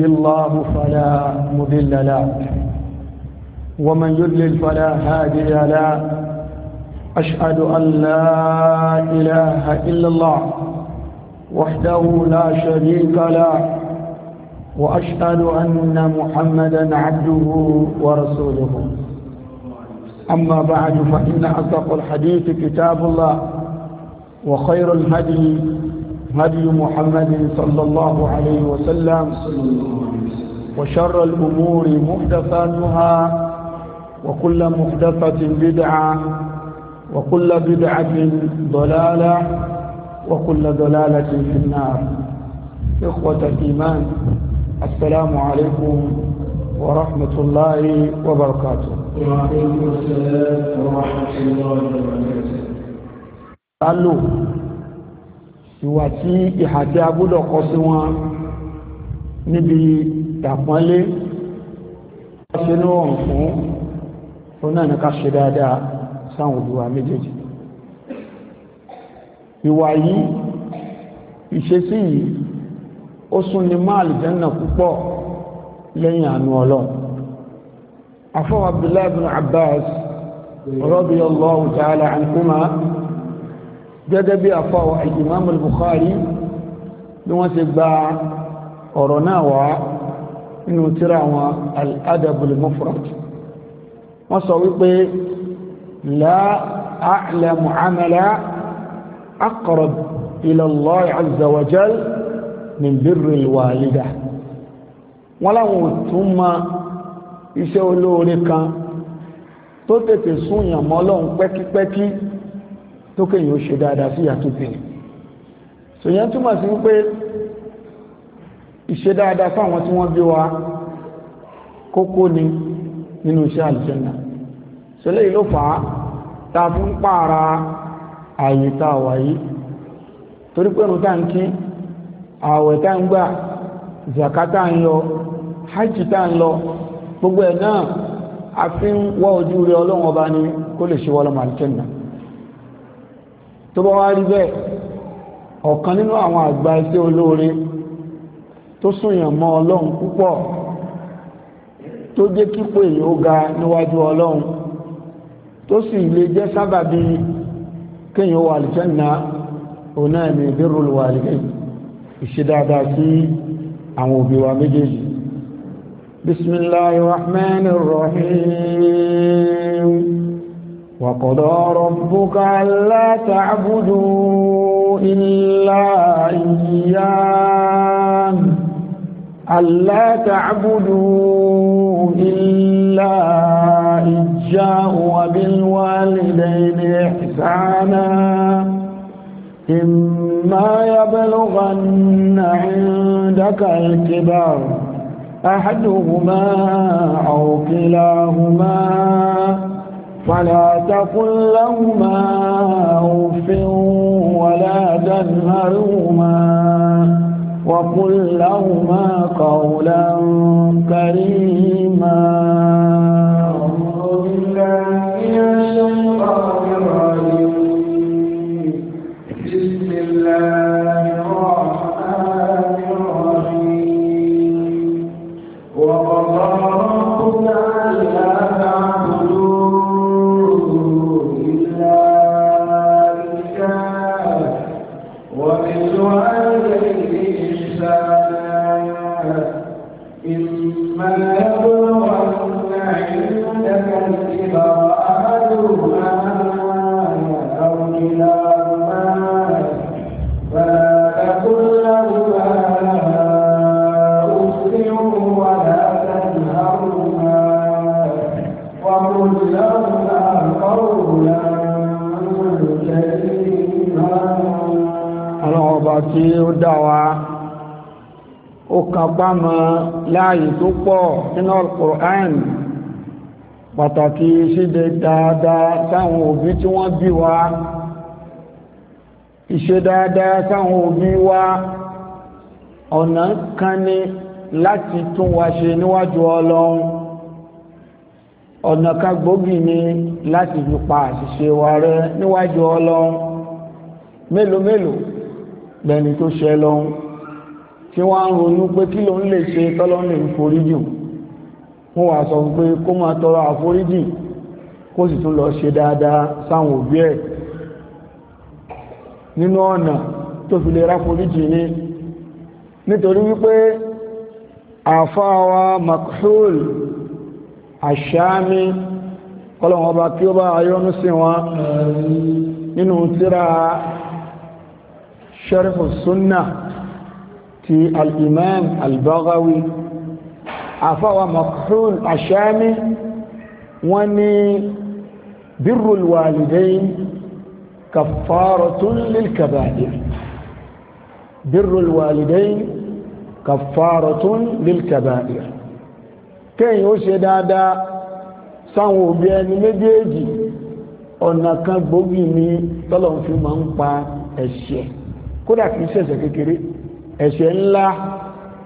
يهده الله فلا مضل له ومن يضلل فلا هادي له أشهد أن لا إله إلا الله وحده لا شريك له وأشهد أن محمدا عبده ورسوله أما بعد فإن أصدق الحديث كتاب الله وخير الهدي هدي محمد صلى الله عليه وسلم وشر الأمور محدثاتها وكل محدثة بدعة وكل بدعة ضلالة وكل ضلالة في النار إخوة الإيمان السلام عليكم ورحمة الله وبركاته وعليكم السلام ورحمة الله وبركاته ìwà tí ìhà tí a gbọ́dọ̀ kọ sí wọn níbi ìdàpọ́nlé ṣe ní ọ̀rùn fún òun náà ní ká ṣe dáadáa sáwọn olùwà méjèèjì ìwà yìí ìṣesí yìí ó sún ní máàlì jẹ́nà púpọ̀ lẹ́yìn àánú ọlọ́run afọ́ abdullahi bin abbas radiyallahu ta'ala anhuma gẹ́gẹ́ bí àfáwà Imam al-Bukhari bí wọ́n ti gba ọ̀rọ̀ náà wá inú tírà wọn al-Adabul Mufrad wọ́n sọ wípé la a'lamu amala aqrab ila Allah azza wa wọ́n láwọn tún ma iṣẹ́ olóore kan tó tètè súnyàmọ́ lọ́hun pẹ́kípẹ́kí pẹ́kí tó kéyìn ó ṣe dáadáa sí ìyàtò bìnì ṣòyẹn túmọ̀ sí wípé ìṣe dáadáa fáwọn tí wọ́n bí wa kókó ni nínú iṣẹ́ àlùjànnà ṣẹlẹ̀ yìí ló fà á ta fi ń pààrà ààyè tá a wà yìí torí pé òun tá ń kí ààwẹ̀ tá ń gbà zaka tá ń lọ hajj tá ń lọ gbogbo ẹ̀ náà a fi ń wá ojú rẹ ọlọ́run ọba ni kó lè ṣe wọ́n lọ́mọ tó bá wá rí bẹ́ẹ̀ ọ̀kan nínú àwọn àgbà iṣẹ́ olóore tó súnyàn mọ́ ọlọ́run púpọ̀ tó jẹ́ kípò èyí ó ga níwájú ọlọ́run tó sì lè jẹ́ sábàbí kéèyàn wà àlùjánnà òun náà ní birrul walidayn ìṣe dáadáa sí àwọn òbí wa méjèèjì bismillahir rahmanir rahim وقضى ربك ألا تعبدوا إلا إياه ألا تعبدوا إلا إياه وبالوالدين إحسانا إما يبلغن عندك الكبار أحدهما أو كلاهما فلا تقل لهما أوف ولا تنهرهما وقل لهما قولا كريما kápámọ́ láàyè tó pọ̀ nínú Al-Qur'an pàtàkì ṣíde dáadáa sáwọn òbí tí wọ́n bí wa ìṣe dáadáa sáwọn òbí wa ọ̀nà kan wa ṣe níwájú Ọlọ́run ọ̀nà kan gbòógì ni láti pa àṣìṣe wa rẹ níwájú Ọlọ́run mélòó mélòó lẹni tó tí wọ́n ń ronú pé kí ló ń lè ṣe tọ́lọ́ lè foríjì wọ́n wà sọ pé kó máa tọrọ àforíjì kó sì tún lọ ṣe dáadáa sáwọn òbí ẹ̀ nínú ọ̀nà tó fi lè ráforíjì ní nítorí wípé àfáwa makhul àṣámi kọlọ̀wọ́n bá kí ó bá ayọ́nú sí wọn nínú tíra sheriff sunnah ti al-imam al-baghawi afawa makhul ashami wọ́n ní birrul walidain kaffaratun lil kaba'ir birrul walidain kaffaratun lil kaba'ir kẹ́yìn ó ṣe dáadáa sáwọn òbí ẹni méjèèjì ọ̀nà kan gbòógì ni tọ́lọ̀ fi máa ń pa ẹ̀ṣẹ̀ kódà kìí ṣẹ̀ṣẹ̀ kékeré ẹ̀ṣẹ̀ ńlá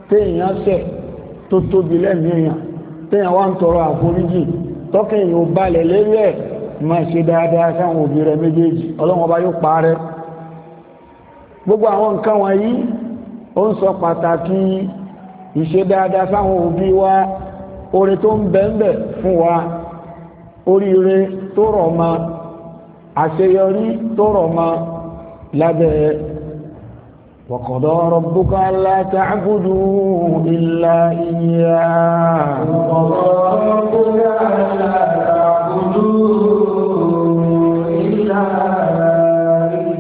téèyàn ṣẹ̀ tó tóbi lẹ́mìí èèyàn téèyàn wá ń tọrọ àforíjì tọ́kẹ́ èèyàn ò balẹ̀ lérí ẹ̀ máa ṣe dáadáa sáwọn òbí rẹ̀ méjèèjì ọlọ́wọ́n bá yóò parẹ́ gbogbo àwọn nǹkan wọ̀nyí ó ń sọ pàtàkì ìṣe dáadáa sáwọn òbí wa oore tó ń bẹ̀ǹbẹ̀ fún wa oríire tó rọ̀ ma àṣeyọrí tó rọ̀ ma lábẹ́ وقضى ربك ألا تعبدوا إلا إياه وقضى ربك ألا تعبدوا إلا إياه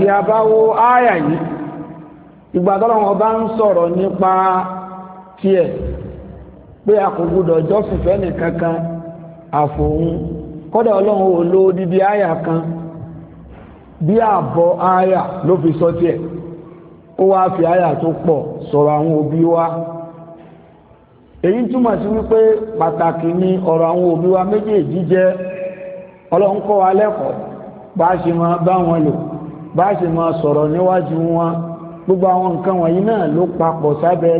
tí a bá wo áyà bá ń sọ̀rọ̀ nípa tiẹ̀ pé a kò jọ́sìn kan bí ló fi ó wá fi àyà tó pọ̀ sọ̀rọ̀ àwọn òbí wa èyí wípé pàtàkì ni ọ̀rọ̀ àwọn òbí meje méjèèjì jẹ́ ọlọ́run wa lẹ́kọ̀ọ́ bá ṣe máa bá wọn lò bá ṣe máa sọ̀rọ̀ níwájú wọn gbogbo àwọn nǹkan wọ̀nyí náà ló papọ̀ sábẹ́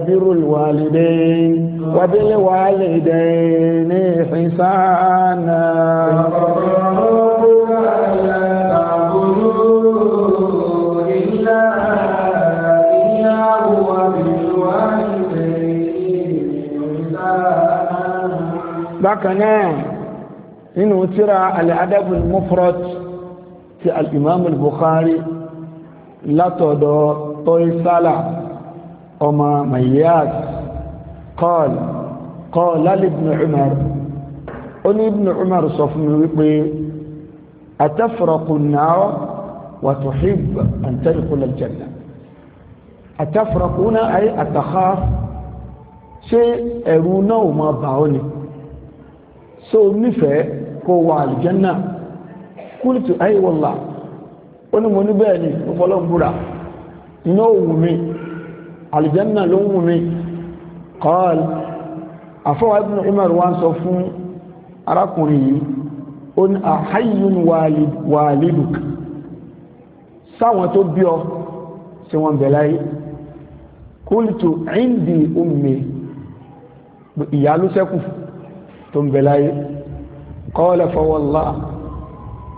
bákan náà nínú tíra al-adab al-mufrad ti al-imam al-bukhari látọ̀dọ̀ toisala ọmọ mayyaz qala qala li ibn umar ó ní ibn umar sọ fún mi wípé atafraqu an-nar wa tuhibbu an tadkhula al-janna atafraquna ay atakhaf ṣé ẹ̀rù náà ò máa ni so nífẹ̀ẹ́ kó wà àlìjánà kúlùtù ayéwọ̀lá ó ní mo ní bẹ́ẹ̀ ni mo fọ́lọ́ ń búra iná òwú mi àlìjánà ló ń wù mí kọ́ọ̀l àfọwà ibn Umar wa ń sọ fún arákùnrin yìí ó ní àháyùn wàlídùk sáwọn tó bí ọ sí wọn bẹ̀ láyé kúlùtù indi ummi ìyá tó ń bẹ láyé qala fa wallahi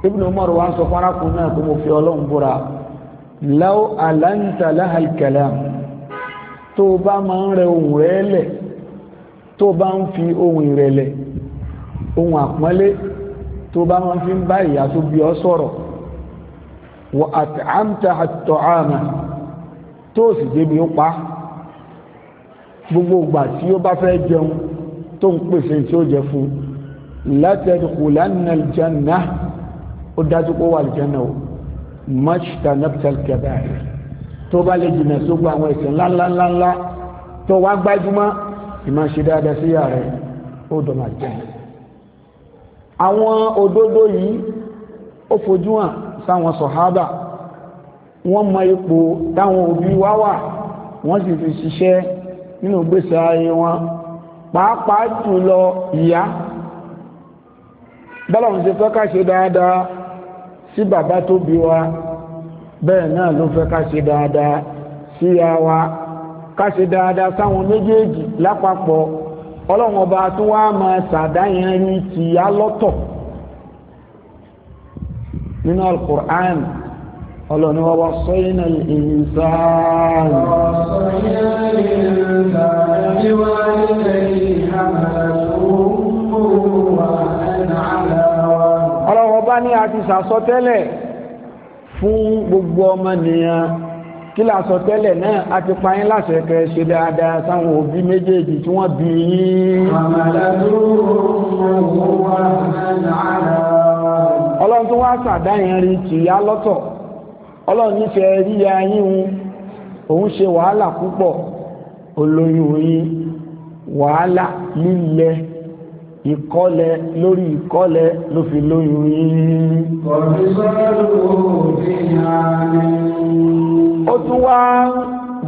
Ibn Umar wa sọ fún arákùnrin náà pé mo fi ọlọ́run búra law alanta laha al-kalam tó bá máa ń rẹ ohun rẹ̀ lẹ̀ tó bá ń fi ohun ìrẹ̀lẹ̀ ohun àpọ́nlé tó bá máa fi ń bá ìyá tó bí ọ sọ̀rọ̀ wa at'amta at tó sì débi ó pa gbogbo ìgbà tí ó bá fẹ́ jẹun tó ń pèsè tí ó jẹ fún látẹ̀dùkùlánà aljanna ó dájú pé wà aljanna o mọ́ṣítà nọ́pítàl kẹbàárẹ̀ tó bá lè jìnà sógbó àwọn ẹ̀ṣẹ̀ ńláńláńlá tó wá gbájúmọ́ ìmáṣe dáadáa sí yàrá ó dọ̀mà aljanna àwọn òdodo yìí ó fojú hàn sáwọn sọ̀hábà wọ́n mọ ipò táwọn òbí wá wà wọ́n sì fi ṣiṣẹ́ nínú gbèsè ayé wọn pàápàá jùlọ ìyá bọ́lọ̀mù ti fẹ́ ká ṣe dáadáa sí bàbá tó bí wa bẹ́ẹ̀ náà ló fẹ́ ká ṣe dáadáa sí ya wa ká ṣe dáadáa sáwọn méjèèjì lápapọ̀ ọlọ́run ọba tó wá máa ṣàdáyẹn rí tìyá lọ́tọ̀ nínú alukur'an ọlọ́ni wọ́n wá sọ iná ìsáàlì ọlọ́wọ́ bá ní àti sàsọtẹ́lẹ̀ fún gbogbo ọmọnìyàn kí làsọtẹ́lẹ̀ náà a ti pa yín láṣẹ kẹ́ ṣe dáadáa sáwọn òbí méjèèjì tí wọ́n bí yín ọlọ́run tó wá sàdáyìn rí tìyá lọ́tọ̀ ọlọ́run nífẹ̀ẹ́ rí ayín òun ṣe wàhálà púpọ̀ olóyún yín wàhálà lílẹ̀ ìkọlẹ̀ lórí ìkọlẹ̀ ló fi lóyún yín. ó tún wá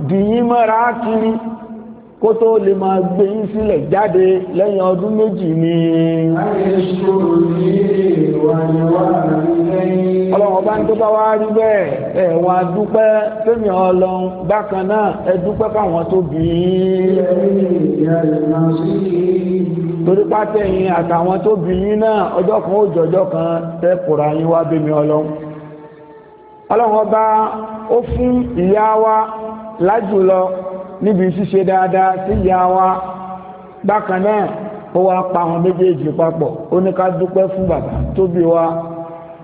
dìyín mọ́ra kiri. kó tó lè máa gbé yín sílẹ̀ jáde lẹ́yìn ọdún méjì ni. ọlọ́run bá ń tó bá wá rí bẹ́ẹ̀ ẹ̀ wá dúpẹ́ fẹ́mi ọlọ́run bákan náà ẹ dúpẹ́ fáwọn tó bí yín. torí pátẹ́yìn àtàwọn tó bí yín náà ọjọ́ kan ó jọjọ́ kan tẹ́ kura yín wá bẹ́mi ọlọ́run. ọlọ́run ọba ó fún ìyá wa lájùlọ níbi ṣíṣe dáadáa sí ìyá wa bákan náà ó wá pa àwọn méjèèjì papọ̀ ó ní ká dúpẹ́ fún bàbá tó bí wa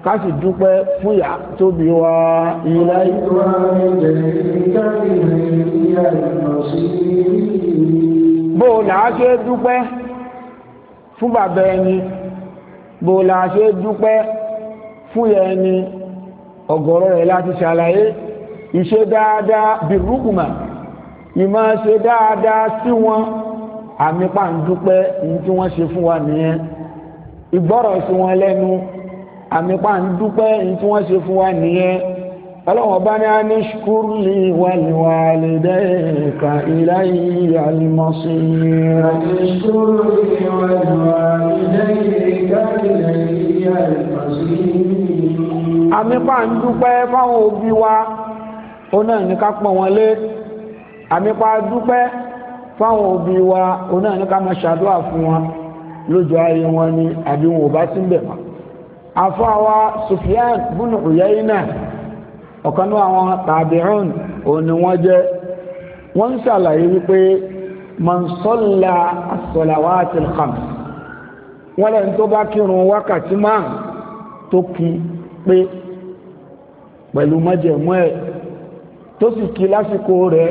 ká sì dúpẹ́ fún ìyá tó bí wa ilé bó làá ṣe dúpẹ́ fún bàbá ẹni bó làá ṣe dúpẹ́ fún ìyá ẹni ọ̀gọ̀rọ̀ rẹ̀ láti ṣàlàyé ìṣe dáadáa bí rúkùmà ìmọ̀ ṣe dáadáa sí wọn àmì pàǹdúpẹ́ ní tí wọ́n ṣe fún wa nìyẹn ìgbọ́rọ̀ sí wọn lẹ́nu àmì pàǹdúpẹ́ ní tí wọ́n ṣe fún wa nìyẹn ọlọ́wọ́n bá ní a ní ṣkúrúlì wàlìwàlìdẹ́ẹ̀kà ìláyé alìmọ́sí àmì pàǹdúpẹ́ fáwọn òbí wa ó náà ní ká pọ̀ wọn lé àmìpa dúpẹ́ fáwọn òbí wa onáà ní ká máa ṣàdúrà fún wọn lójú ayé wọn ni àbí wọn ò bá sí bẹ̀ mọ́ àfọwà Sufyan bùnú Uyayna ọ̀kan ní àwọn tàbíhùn òní wọ́n jẹ́ wọ́n ń ṣàlàyé wípé mọ̀nsọ́lá as-salawatil khams wọ́n lẹ́yìn tó bá kírun wákàtí máa tó kí pé pẹ̀lú májẹ̀mú ẹ̀ tó sì kí lásìkò rẹ̀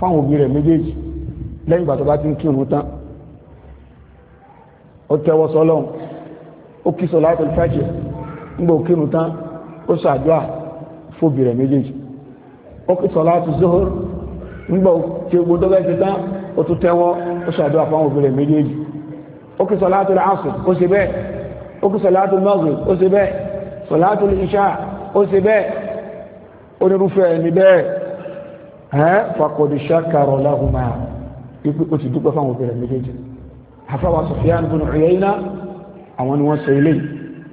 fáwọn òbí rẹ̀ méjèèjì lẹ́yìn ìgbà tó bá ti ń kírun tán ó tẹ́wọ́ sọ́lọ́hun ó kí sọ̀láàtò fẹ́jì nígbà ó kírun tán ó ṣàdúà fóbì rẹ̀ méjèèjì ó kí sọ̀láàtò zohor nígbà ó kí ogun tó bẹ́ẹ̀ ti tán ó tún tẹ́wọ́ ó ṣàdúà fáwọn òbí rẹ̀ méjèèjì ó kí sọ̀láàtò asùn ó ṣe bẹ́ẹ̀ ó kí sọ̀láàtò maghrib ó ṣe bẹ́ẹ̀ sọ̀láàtò ìṣà ó ṣe bẹ́ẹ̀ onírúfẹ́ ẹni bẹ́ẹ̀ ẹ́ faqad shakara lahuma ipi o ti dúpẹ́ fáwọn òbí rẹ̀ méjèèjì afáwa Sufyan ibn Uyayna àwọn ni wọ́n sọ ilé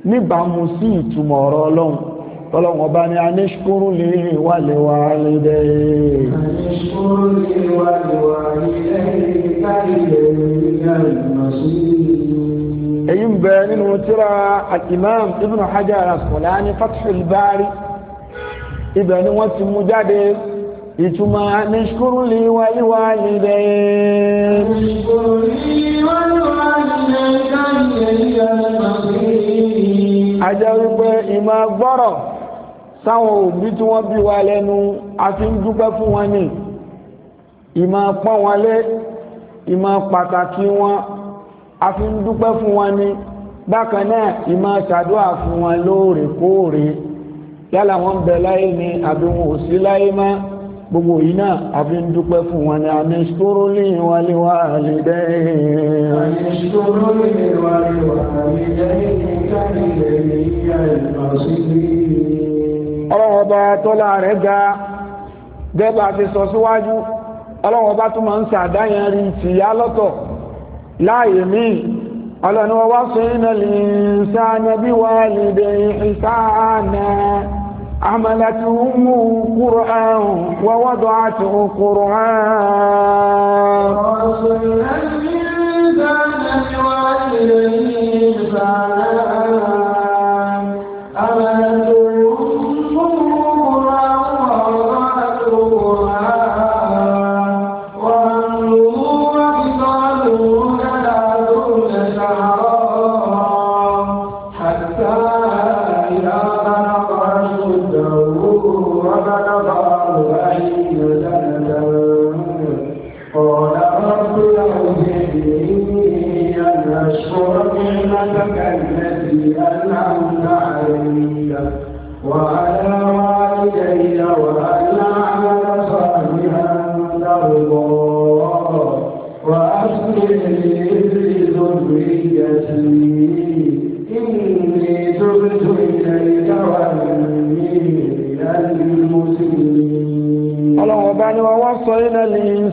níbàámu sí ìtumọ̀ ọ̀rọ̀ ọlọ́run ọlọ́run ọba ni a ní ṣkúrú lè wà lè wà èyí ń bẹ nínú tíra al-Imam Ibn Hajar al Bari ibẹ̀ ni wọ́n ti mú jáde ìtumọ̀ nìṣkúrú lè wà níwà nílẹ̀ ajẹ́ wípé ìmọ̀ gbọ́rọ̀ sáwọn òbí tí wọ́n bí wa lẹ́nu a fi ń dúpẹ́ fún wọn ní ìmọ̀ pọ́n wọn lé ìmọ̀ pàtàkì wọn a fi ń dúpẹ́ fún wọn ní bákan ìmọ̀ ṣàdúrà fún wọn lóòrèkóòrè yálà wọ́n ń láyé ni àbí wọn ò láyé máa gbogbo yìí náà àfi ń dúpẹ́ fún wọn ni àmì ṣòro lè wà wà lè dẹ́ ga gẹ́gbà ti sọ síwájú ọlọ́wọ́ bá tún máa ń sàdáyẹn rí tìyá lọ́tọ̀ láàyè míì ọlọ́ni wọ́n wá bí lè حملته قرآن ووضعته قرآن فعلا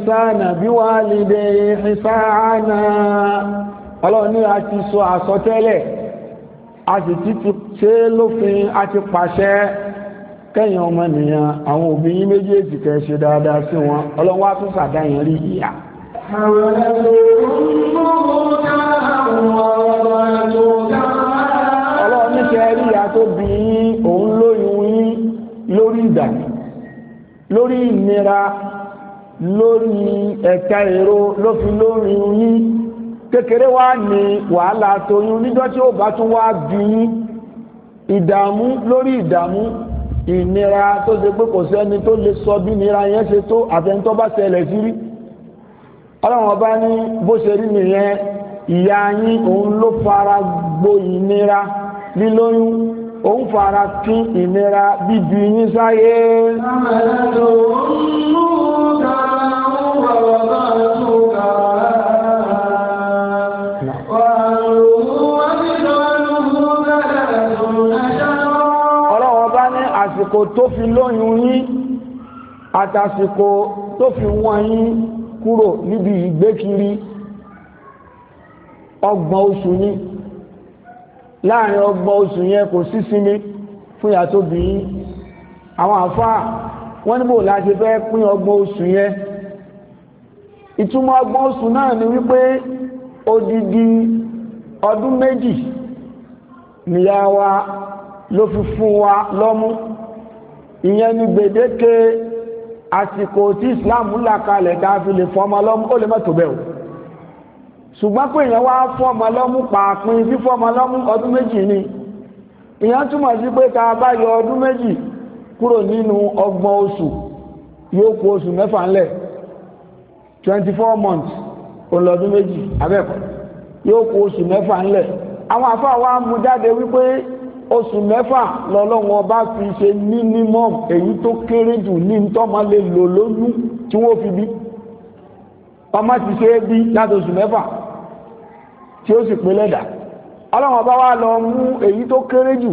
ìsáànà bí wà lìdè ìsáànà ọlọ́run ní a ti sọ àsọtẹ́lẹ̀ a sì ti ti ṣe lófin a ti pàṣẹ kẹ́yìn ọmọnìyàn àwọn òbí yín méjèèjì kẹ́ ṣe dáadáa sí ọlọ́run ní ṣe rí ìyà tó òun lóyún yín lórí ìdàgbà lórí ìnira lórí ẹ̀ka èrò ló fi lórí yín kékeré wá ní wàhálà tóyún níjọ́ tí ó bá tún wá bí yín ìdààmú lórí ìdààmú ìnira tó ṣe pé kò sẹ́ni tó lè sọ bí nira yẹn ṣe tó àfẹ́ntọ́ bá ṣẹlẹ̀ sí rí ọlọ́run ọba ní bó ṣe rí nìyẹn ìyá yín òun ló fara gbo ìnira lílóyún ó ń fara tún ìnira bíbi yín sáyé ọlọ́wọ́ bá ní àsìkò tó fi lóyún yín àtàsìkò tó fi wọ́n yín kúrò níbi ìgbékiri ọgbọ̀n oṣù ni láàrin ọgbọ̀n oṣù yẹn kò sí sinmi fún ìyá tó bí yín àwọn àfáà wọ́n níbò láti fẹ́ pín ọgbọ̀n oṣù yẹn ìtumọ̀ ọgbọ̀n oṣù náà ni wípé odidi ọdún méjì nìyá wa ló fi fún wa lọ́mú ìyẹn ni gbèdéke àsìkò tí Islam là kalẹ̀ tá a fi lè fọmọ lọ́mú ó lè mọ́tò bẹ́ẹ̀ o ṣùgbọ́n pé èèyàn wá fọ́mọ lọ́mú pàápín fífọ́mọ lọ́mú ọdún méjì ni ìyẹn túmọ̀ sí pé tá a bá yọ ọdún méjì kúrò nínú ọgbọ̀n oṣù yóò kó oṣù mẹ́fà ńlẹ̀ 24 months olọ́dún méjì abẹ́ẹ̀kọ́ yóò kó oṣù mẹ́fà ńlẹ̀ àwọn àfáà wa mú jáde wípé oṣù mẹ́fà lọ́lọ́wọ́ bá fi ṣe minimum èyí tó kéré jù ní tọ́mọ lè lò lóyún tí wọ́n fi bí ọmọ ti ṣe é bí láti mẹ́fà tí ó sì pín lẹ́dà ọlọ́run ọba wa lọ mú èyí tó kéré jù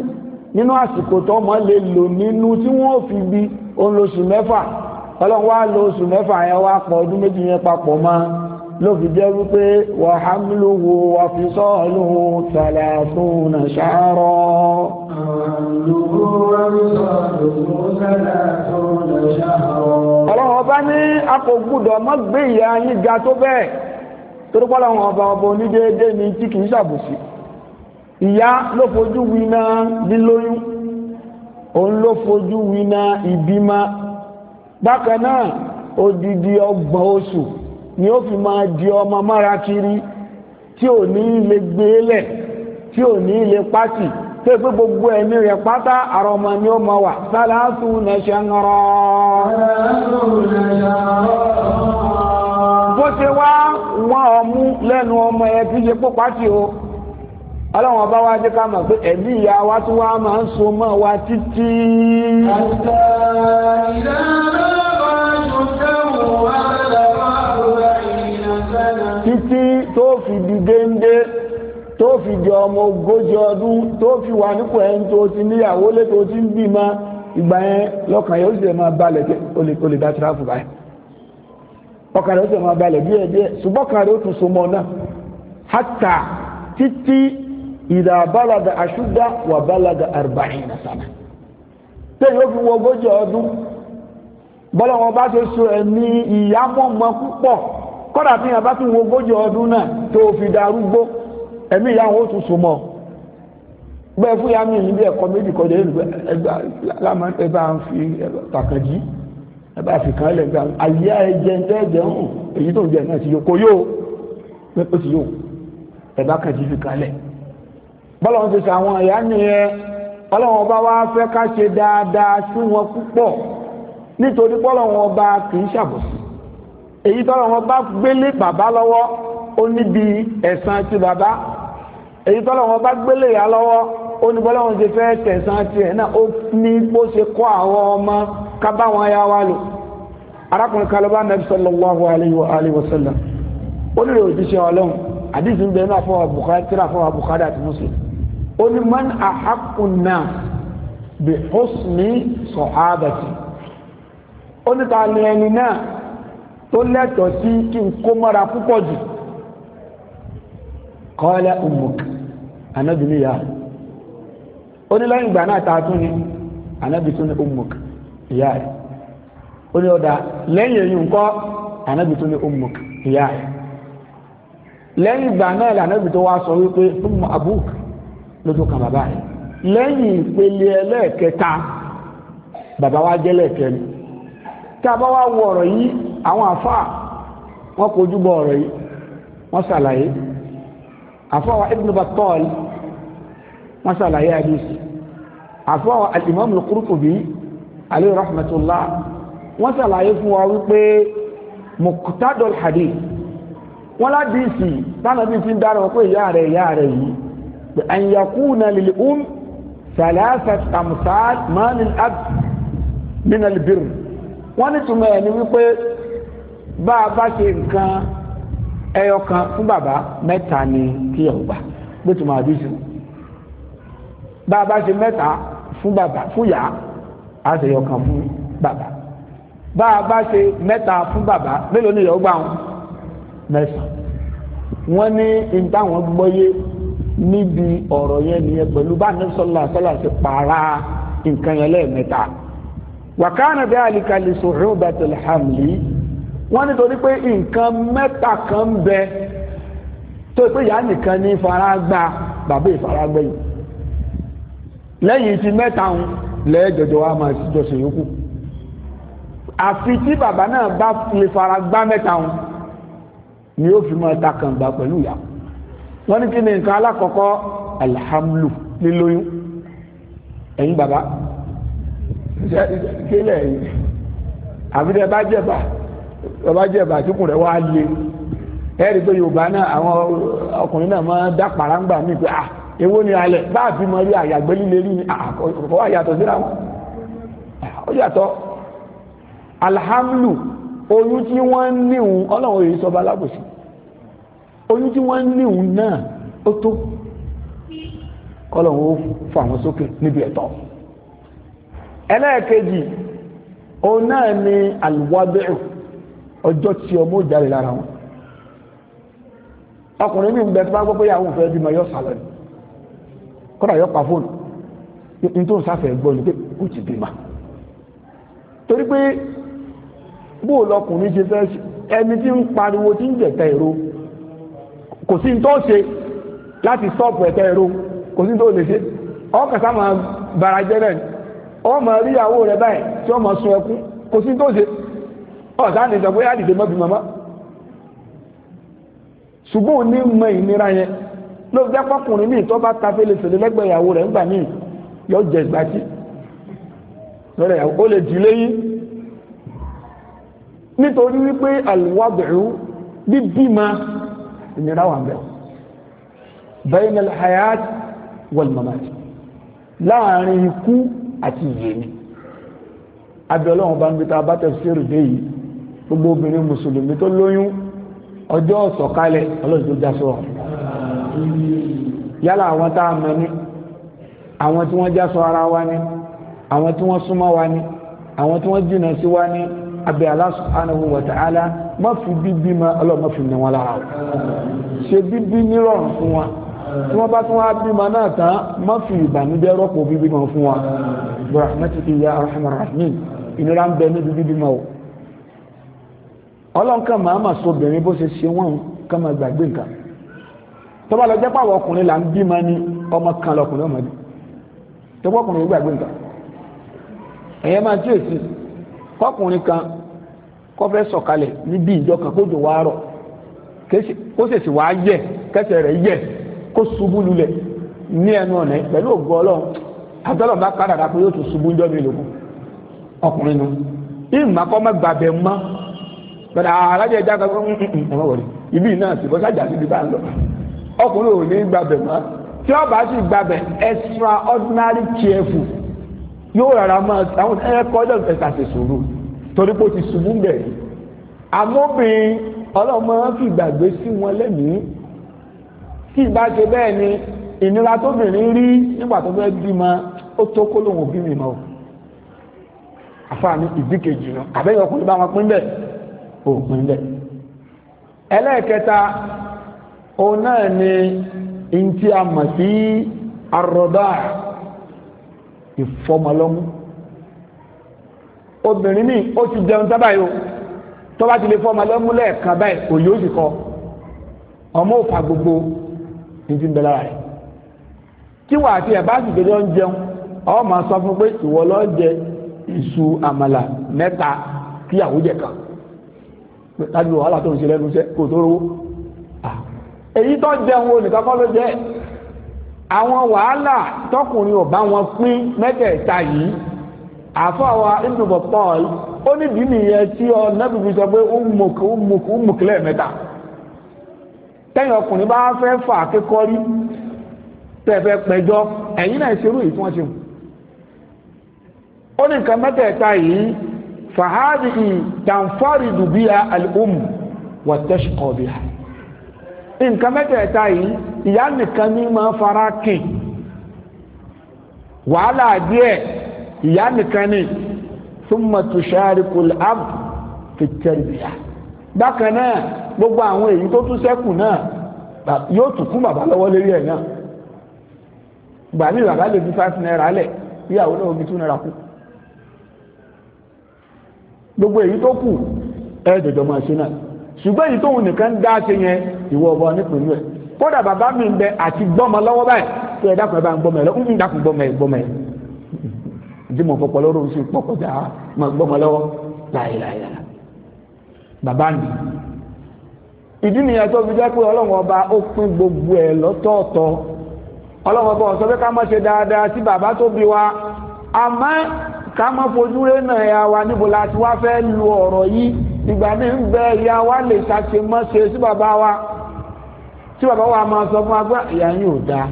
nínú àsìkò tó mọ́ lè lò nínú tí wọ́n fi bí òun lóṣù mẹ́fà ọlọ́run wá lo oṣù mẹ́fà yẹn wá pọ̀ ọdún méjì yẹn papọ̀ mọ́ ló fi jẹ́ wípé wa hamluhu wa fisaluhu thalathuna shahra. ọlọ́run ọba ní a kò gbúdọ̀ mọ́ gbé ìyá yín tó bẹ́ẹ̀. torí pọ́lọ́ wọn ọba ọba onídéédé ni tí kìí ṣàbòsí ìyá ló fojú winá lílóyún òun ló fojú bákan náà odidi ọgbọ̀n oṣù ni ó fi máa di ọmọ mára kiri tí ò ní lè gbélẹ̀ tí ò ní lè pátì gbogbo ẹ̀mí rẹ̀ pátá àrọ ni ó wà sálásù ń bó ṣe wá mọ́ ọmú lẹ́nu ọmọ ẹ tí ṣe pópa sí o ọlọ́wọ́n bá wá jẹ́ ká mọ̀ pé ẹ̀mí ìyá wa tún wá máa ń so mọ́ wa títí. títí tó fi di déńdé tó fi di ọmọ ogójì ọdún tó fi wà nípò ẹni tó ti níyàwó lé tó ń bímọ ìgbà yẹn lọ́kàn yóò sì máa balẹ̀ pé o lè dá tíráfù báyìí ọkàn rẹ̀ ó sì máa balẹ̀ díẹ̀ díẹ̀ ṣùgbọ́n ọkàn rẹ̀ ó tún so mọ́ náà hátà títí ìdá balaga aṣúdá wà balaga arba'ina sana tẹ́yìn ó fi wọ ogójì ọdún bọ́lá wọn bá ṣe so ẹ̀mí ìyámọ̀mọ́ púpọ̀ kọ́dà tí yàn bá tún wọ ogójì ọdún náà tó fi darúgbó ẹ̀mí ìyáwó ó tún so mọ́ gbẹ́ fún yàmí ìlú ẹ̀kọ́ méjì kọjá ẹ̀bá ń fi tàkàjí ẹbá àfìkà lẹ̀ gbà àyà ẹjẹ ń tẹ́ẹ̀jẹ̀ hùn èyí tó ń jẹ náà ti yóò kó yóò pé ó ti yóò ẹbá kàjí fìkà lẹ̀ bọ́lọ̀ ń fi sàwọn ẹ̀yà nìyẹn ọlọ́wọ́n bá wá fẹ́ ká ṣe dáadáa sí wọn púpọ̀ nítorí bọ́lọ̀wọ́n bá kì í ṣàbòsí èyí tọ́lọ̀wọ́n bá gbélé bàbá lọ́wọ́ ó níbi ẹ̀san ti bàbá èyí tọ́lọ̀wọ́n bá gbélé ìyá lọ́wọ́ oníbọ́láwọn ti fẹ́ tẹ̀sán tiẹ̀ náà ó ní bó ṣe kọ́ àwọn ọmọ kábá wọn ya wá lò arákùnrin kalọba nabi sallallahu alayhi wa alayhi wa sallam ó nílò òjíṣẹ́ ọlọ́run àdìsí ń bẹ náà fọwọ́ Bukhari tíra fọwọ́ Bukhari àti Muslim ó ní lẹ́yìn ìgbà náà ta tún ni ànábì tún ní ummuk ìyá rẹ̀ ó ní ọ̀dà lẹ́yìn èyí ńkọ́ ànábì tún ní ummuk ìyá rẹ̀ lẹ́yìn ìgbà náà tó wá sọ wípé fún abúk ló tó kan bàbá rẹ̀ lẹ́yìn ìpele ẹlẹ́ẹ̀kẹta bàbá wa jẹ́ a bá wá wo ọ̀rọ̀ yìí àwọn kojú bọ ọ̀rọ̀ yìí ṣàlàyé wa wọ́n sàlàyé àdìsí àfọ́ al-Imam al-Qurtubi alayhi rahmatullah wọ́n sàlàyé fún wa wípé muqtadal hadith wọ́n ládìsí tánàbí fi ń dára wọn pé ìyá rẹ̀ ìyá rẹ̀ yìí pé an yakuna lil-umm salasat amsal ma lil-ab min al-birr wọ́n ní túmọ̀ ẹ̀ ni wípé bá a bá a bá ṣe mẹ́ta fún bàbá fún yá a ṣe yọkan fún bàbá bá a bá ṣe mẹ́ta fún bàbá mélòó ni ìyàwó gbà wọn mẹ́sàn wọ́n ní ìtàwọn gbọ́yé níbi ọ̀rọ̀ yẹn nìyẹn pẹ̀lú bá ní sọ́lá sọ́lá ṣe pààrà nǹkan yẹn lẹ́ẹ̀mẹ́ta wàkánà bí àlìkalì sòrò bàtẹ̀lẹ̀ hàmìlì wọ́n nítorí pé nǹkan mẹ́ta kan bẹ tó pé ìyá nìkan ní faragbá bàbá ìfaragbẹ́yìn lẹ́yìn tí mẹ́ta ń lẹ́ẹ̀jọjọ wa máa ti jọsìn yòókù àfi tí bàbá náà bá lè fara gbá mẹ́ta ń ni ó fi máa ta kàngbà pẹ̀lú ìyá wọ́n ní kí ni nǹkan alákọ̀ọ́kọ́ alhamdu lílóyún ẹ̀yin bàbá kílẹ̀ yìí àfi tẹ́ bá jẹ̀bà bàbá jẹ̀bà kíkùn rẹ̀ wá lé ẹ̀rí pé yorùbá náà àwọn ọkùnrin náà máa dá pàráǹgbà míì pé ah èwo ni alẹ̀ bá àfi mọ rí àyàgbé líle ni àkọ́kọ́ ah, wà yàtọ̀ síra wọn ó yàtọ̀ alhamdu oyún tí wọ́n ń níhun ọlọ́run èyí sọba alábòsí oyún tí wọ́n ń níhun náà ó tó kọ́lọ̀wọ́ fà wọn sókè níbi ẹ̀tọ́ ẹlẹ́ẹ̀kejì òun náà ni alùwádẹ́rù ọjọ́ tí ọmọ ò jáde lára wọn ọkùnrin mi ń bẹ tó bá gbọ́ pé àwọn òfin ẹbí yọ sálọ ni kọ́ra yọ pa fóònù ní tó ń sáfẹ́ gbọ́ ni pé ó ti bímọ torí pé bóò lọkùnrin ṣe fẹ́ ẹni tí ń pariwo tí ń jẹ̀tẹ̀ èrò kò sí tó ṣe láti stọ́ọ̀pù ẹ̀tẹ̀ èrò kò sí tó lè ṣe ọkàtà máa bara jẹ́ bẹ́ẹ̀ ọmọ ríyàwó rẹ̀ báyìí tí sun kò sí tó ṣe dìde ṣùgbọ́n ní mọ ìnira yẹn ló jẹ́ pọ́kùnrin míì tó bá ta fèlèfèlè lẹ́gbẹ̀ẹ́ ìyàwó rẹ̀ ńgbà míì yọ jẹ ìgbàtí lọ́rẹ̀ ìyàwó ó lè dì léyìn nítorí wípé àlùwádùú bíbímọ ìnira wà bẹ̀rẹ̀ bẹ́yìn alhayat wọlmọ̀máti láàrin ikú àti ìyẹni abẹ́ọlọ́wọ́n bá ń bí ta bá tẹ̀síẹ̀rù dé yìí gbogbo obìnrin mùsùlùmí tó lóyún ọjọ́ ọ̀sọ̀kalẹ̀ ọlọ́sìn tó já sọ́rọ̀ yálà àwọn tá a mọ̀ ní àwọn tí wọ́n já sọ ara wa ní àwọn tí wọ́n súnmọ́ wa ní àwọn tí wọ́n jìnnà sí wa ní abẹ́ Allah subhanahu wa ta'ala má fi bíbí ma ọlọ́mọ fi nà wọn lára ṣe bíbí nírọ̀rùn fún wa tí wọ́n bá tún wá bímọ náà tán má fi ìbànújẹ́ rọ́pò bíbí ma fún wa rahmatulahi ya arhamar rahimin ìnira ń bẹ níbi bíbí ma o ọlọ́nkà màá mà sọ obìnrin bó ṣe ṣe wọ́n kàn máa gbàgbé nǹkan tó bá lọ jẹ́ pàwọ̀ ọkùnrin là ń bímọ ní ọmọ kan lọkùnrin ọmọdé tó ọkùnrin gbàgbé nǹkan ẹyẹ máa tí èsì kọkùnrin kan kọ́ fẹ́ níbi ìjọ kan kó jò wá rọ̀ kó sì wá yẹ kẹsẹ̀ yẹ kó ṣubú lulẹ̀ ní ẹnu ọ̀nà pẹ̀lú ọlọ́run bá pé yóò tún ṣubú jọ́ mi ọkùnrin nu ìmọ̀ mẹ́gbà bẹ̀ mọ́ ìjà kan mm, mm, mm, ibi náà sì bọ́ sájà síbi bá ń lọ ọkùnrin ò ní gbàbẹ̀ mọ́ tí ọba sì gbàbẹ̀ extraordinary careful yóò rárá máa àwọn ẹ̀kọ́ ọjọ́ ìfẹ̀sà sì sòrò torí pé ó ti ṣubú bẹ̀rẹ̀ àmóbìnrin ọlọ́mọ fi gbàgbé sí wọn lẹ́mìí tí ìbá ṣe bẹ́ẹ̀ ni ìnira tóbìnrin rí nígbà tó fẹ́ bímọ ó tó kó lóun òbí mi mọ́ àfààní ìdíkejì náà àbẹ́yẹ ọkùnrin bá wọn pín bẹ́ẹ̀ òpin bẹ́ẹ̀ ẹlẹ́ẹ̀kẹta onaa náà ni in tí a mọ̀ obìnrin ní o ti jẹun tábà yóò tó bá ti lè lẹ́ẹ̀kan báyìí kò kọ ọmọ gbogbo ní ń bẹ lára rẹ̀ kí wà àti ẹ̀bá sì ọ máa sọ fún pé ìwọ lọ jẹ iṣu àmàlà mẹ́ta kíyàwó jẹ kan èyí tó jẹun olùkọ́kọ́ ló jẹ́ àwọn wàhálà tọkùnrin ò bá wọn pín mẹ́tẹ̀ẹ̀ta yìí àfọwà ìdùbọ̀ paul ó ní bí nìyẹn tí ọ nábìbí sọ pé ó mùkú mùkú mùkú lẹ́ẹ̀mẹ́ta tẹ́yìn ọkùnrin bá fẹ́ fà kíkọ́ tẹ̀fẹ́ pẹjọ ẹ̀yìn náà ṣerú èyí tí wọ́n ó ní nǹkan mẹ́tẹ̀ẹ̀ta yìí fàhádìí bíi nǹkan mẹ́tẹ̀ẹ̀ta yìí ìyá nìkan ní máa fara kìn wàhálà díẹ̀ ìyá nìkan ní thumma tusharikul abd fi tarbiyah bákan náà gbogbo àwọn èyí tó tún sẹ́kù náà yóò tún kún bàbá lọ́wọ́ lórí ẹ̀ náà gbà ní bàbá lè fi five naira lẹ̀ ìyàwó náà omi two naira kù gbogbo èyí tó kù ẹ̀ máa ṣe náà ṣùgbọ́n èyí tóun nìkan ń dá ṣe yẹn ìwọ ọ̀bọ nípìnlú ẹ̀ kódà bàbá mi ń bẹ àti gbọ́mọ lọ́wọ́ báyìí tó ẹ dákun ẹ bá ń gbọ́mọ ẹ lọ ń dákun gbọ́mọ ẹ gbọ́mọ ẹ ǹdí mo fọpọ lọ́rùn sí pọkọjà mọ gbọ́mọ lọ́wọ́ láìláìlá bàbá mi ìdí nìyẹn tó fi jẹ́ pé ọlọ́run ọba ó pín gbogbo ẹ̀ lọ́tọ̀ọ̀tọ̀ ọlọ́run ọba ọ̀sọ́ pé ká má ṣe dáadáa sí bàbá tó bí wa àmọ́ ká má fojú rénà ẹ̀yà wa níbo la ti wá fẹ́ lu ọ̀rọ̀ yìí ìgbà ní ń bẹ wa lè ṣe sí bàbá wa tí bàbá wa máa sọ fún agbá ìyá yín ò dáa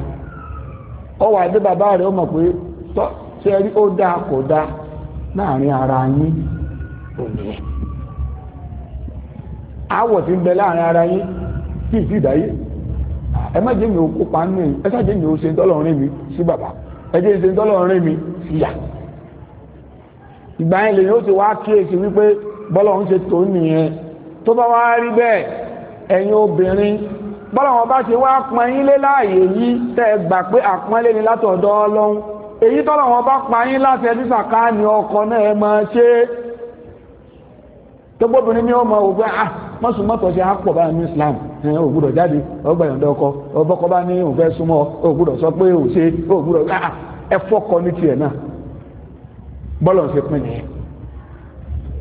ọwọ́ àdé bàbá rẹ̀ ó mọ̀ pé tọ́ ṣe rí ó kò láàrin ara yín òní àwọ̀ ń bẹ láàrin ara yín ẹ má jẹ́ mi ò kópa nínú ẹ ṣáà jẹ́ mi ò ṣe ń ìgbà yẹn o ó ti wá kíyèsí wípé bọ́lọ̀ ń ṣe tó nìyẹn tó bá wá rí bẹ́ẹ̀ ẹ̀yin obìnrin bọ́lọ̀ wọn bá ṣe wá pọn yín lé láàyè yìí tẹ́ ẹ gbà pé àpọ́nlé ni látọ̀dọ̀ ọlọ́run èyí tọ́lọ̀ wọn bá pa yín láti ẹbí ni ọkọ náà ẹ máa ṣe é tó gbóbìnrin ní ọmọ ah ṣe á pọ̀ báyìí ní Islam ẹ̀ jáde ọkọ ọbọ̀kọ bá ní òun fẹ́ súnmọ́ sọ pé ṣe bọ́lọ̀ ṣe pín nìyẹn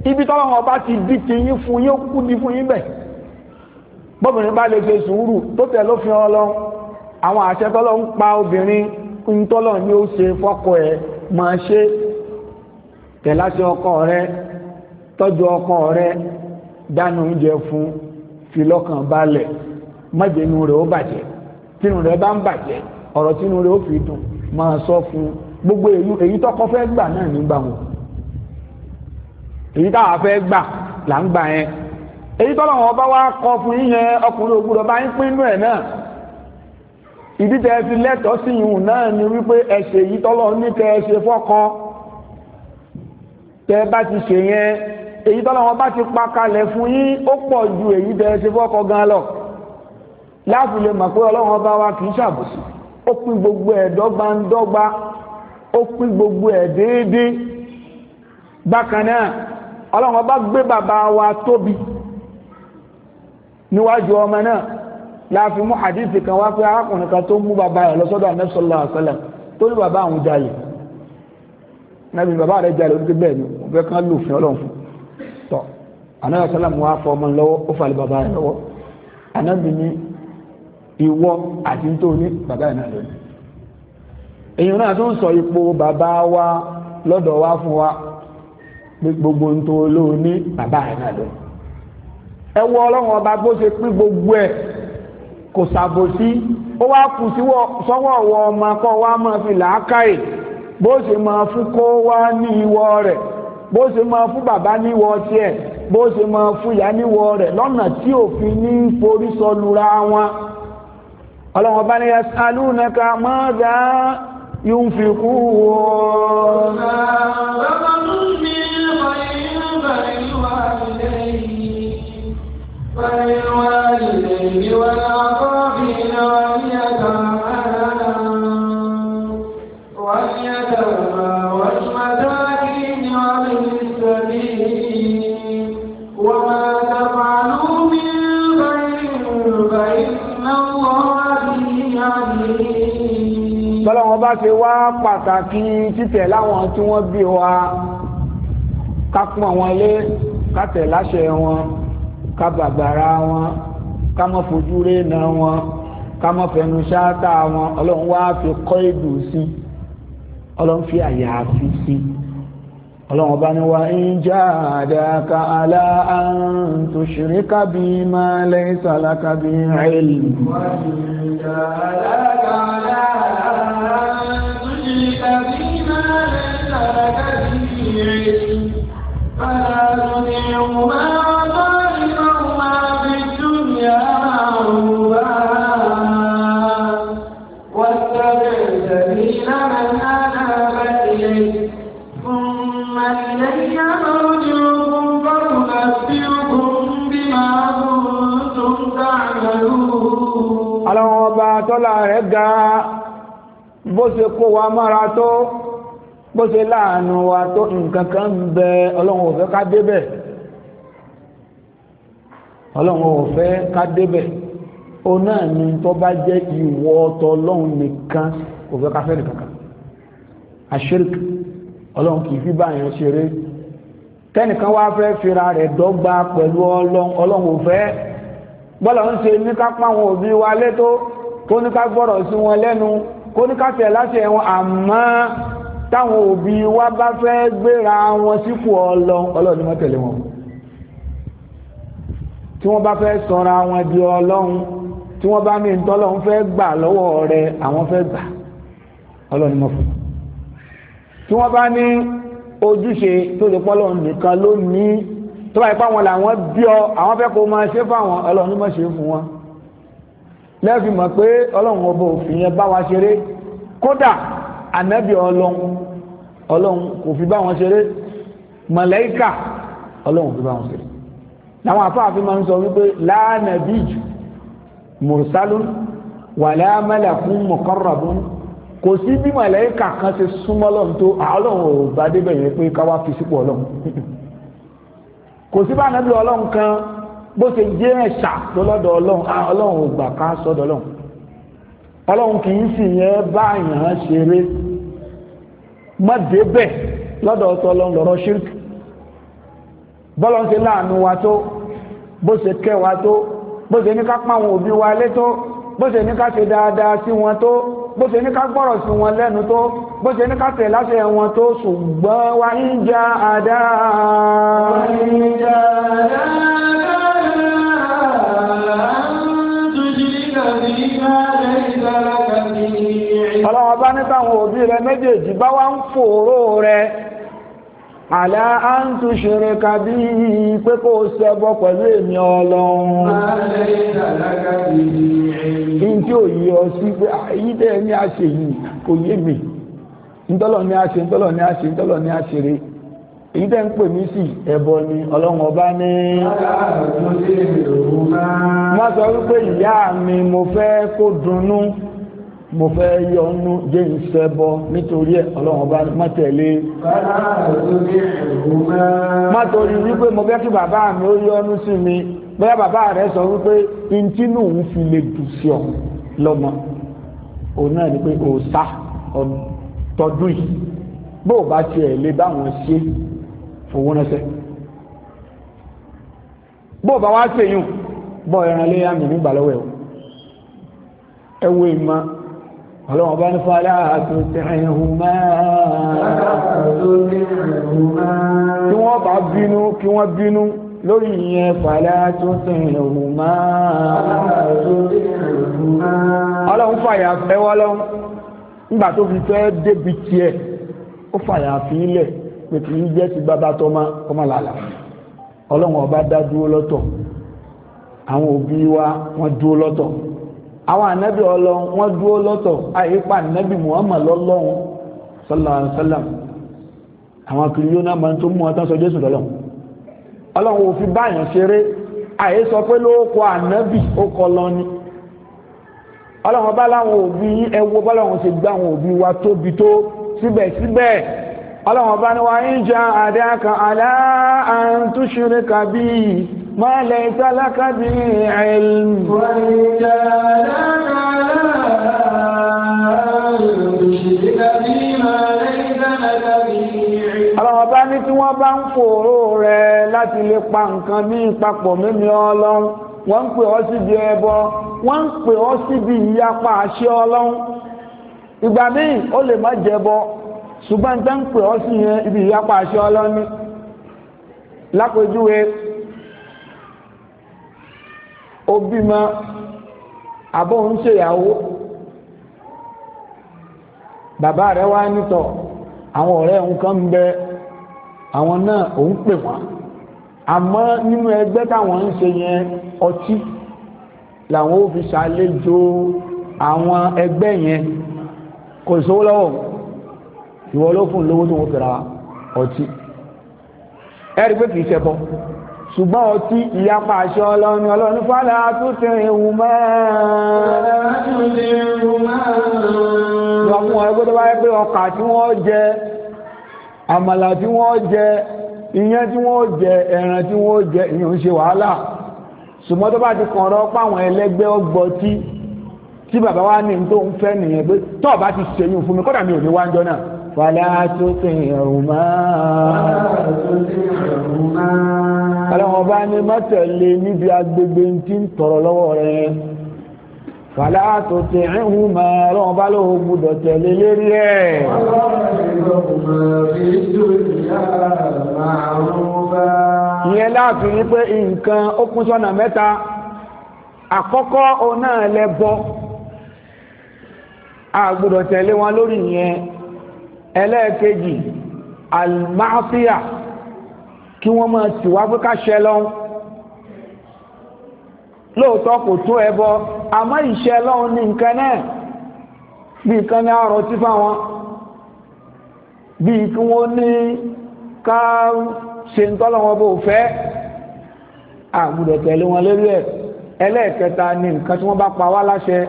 ibi tọ́lọ́ wọn bá ti dí ti yín fún yín ó kúkú di fún yín bẹ̀ bọ́bìnrin bá lè ṣe sùúrù tó tẹ̀ ló fi hàn lọ àwọn àṣẹ tọ́lọ́ ń pa obìnrin ń tọ́lọ́ ní ó ṣe fọ́kọ ẹ̀ máa ṣe tẹ̀láṣẹ ọkọ rẹ tọ́jú ọkọ rẹ dáná oúnjẹ fún fi lọ́kàn balẹ̀ májèlú rẹ̀ ó bàjẹ́ tínú rẹ̀ bá ń bàjẹ́ ọ̀rọ̀ tínú rẹ̀ ó fi dùn máa sọ fún un gbogbo èyí èyí tọkọ fẹ́ gbà náà ní gbà wọn èyí táwa fẹ́ gbà là ń gbà yẹn èyí tọ́lọ̀ wọn bá wá kọ fún yíyẹn ọkùnrin ògbúdọ̀ bá ń ẹ̀ náà ìdí ẹ fi náà ni wípé ẹ̀ṣẹ̀ tọ́lọ̀ ní ẹ ṣe fọ́kọ ẹ ti èyí tọ́lọ̀ pa kalẹ̀ fún yín ó ju èyí ẹ ṣe lọ láàfin lè mọ̀ pé ọlọ́wọ́n bá gbogbo ó pín gbogbo ẹ̀ déédé bákan náà ọlọ́run bá gbé bàbá wa tóbi níwájú ọmọ náà láàfin mú hadithi kan wá pé arákùnrin kan tó mú bàbá rẹ̀ lọ́sọ́dọ̀ Ànábì sallallahu alaihi wasallam tó ní bàbá àwọn jalè nàbí bàbá rẹ̀ jalè ó ti bẹ́ẹ̀ ni ó fẹ́ kán lòfin ọlọ́run fún tọ́ Ànábì sallam wá fọ ọmọ lọ́wọ́ ó falẹ̀ bàbá rẹ̀ lọ́wọ́ Ànábì ní ìwọ àti tó bàbá rẹ̀ náà lónìí èyàn náà tó ń sọ ipò bàbá wa lọ́dọ̀ wa fún wa gbogbo ń tó olóòní bàbá rẹ̀ náà lọ ẹ wọ ọlọ́run ọba bó ṣe pín gbogbo ẹ̀ kò ṣàbòsí ó wá kù sọ́wọ́ ọ̀wọ́ ọmọ kọ́ wa máa fi làákàyè bó ṣe máa fún kó wá ní ìwọ rẹ̀ bó ṣe máa fún bàbá ní ìwọ tiẹ̀ bó ṣe máa fún ìyá níwọ rẹ̀ lọ́nà tí òfin ní forí sọlura wọn ọlọ́run ọba ní yasalunaka mọ́dàá ينفقون والوالدين والأقربين واليتامى ọlọ́run bá ṣe wá pàtàkì títẹ̀ láwọn tí wọ́n bí wa ká pọ́n wọn lé ká tẹ̀ láṣẹ wọn ká bàbàrà wọn ká má fojú rénà wọn ká má fẹnu ṣáátà wọn ọlọ́run wá fi kọ́ ìdù sí ọlọ́run fi àyàfi sí ọlọ́run bá ní wa ń já àdáka alá àǹtò kábí máa lẹ́yìn sàlákábí ẹ̀lì. wọ́n ti ń já àdáka alá ọlọ́run ọba tọ́lá rẹ̀ ga bó ṣe kó wa mára tó bó ṣe láàánú wa tó nǹkan kan ń bẹ ọlọ́run ò fẹ́ ká débẹ̀ ọlọ́run ò fẹ́ ká débẹ̀ ó náà ní tó bá jẹ́ ìwọ ọ̀tọ̀ ọlọ́run nìkan kò fẹ́ ká fẹ́ nìkan kan àṣírí ọlọ́run kì í fi báyàn ṣeré tẹ́nìkan wá fẹ́ fira rẹ̀ dọ́gba pẹ̀lú ọlọ́run ò bọ́lá ń ṣe ní ká páwọn òbí wa létó kó ní ká gbọ́rọ̀ sí wọn lẹ́nu kó ní ká tẹ̀ láṣẹ wọn àmọ́ táwọn òbí wa bá fẹ́ gbéra wọn sípò ọlọ́run ọlọ́run ni wọ́n tẹ̀lé wọn tí wọ́n bá fẹ́ sọra wọn di ọlọ́run tí wọ́n bá ní ìtọ́lọ́run fẹ́ gbà lọ́wọ́ rẹ àwọn fẹ́ gbà ọlọ́run ni wọ́n fún tí wọ́n bá ní ojúṣe tó lè pọ́ lọ́run nìkan ló ní tó bá ipá wọn làwọn bí ọ àwọn fẹ́ kó máa ṣe fáwọn ọlọ́run ni wọ́n ṣe fún wọn lẹ́ẹ̀fì mọ̀ pé ọlọ́run ọba òfin yẹn bá wa ṣeré kódà ànábì ọlọ́run ọlọ́run kò fi bá wọn ṣeré màláíkà ọlọ́run fi bá wọn ṣeré láwọn afáàfin máa ń sọ wípé láàánàbí jù mùsálùn wà láàmàlàkún mọ̀kọ́rọ̀bùn kò sí bí màláíkà kan ṣe súnmọ́ ọlọ́run tó ah, ọlọ́run ò bá débẹ̀ yẹn pé káwá fi sípò ọlọ́run kò sí bá ànábì ọlọ́run kan bó ṣe jẹ́ ẹ̀ṣà lọ́lọ́dọ̀ ọlọ́run ah, ọlọ́run ò gbà ká sọ́dọ̀ ọlọ́run ọlọ́run kì í sì yẹn bá àyàn ṣeré má débẹ̀ lọ́dọ̀ ọ̀tọ̀ ọlọ́run lọ́rọ̀ ṣírkì bọ́lọ́n ṣe láàánú wa tó bó ṣe kẹ́ wa tó bó ṣe ní ká páwọn òbí wa lé tó bó ṣe ní ká ṣe dáadáa sí wọn tó bó ṣe ní ká gbọ́rọ̀ sí wọn lẹ́nu tó bó ṣe ní ká tẹ̀ láṣẹ wọn tó ṣùgbọ́n wa ń ja àdáa. wa ń ja àdáa. ọlọ́wọ́ bá ní táwọn òbí rẹ méjèèjì bá wá ń fòòró rẹ àlá à ń tún ṣeré kabí pé kó o pẹ̀lú èmi ọlọ́run ní tí ò yí ọ sí pé àyídẹ́ ní a ṣe yìí kò yé mi ní a ṣe ní a ṣe ní a èyí tẹ́ ń pè mí sí ẹbọ sọ wípé ìyá mi mo fẹ́ kó dunnú mo fẹ́ yọnu jẹ́ ìṣẹ́bọ nítorí ẹ̀ ọlọ́run ọba má tẹ̀lé má torí wípé mo fẹ́ kí bàbá mi ó yọnu sí mi bóyá bàbá rẹ̀ sọ wípé intínú òun fi lè dùn sí ọ lọ́mọ òun náà ni pé òòsà tọdún yìí bó o bá tiẹ̀ lè báwọn ṣe fowó náà sẹ́ bó o bá wá ṣèyún bọ́ ẹran léyà mi nígbà lọ́wọ́ ẹ̀ o ẹ wo ìmọ̀ ọlọ́wọ́n bá ní fàálà àtúntẹ̀hìnhùmá tí wọ́n bá bínú kí wọ́n bínú lórí ìyẹn fàálà àtúntẹ̀hìnhùmá ọlọ́wọ́n fàyà fẹ́ wọ́n lọ́wọ́ nígbà tó fi fẹ́ débi tiẹ̀ ó fàyà fi ilẹ̀ pé kì jẹ́ ti bàbá tọ́mọ ọmọ làlà ọlọ́wọ́n dá dúró lọ́tọ̀ àwọn òbí wa wọ́n dúró lọ́tọ̀ àwọn ànábì ọlọ́run wọ́n dúró lọ́tọ̀ àyípa ànábì Muhammad lọ́lọ́run sallallahu alaihi wasallam àwọn kìrìyó náà máa tó mú ọtán sọ Jésù lọ́lọ́run ọlọ́run ò fi báyàn ṣeré àyè sọ pé ló kọ ànábì ó kọ lọ ni ọlọ́run bá láwọn òbí ẹwọ bọ́lọ́run ṣe gbá àwọn òbí wa tóbi tó síbẹ̀síbẹ̀ ọlọ́run bá ní wa ń jẹ àdáka aláàntúṣiríkà bíi ما لَكَ لك به علم وليس لك ọba ní tí wọ́n bá ń fòró rẹ láti lè pa nǹkan ní ìpapọ̀ mímí ọlọ́run wọ́n ń pè ọ́ síbi ẹbọ wọ́n ń pè ọ́ síbi ìyapa àṣẹ ọlọ́run ìgbà míì ó lè má jẹbọ ṣùgbọ́n tá ń pè ọ́ sí ìyapa àṣẹ ọlọ́run ní ó bímọ àbọ̀ ń ṣèyàwó bàbá rẹ̀ wá nítọ̀ àwọn ọ̀rẹ́ òun kan ń bẹ àwọn náà òun pè wọ́n àmọ́ nínú ẹgbẹ́ táwọn ń ṣe yẹn ọtí làwọn ó fi ṣàlejò àwọn ẹgbẹ́ yẹn kò sówó lọ́wọ́ ìwọ ló fún lówó tó wọ́n fẹ́ra ọtí ẹ̀rí pé kìí ṣẹbọ ṣùgbọ́n ọtí ìyapa àṣẹ ọlọ́ni ọlọ́ni fọ́lá tútẹ̀ ewu mẹ́rin ọmọ ẹgbẹ́ tó bá yẹ pé ọkà tí wọ́n jẹ àmàlà tí wọ́n jẹ iyán tí wọ́n jẹ ẹran tí wọ́n jẹ ìyàn ṣe wàhálà ṣùgbọ́n tó bá ti kàn rọ páwọn ẹlẹ́gbẹ́ ọgbọ́ tí bàbá wa ní tó ń fẹ́ nìyẹn pé tọ́ọ̀ bá ti ṣèyún fún mi kọ́dà mi ò ní wájọ́ náà فلا تطيعهما ọlọ́run ọba ní mọ́tẹ̀lẹ̀ níbi agbègbè tí ń tọrọ lọ́wọ́ rẹ̀ fàlá tó tẹ̀ ẹ̀hùn ma ọlọ́run ọba ló gbọ́dọ̀ tẹ̀lé lérí ẹ̀ ìyẹn láàfin ní pé nǹkan ó kún sọ́nà mẹ́ta àkọ́kọ́ òun náà lẹ́bọ a gbọ́dọ̀ tẹ̀lé wọn lórí ìyẹn ẹlẹ́ẹ̀kejì almasiya kí wọ́n máa tì wá fún káṣẹ lọ́hún lóòótọ́ kò tó ẹbọ àmọ́ ìṣẹ́ lọ́hún ní nǹkan náà bí nǹkan ní àrọ̀ tí fáwọn bí kí wọ́n ní ká ṣe ń tọ́lọ̀ wọn bó fẹ́ àgbùdọ̀ tẹ̀lé wọn lórí ẹ̀ ẹlẹ́ẹ̀kẹta ni nǹkan tí wọ́n bá pa wá láṣẹ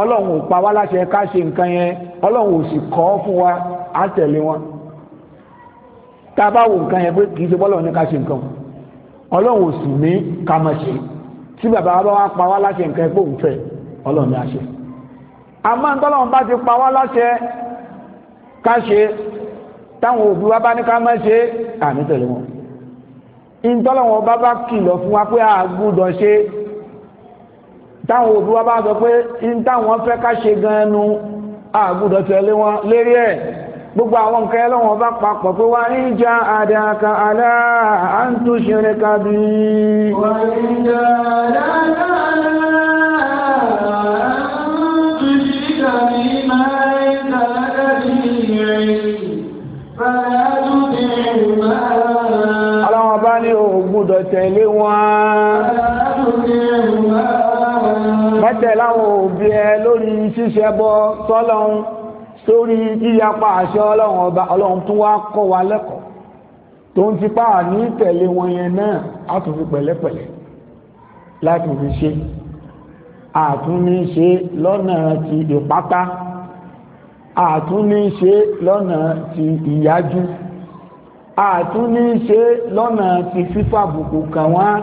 ọlọ́run ò pa wá láṣẹ ká ṣe nǹkan yẹn ọlọ́run ò sì kọ́ fún wa á tẹ̀lé wọn tá a bá wo nǹkan yẹn pé kì í ṣe bọ́lọ̀ ní ká ṣe nǹkan ọlọ́run ò sì ní ká mọ̀ ṣe tí bàbá wa bá wá pa wá láṣẹ nǹkan ẹgbẹ́ òun fẹ́ ọlọ́run ní àṣẹ àmọ́ ntọ́lọ́run bá ti pa wá láṣẹ ká ṣe táwọn òbí wa bá ní ká má ṣe àmì tẹ̀lé wọn ntọ́lọ́run bá bá kìlọ̀ fún wa pé àgùdọ̀ ṣe táwọn òbí wa bá sọ pé ntáwọn fẹ́ ká ṣe gan-an nu àgùdọ̀ tẹ̀lé wọn lérí ẹ̀ gbogbo àwọn nǹkan ẹlọ́wọ̀n bá papọ̀ pé wà ní ìjà àdáka aláà ń tó ṣeré kábí wà ní ìjà àdáka aláà bá ní ògbúdọ̀ tẹ̀lé wọn mọ́tẹ̀ láwọn òbí ẹ lórí ṣíṣẹ́bọ tọ́lọ́hun torí yíyapa àṣẹ ọlọ́run ọba ọlọ́run tún wá kọ́ wa lẹ́kọ̀ọ́ tó ń ti páà ní tẹ̀lé wọn yẹn náà á tún fi pẹ̀lẹ́pẹ̀lẹ́ láti fi ṣe àtún ṣe lọ́nà ti ìpátá àtún ṣe lọ́nà ti ìyájú àtún ṣe lọ́nà ti fífàbùkù kàn wọ́n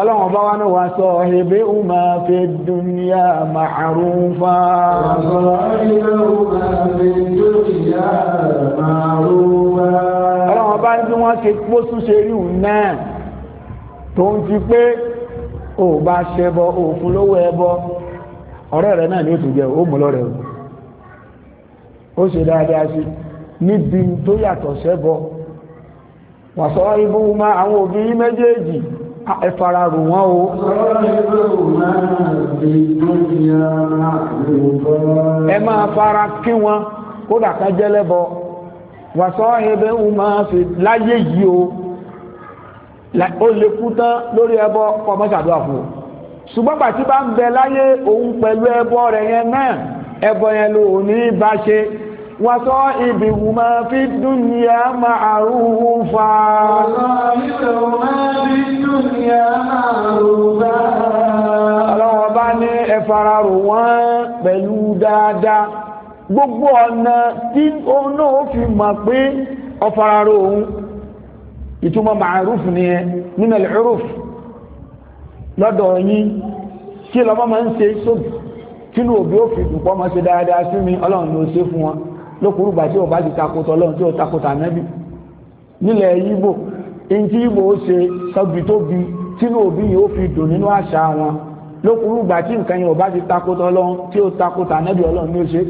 ọlọ́wọ̀n bá wánà wà sọ ẹ̀bẹ́ ọmọ fẹ́ dúnìyà ma'arúfà ọlọ́wọ̀n bá ní wọ́n ṣe pọ́ súnṣe rí náà tó ń ti pé o bá ṣẹbọ òfin lówó ẹbọ ọ̀rẹ́ rẹ̀ náà ni ó tún jẹ́ ó ó ṣe dáadáa sí níbi tó yàtọ̀ ṣẹbọ wàsọ́ ibú ma àwọn òbí méjèèjì ẹ̀fara rò wọ́n o. ẹ máa fara kí wọn kódà ká jẹ́lẹ́bọ wàsọ́ ẹbẹ̀ ń máa fi láyé yìí o ó lè kú tán lórí ẹbọ kọmọ́sàdúrà fún o ṣùgbọ́n bàtí bá ń bẹ láyé òun pẹ̀lú ẹbọ rẹ̀ yẹn náà ẹbọ yẹn ló ò ní bá ṣe وصائبهما في الدنيا معروفا وصائبهما في الدنيا معروفا ọlọ́wọ́ bá ní ẹfara rò wọ́n pẹ̀lú dáadáa gbogbo ọ̀nà tí ó náà fi mọ̀ pé ọfara rò òun ìtumọ̀ màárùfù ni ẹ nínú ẹ̀lẹ́rùfù lọ́dọ̀ yín kí lọ́mọ́ máa ń ṣe sóbì kí ní òbí ó fi dùpọ̀ máa ṣe dáadáa sí mi ọlọ́run ló ṣe fún wọn lókùrùgbà tí o bá ti takòtò ọlọ́run tí o takòtò ànábì nílẹ̀ Ìgbò ìntí Ìgbò ó ṣe sọ́bi tó bi tínú òbí yìí ó fi dùn nínú àṣà wọn lókùrùgbà tí nǹkan yìí o bá ti takòtò ọlọ́run tí o takòtò ànábì ọlọ́run ní o ṣe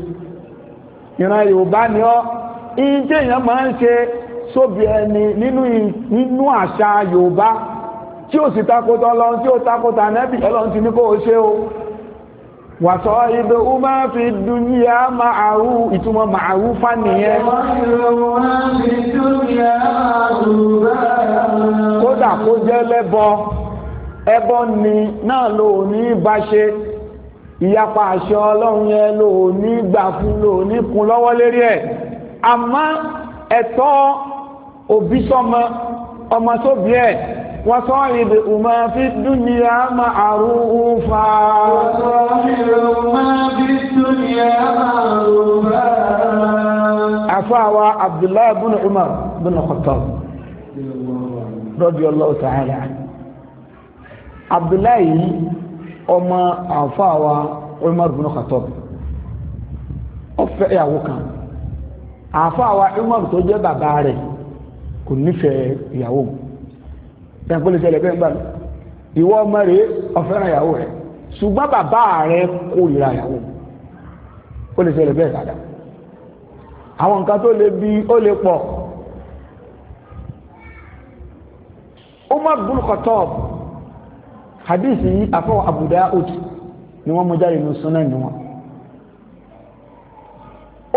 ìran Yorùbá ni ọ́ ìntí èèyàn máa ń ṣe sóbi ẹni nínú àṣà Yorùbá tí o sì takòtò ọlọ́run tí o takòtò ànábì ọlọ́run ti ní kó o ṣe o wàsọ ibẹ̀ ó máa fi dúnyà màáwú ìtumọ̀ màáwú fánìyẹn kódà kó jẹ́ lẹ́bọ ẹbọ ni náà ló ní bá ṣe ìyapa àṣẹ ọlọ́run yẹn ló ní gbà fún ló ní kun lọ́wọ́ lérí ẹ̀ àmọ́ ẹ̀tọ́ òbí sọmọ ọmọ sóbí ẹ̀ wàsọ ibẹ̀ ó máa fi dúnyà màáwú fánìyẹn àfáàwà abdullahi bin umar bin khattab radiyallahu ta'ala abdullahi ọmọ àfáàwà umar bin khattab ó fẹ́ ìyàwó kan àfáàwà umar tó jẹ́ bàbá rẹ̀ kò nífẹ̀ẹ́ ìyàwó ẹ̀kọ́ lè ṣẹlẹ̀ bẹ́ẹ̀ bá ìwọ ọmọ rẹ̀ ó fẹ́ràn ìyàwó rẹ̀ ṣùgbọ́n bàbá rẹ̀ kórìíra ìyàwó ó lè ṣẹlẹ̀ bẹ́ẹ̀ dáadáa àwọn nǹkan tó lè bí ó lè pọ̀ Umar bin hadith yìí afọ́ ni wọ́n mú jáde ní ni wọn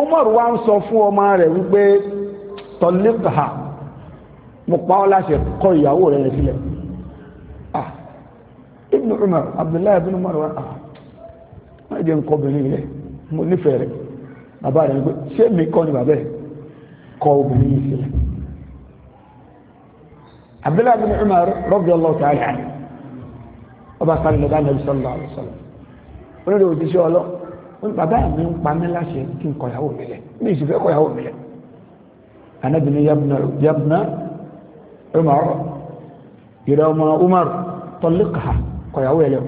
Umar wa ń sọ fún ọmọ rẹ̀ wípé tọ́lẹ́kà mo pa ọ́ láṣẹ kọ ìyàwó ah Ibn Umar Abdullahi ibn Umar wa ah má jẹ́ nǹkan obìnrin rẹ̀ mo nífẹ̀ẹ́ bàbá rẹ̀ wípé ṣé mi kọ́ ni bàbá ẹ̀ kọ obìnrin yìí sílẹ̀ abdullahi bin umar radiyallahu ta'ala anhu ọba sáré lọ́dá nàbí sallallahu alaihi wasallam olórí òjíṣẹ́ ọlọ́ bàbá mi ń pa mí láṣẹ kí n kọ̀yàwó mi lẹ̀ mi ìṣẹ̀fẹ́ kọ̀yàwó mi lẹ̀ anábìnrin yabna umar ìrẹ ọmọ umar tọ́lẹ́kà kọ̀yàwó ẹlẹ́wọ̀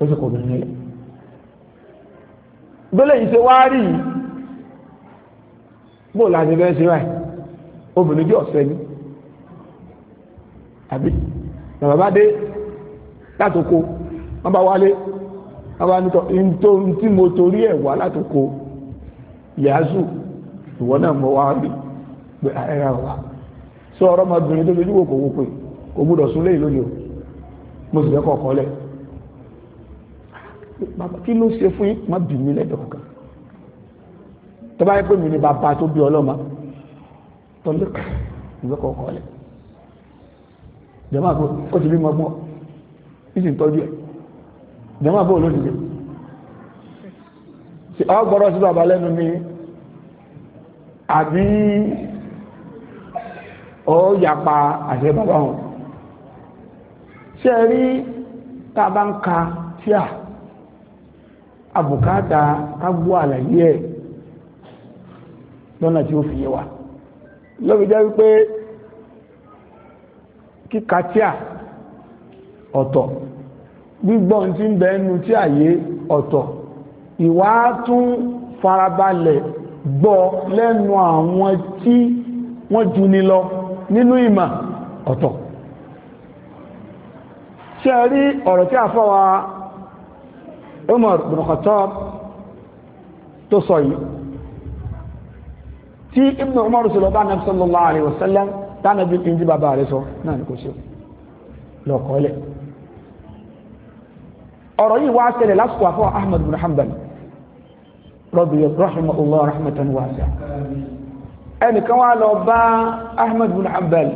ó sì kọ̀ obìnrin lẹ̀ gbélé yìí ṣe wá rí yìí bó la ṣe bẹ́ẹ̀ ṣe wáyé obìnrin jẹ́ ọ̀sẹ̀ ni àbí bàbá bá dé látòkò wọ́n bá wálé wọ́n bá nítọ́ nítorí tí mo torí ẹ̀ wá látòkò yàásù ìwọ náà mọ̀ wá rí pé ẹ̀rà wà sọ ọ̀rọ̀ ọmọbìnrin tó lójú wò kò wò pé kò gbúdọ̀ súnlé ìlú ni o mo sì fẹ́ kọ̀ọ̀kan lẹ́yìn kí ló ṣe fún yín má bì mí lẹ́dọ̀ kan tó bá yẹ pé mi ni bàbá tó bí ọlọ́mọ tọ́lẹ̀ ìwé kọ̀ọ̀kọ̀ lẹ̀ jẹ́mọ́ àbò ó ti bí mọ́gbọ́n ìsìn tọ́jú ẹ̀ jẹ́mọ́ àbò ló dìde ṣe ọ́ gbọ́rọ̀ sí bàbá lẹ́nu mi àbí ọ́ yapa àṣẹ bàbá wọn ṣe rí tá a bá ń ka tíà àbùkátà kágbó àlàyé e lọ́nà tí ó fi yé wa lọ́bi jẹ́ wípé kíka tíà ọ̀tọ̀ gbígbọ́n tí ń bẹ ẹnu tí àyè ọ̀tọ̀ ìwà tún lẹnu awọn lẹ́nu àwọn tí wọ́n jù ní lọ nínú ima ọ̀tọ̀ ṣe rí a Umar bin Khattab tó sọ yìí tí Ibn Umar sọ̀rọ̀ bá nàbí sallallahu alaihi wasallam tánàbí ìdí bàbá rẹ̀ sọ náà ni kò ṣe lọ́kọ̀ọ́lẹ̀ ọ̀rọ̀ yìí wá ṣẹlẹ̀ lásìkò àfọ́ Ahmad bin Hanbal rahimahullah rahmatan wasi'a ẹnìkan wá lọ bá Ahmad bin Hanbal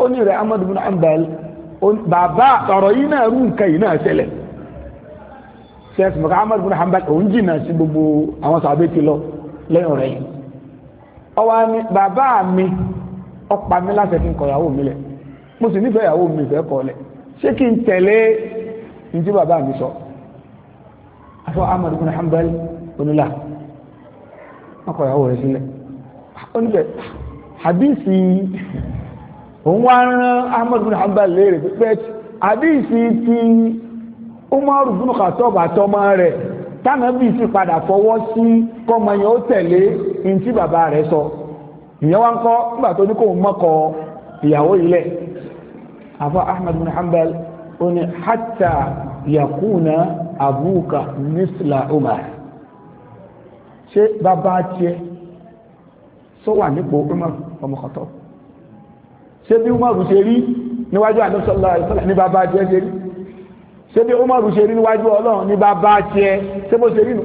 ó ní rẹ̀ Ahmad bin Hanbal bàbá ọ̀rọ̀ yìí náà rú nǹkan yìí náà ṣẹlẹ̀ sẹ́ẹ̀sì mọ̀ká ahmed bin hanbal òun jìnnà sí gbogbo àwọn sàbẹ̀ ti lọ lẹ́yìn rẹ̀ yìí ọwọ́ ni bàbá mi ọ̀pá mi láṣẹ kí n kọ ìyàwó mi lẹ̀ mo sì nífẹ̀ẹ́ ìyàwó mi ìfẹ́ kọ lẹ̀ ṣé kí n tẹ̀lé ní tí bàbá mi sọ afọ ahmed bin hanbal onílà wọn kọ ìyàwó rẹ̀ sílẹ̀ oníbẹ̀ hadisi òun wá rán ahmed bin hanbal léèrè pé hadisi ti. Umaru bùnú kàtọ́ọ̀bù àtọmọ rẹ̀ tánàbì sì padà fọwọ́ sí kọ́mọ yẹn ó tẹ̀lé ní tí bàbá rẹ̀ sọ ìyẹn wá ń kọ́ nígbà tó ní kò mọ́kọ ìyàwó ilẹ̀ afọ Ahmad bin Hanbal ó ní yakuna abuka misla Umar ṣé bàbá tiẹ̀ sọ wà nípò Umar ọmọ Khattab ṣé bí Umar ṣe rí níwájú àdúgbò sọlá ní bàbá tiẹ̀ ṣe rí ṣé bí Umaru ṣe rí níwájú Ọlọ́run ní bàbá tiẹ̀ ṣé bó ṣe rí nù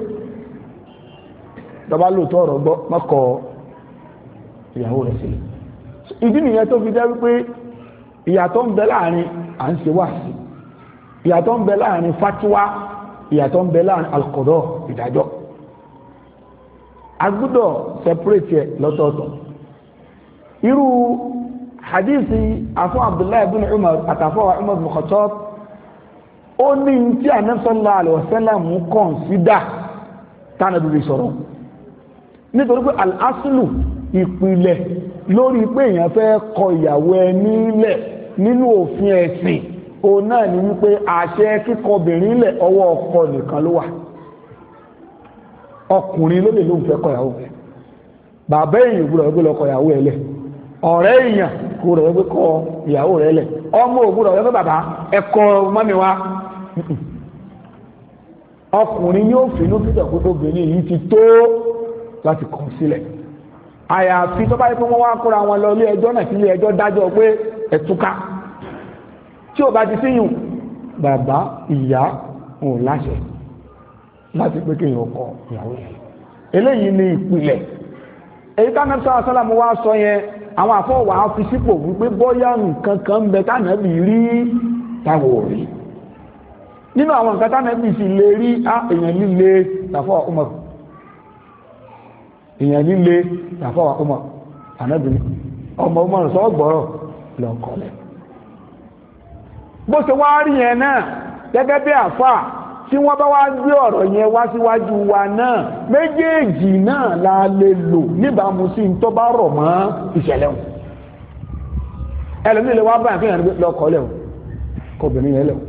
bàbá lóòótọ́ ọ̀rọ̀ gbọ́ mọ́kọ ìyàwó rẹ̀ sílẹ̀ ìdí nìyẹn tó fi jẹ́ wípé ìyàtọ̀ ń bẹ láàrin à ń ṣe wáàsí ìyàtọ̀ ń bẹ láàrin fatiwa ìyàtọ̀ ń bẹ láàrin alkọ̀dọ̀ ìdájọ́ agbúdọ̀ separate ẹ̀ lọ́tọ̀ọ̀tọ̀ irú hadisi afọ́ Abdullahi bin Umar àtàfọ́ Umar bin Khattab ó ní tí ànẹ́sọ́lá àlọ́sẹ́lá mú kọ̀ǹsídà tánàbìrì sọ̀rọ̀ nítorí pé alásùlù ìpìlẹ̀ lórí pé èèyàn fẹ́ kọ ìyàwó ẹni lẹ̀ nínú òfin ẹ̀sìn o náà ni wípé àṣẹ kíkọbìnrin lẹ̀ ọkọ nìkan ló wà ọkùnrin ló kọ ìyàwó bàbá gbúdọ̀ kọ ìyàwó lẹ̀ ọ̀rẹ́ gbúdọ̀ wípé kọ ìyàwó lẹ̀ ọmọ ògbúdọ̀ wípé bàbá wa ọkùnrin yóò fínú fíjọ pé obìnrin yìí ti tó láti kọ̀ sílẹ̀ àyàfi tó bá yẹ pé wọ́n wá kóra wọn lọ ilé ẹjọ́ náà sí ilé ẹjọ́ dájọ́ pé ẹ̀túká tí ò bá ti síyùn bàbá ìyá ò láṣẹ láti pé kéèyàn kọ ìyàwó yẹn eléyìí ni ìpìlẹ̀ èyí ká nàbí sọ́wọ́ sọ́lá mo wá sọ yẹn àwọn àfọwà fi sípò wípé bóyá nǹkan kan ń bẹ tánàbí rí táwọn rí nínú àwọn nǹkan tánàbí fi lè rí èèyàn líle tàfọ́wà Umar èèyàn líle tàfọ́wà Umar ànábì ní ọmọ Umar sọ gbọ́rọ̀ lọ́kọ̀ọ́lẹ̀ bó ṣe wá rí yẹn náà gẹ́gẹ́ bí àfáà tí wọ́n bá wá gbé ọ̀rọ̀ yẹn wá síwájú wa náà méjèèjì náà la lè lò níbàámu sí ń tọ́ bá rọ̀ mọ́ ìṣẹ̀lẹ̀ wọn wá báyìí fún ìyàrá lọ́kọ̀ọ́lẹ̀ wọn kọbìnrin yẹn lẹ́wọ̀n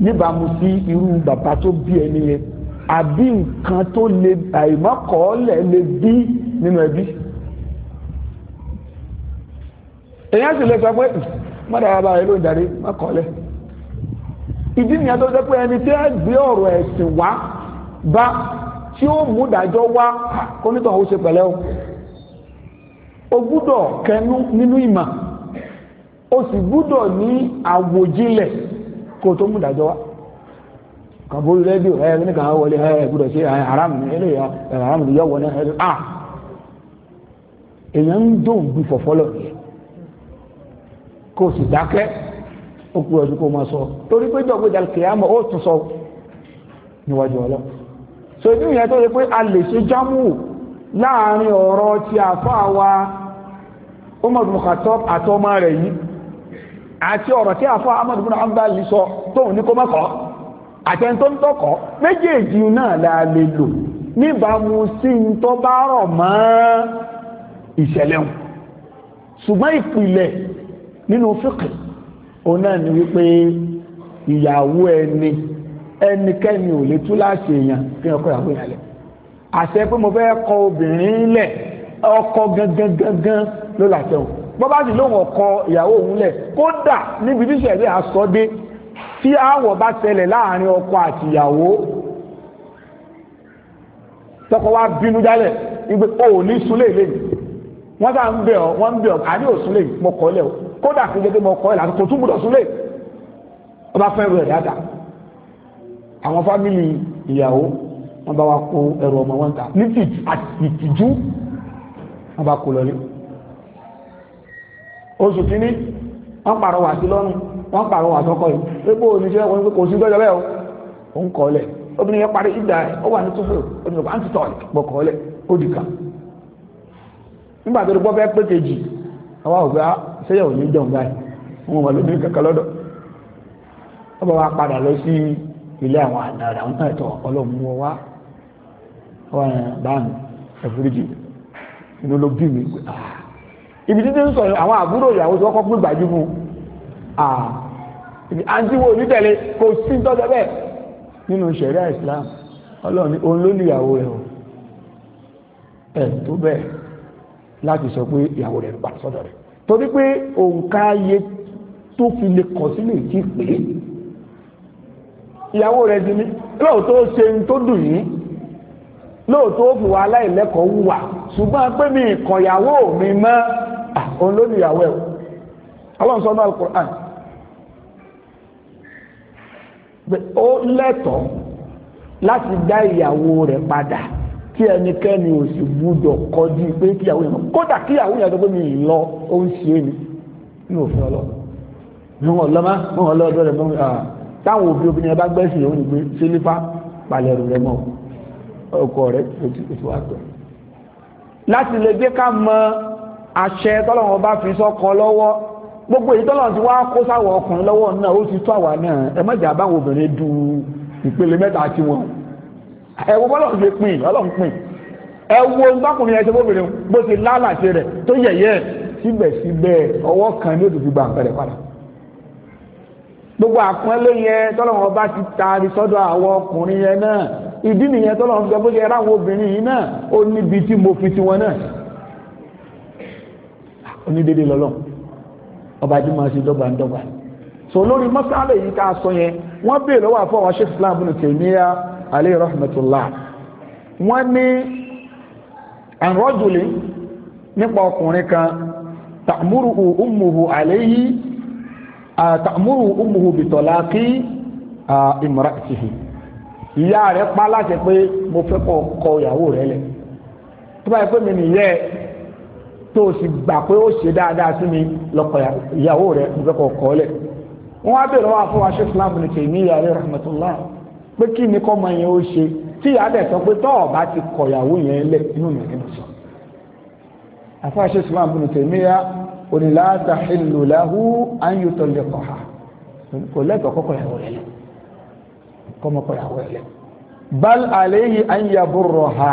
níbàámu sí irú bàbá tó bí ẹni yẹn àbí nǹkan tó lè àìmọ́kọ̀ọ́lẹ̀ lè bí nínú ẹbí èyàn sì lè sọ pé mọ́dàrá hmm, bá rẹ ló ń darí mọ́kọ̀ọ́lẹ̀ ìdí nìyẹn tó jẹ́ pé ẹni tí ẹ gbé ọ̀rọ̀ ẹ̀sìn wá bá tí ó mú dájọ́ wá kónítọ̀ ó ṣe pẹ̀lẹ́ o o gbúdọ̀ kẹnu nínú ìmọ̀ o sì gbúdọ̀ ní àwòjinlẹ̀ kó tó mú ìdájọ́ wá kan bó rẹ́díò ẹ̀ ní kan wọlé ẹ̀ gbúdọ̀ sí haram ní ilé ya haram ní yọ̀wọ̀ ní ẹ̀rọ à èèyàn ń dùn bí fọ̀fọ́lọ̀ yẹ kó sì dákẹ́ ó kú ọdún kó máa sọ torí pé jọ̀gbé jà kìyàmọ̀ ó tún sọ níwájú ọlọ́ so ìdí ìyẹn tó yẹ pé a lè ṣe jámù láàrin ọ̀rọ̀ ti àfáà wa ó mọ̀ àtọ́mọ rẹ̀ yìí àti ọ̀rọ̀ tí àfọ́ ahmad bin hanbal sọ tóun ní kó mọ́kọ́ àtẹn ń tọkọ̀ méjèèjì náà la lè lò níbàámu sí ń tọ́ bá rọ̀ mọ́ ìṣẹ̀lẹ̀ wọn ṣùgbọ́n ìpìlẹ̀ nínú fíkì òun náà ni wípé ìyàwó ẹni ẹnikẹ́ni ò lè tú láṣẹ èèyàn fi ọkọ ìyàwó yẹn lẹ̀ àṣẹ pé mo fẹ́ kọ obìnrin lẹ̀ ọkọ gangan gangan ló làṣẹ wọn bọ́bá sì lóun ọkọ ìyàwó òun lẹ̀ kódà níbi tí sẹ̀rí àsọdé tí aáwọ̀ bá ṣẹlẹ̀ láàrin ọkọ àti ìyàwó tọkọ wa bínú jálẹ̀ ìgbé o ò ní súlé ilé mi wọ́n sá ń bẹ̀ ọ́ wọ́n ń bẹ̀ ọ́ àní ò súlé mo kọ́ lẹ̀ o kódà kí jẹ́ pé mo kọ́ ẹ̀ láti kò tún gbúdọ̀ súlé ọba fẹ́ rẹ̀ dáadáa àwọn fámìlì ìyàwó wọn bá wa kó ẹrù ọmọ wọn ta ní ìtìjú wọn bá kó lọ lé oṣù kìíní wọ́n pàrọwà sí lọ́rùn wọ́n pàrọwà sọ́kọ yìí pépò oníṣẹ́ wọn kò sí gbọ́jọ́ bẹ́ẹ̀ o ò ń kọ́lẹ̀ obìnrin yẹn parí ìdá ẹ̀ ó wà ní túfò oníṣẹ́ àti tọ̀ pọ̀ kọ́lẹ̀ ó dì kan nígbà tó gbọ́ fẹ́ pé kejì àwa ò gbá sẹ́yẹ̀ ò ní jẹun báyìí wọn wà lóbi kankan lọ́dọ̀ ó bá wa padà lọ sí ilé àwọn àdàrà ọlọ́mú wa wọn bá ẹ̀fúrújì inú ló bí ah. ibi títí ń sọ̀rọ̀ àwọn àbúrò ìyàwó tí wọ́n kọ́ pé gbàjú fún un àǹtí wo onítẹ̀lé kò sí tọ́jọ́ bẹ́ẹ̀ nínú ṣẹ̀ríà Islam ọlọ́run ni òun ló ní ìyàwó rẹ̀ o ẹ̀ tó bẹ́ẹ̀ láti sọ pé ìyàwó rẹ̀ bá sọ́dọ̀ rẹ̀ torí pé òǹkà ayé tó fi lè kọ̀ sílẹ̀ tí pé ìyàwó rẹ̀ di ní lóòótọ́ ṣe ń tó dùn yín lóòótọ́ ó fi wá aláìlẹ́kọ̀ọ́ wùwà ṣùgbọ́n pé mi ìkọ̀yàwó mi mọ́ Ah, òun ló ní ìyàwó ẹ̀ ọlọ́run sọ náà alukur'an ó lẹ́tọ̀ọ́ láti dá ìyàwó rẹ̀ padà tí ẹnikẹ́ni ò sì gbúdọ̀ kọjú pé kíyàwó yẹn kódà kíyàwó yẹn tó gbé mi lọ ó ń ṣe mi ní òfin ọlọ́run ní wọn lọ́mọ wọn lọ́dọ̀ rẹ̀ mọ́ ah. táwọn òbí obìnrin ẹ bá gbẹ́sìn òun gbé sílífà palẹ̀rù rẹ̀ mọ́ ọkọ rẹ̀ tó ti wá pẹ̀ láti lè gbé ká mọ àṣẹ tọ́lọ́wọ́n bá fi sọ́kọ lọ́wọ́ gbogbo èyí tọ́lọ́wọ́n ti wá kó sáwọ̀ ọkùnrin lọ́wọ́ náà ó ti tó àwa náà ẹ mọ̀jà báwọn obìnrin du ìpele mẹ́ta tí wọn ẹ wo bọ́lọ̀ ṣe pin ọlọ́run pin ẹ wo bákùnrin ẹṣẹ bóbìnrin bó ti lálàṣẹ rẹ tó yẹyẹ síbẹ̀síbẹ̀ ọwọ́ kan ní òtútù gba àpẹẹrẹ padà gbogbo àpọ́nlé yẹn tọ́lọ́wọ́n bá ti taari sọ́dọ̀ àwọn ọkùnrin yẹn náà ìdí nìyẹn tọ́lọ́wọ́n fi sọ onídéédé lọ́lọ́ ọba tí máa ṣe dọ́gba dọ́gba so lórí mọ́sálà yìí tá a sọ yẹn wọ́n bèèrè lọ́wọ́ àfọ́ àwọn sheikh islam bin tèmíyà aleyhi rahmatullah wọ́n ní àrọ́jùlé nípa ọkùnrin kan tàmúrù umuhu aleyhi tàmúrù umuhu bitọ́láàkì imra'atihi ìyá rẹ̀ pa láṣẹ pé mo fẹ́ kọ́ ọkọ ìyàwó rẹ̀ lẹ̀ tó báyìí pé mi nìyẹn tó o sì gbà pé ó ṣe dáadáa sí mi lọ́kọ̀ ìyàwó rẹ̀ mo fẹ́ kọ̀ kọ́ lẹ̀ wọ́n á bèèrè wá fún wa ṣe islam ní tèmi ìyá rẹ̀ rahmatullah pé kí ni kọ́mọ yẹn ó ṣe tí ìyá dẹ̀ sọ pé tọ́ ọ̀bá ti kọ̀ ìyàwó yẹn lẹ̀ inú mi kì sọ àfọ́ àṣẹ islam ní tèmi ìyá onílà tahillu lahu an yutalliqaha kò lẹ́tọ̀ọ́ kọ́kọ́ ìyàwó rẹ̀ lẹ̀ kọ́mọ kọ̀ ìyàwó rẹ̀ lẹ̀ bal alayhi an yaburraha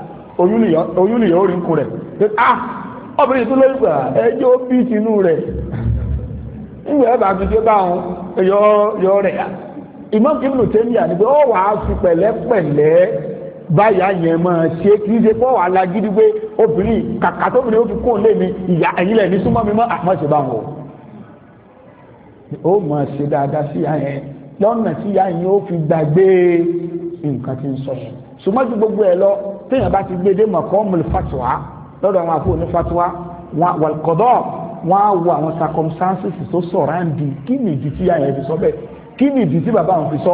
oyúlìyàn orí ń kun rẹ̀ pé ah obìnrin tó lórí ẹjọ́ bí tinú rẹ̀ nígbà ebe bá fi dé bá wọn yọ rẹ̀ ìmọ̀ kí nù tẹ́lẹ̀ pé ọ wà á fi pẹ̀lẹ́pẹ̀lẹ́ báyà yẹn máa ṣe kí ṣe pọ̀ wà lágídí pé obìnrin kàkà tóbìnrin ó fi kó lé mi ìyá ẹ̀yìn lẹ̀ ní súnmọ́ mi mọ́ àmọ́ ṣe bá wọn o ó ṣe dáadáa sí ìyá yẹn lọ́nà fi gbàgbé nǹkan ń sọ gbogbo ẹ̀ lọ téèyàn bá ti gbé dé maqamul fatwa lọ́dọ̀ àwọn àfọ ní fatwa wal qada wọ́n á wo àwọn circumstances tó sọ̀rọ̀ à ń di kí ni ìdí tí yàrá fi sọ bẹ́ẹ̀ kí ni ìdí tí bàbá àwọn fi sọ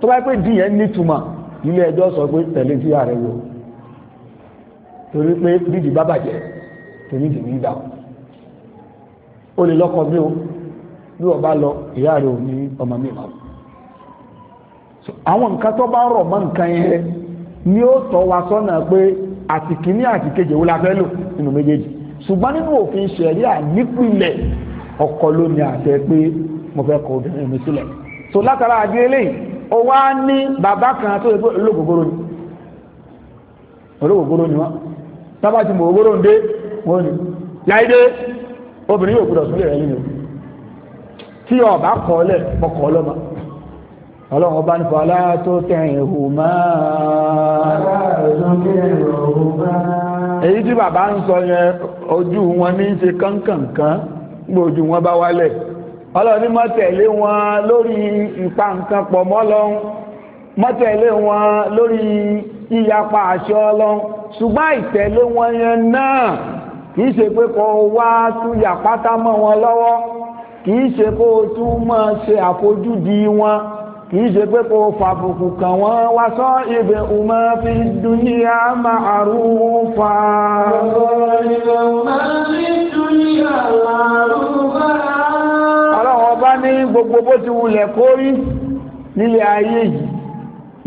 tó bá pẹ́ di yẹn nítumọ̀ ilé ẹjọ́ sọ pé tẹ̀lé tí yàrá yọ torí pé bídì bá bàjẹ́ tèmi dì ní ìdáwọ̀ o lè lọ́kọ̀ bí o bí o bá lọ ìyá rẹ̀ ò ní ọmọ mi máa àwọn nǹkan tó bá rọ̀ mọ́ nǹkan yẹn ni ó tọ́ wa sọ́nà pé àti kìíní àti kejì wo la fẹ́ lò nínú méjèèjì ṣùgbọ́n nínú òfin ọkọ ló ní àṣẹ pé mo fẹ́ kọ obìnrin so látara àdé eléyìí wá ní ni olóògógóró ni wọn tábà ń dé wọn ni láìdé obìnrin yóò gbọdọ̀ súnlẹ̀ rẹ nínú tí ọba kọ́ lẹ̀ ọlọ́run ọba ní fọlá tó tẹ̀yìn hùmá. èyí tí bàbá ń sọ yẹn ojú wọn ní í ṣe kánkànkán gbọ́ ojú wọn bá wálẹ̀ ọlọ́run mọ́ tẹ̀lé wọn lórí ìpa nǹkan pọ̀ mọ́ lọ́hún mọ́ tẹ̀lé wọn lórí yíyapa àṣẹ ọlọ́run ṣùgbọ́n ìtẹ̀lé wọn yẹn náà kìí ṣe pé kó wá túyà pátá mọ́ wọn lọ́wọ́ kìí ṣe kó tún máa ṣe àfojúdi wọn kìí ṣe pé kò fàbùkù kàn wọ́n wá sọ ibẹ̀ ọmọ fi dúníà ma'rufa ọlọ́run ọba ní gbogbo bó ti wulẹ̀ kórí nílé ayé yìí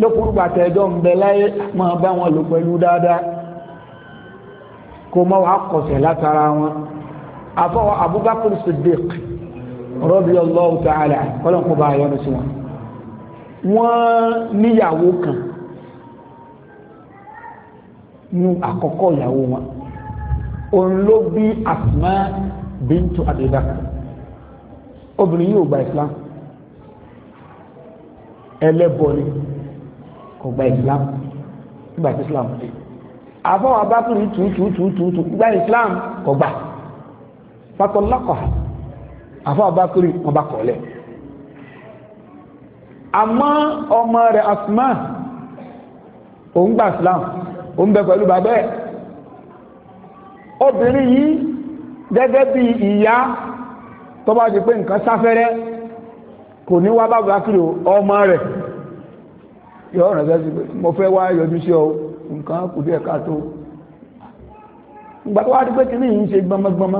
lókùrùgbà tẹ̀dọ̀ ń bẹ láyé máa bá wọn lò pẹ̀lú dáadáa kò mọ́ wàá kọ̀sẹ̀ látara wọn afọwọ́ Abubakar Siddiq radiyallahu ta'ala kọ́lọ́nkọ́ bá yọ́nu sí wọn wọ́n níyàwó kan ní àkọ́kọ́ ìyàwó wọn òun ló bí Asma bintu Abi Bakr obìnrin yóò gba Islam ẹlẹ́bọ ni kò gba Islam nígbà tí Islam dé àbọ̀wọ̀ abákùnrin tùtùtùtù gba Islam kò gbà fatọ́lákọ̀ àfọwọ́ abákùnrin wọn bá kọ̀ lẹ́yìn àmọ́ ọmọ rẹ̀ Asma òun gbà Islam òun bẹ pẹ̀lú bàbá ẹ̀ obìnrin yìí gẹ́gẹ́ bí ìyá tó bá jẹ́ pé nǹkan sáfẹ́rẹ́ kò ní wá bàbá kiri ọmọ rẹ̀ yọ ọ̀rọ̀ sẹ́sì pé mo fẹ́ wá yọjú sí ọ nǹkan kù díẹ̀ káàtó ìgbà tó wá rí kìnnìyàn ń ṣe gbọmọgbọmọ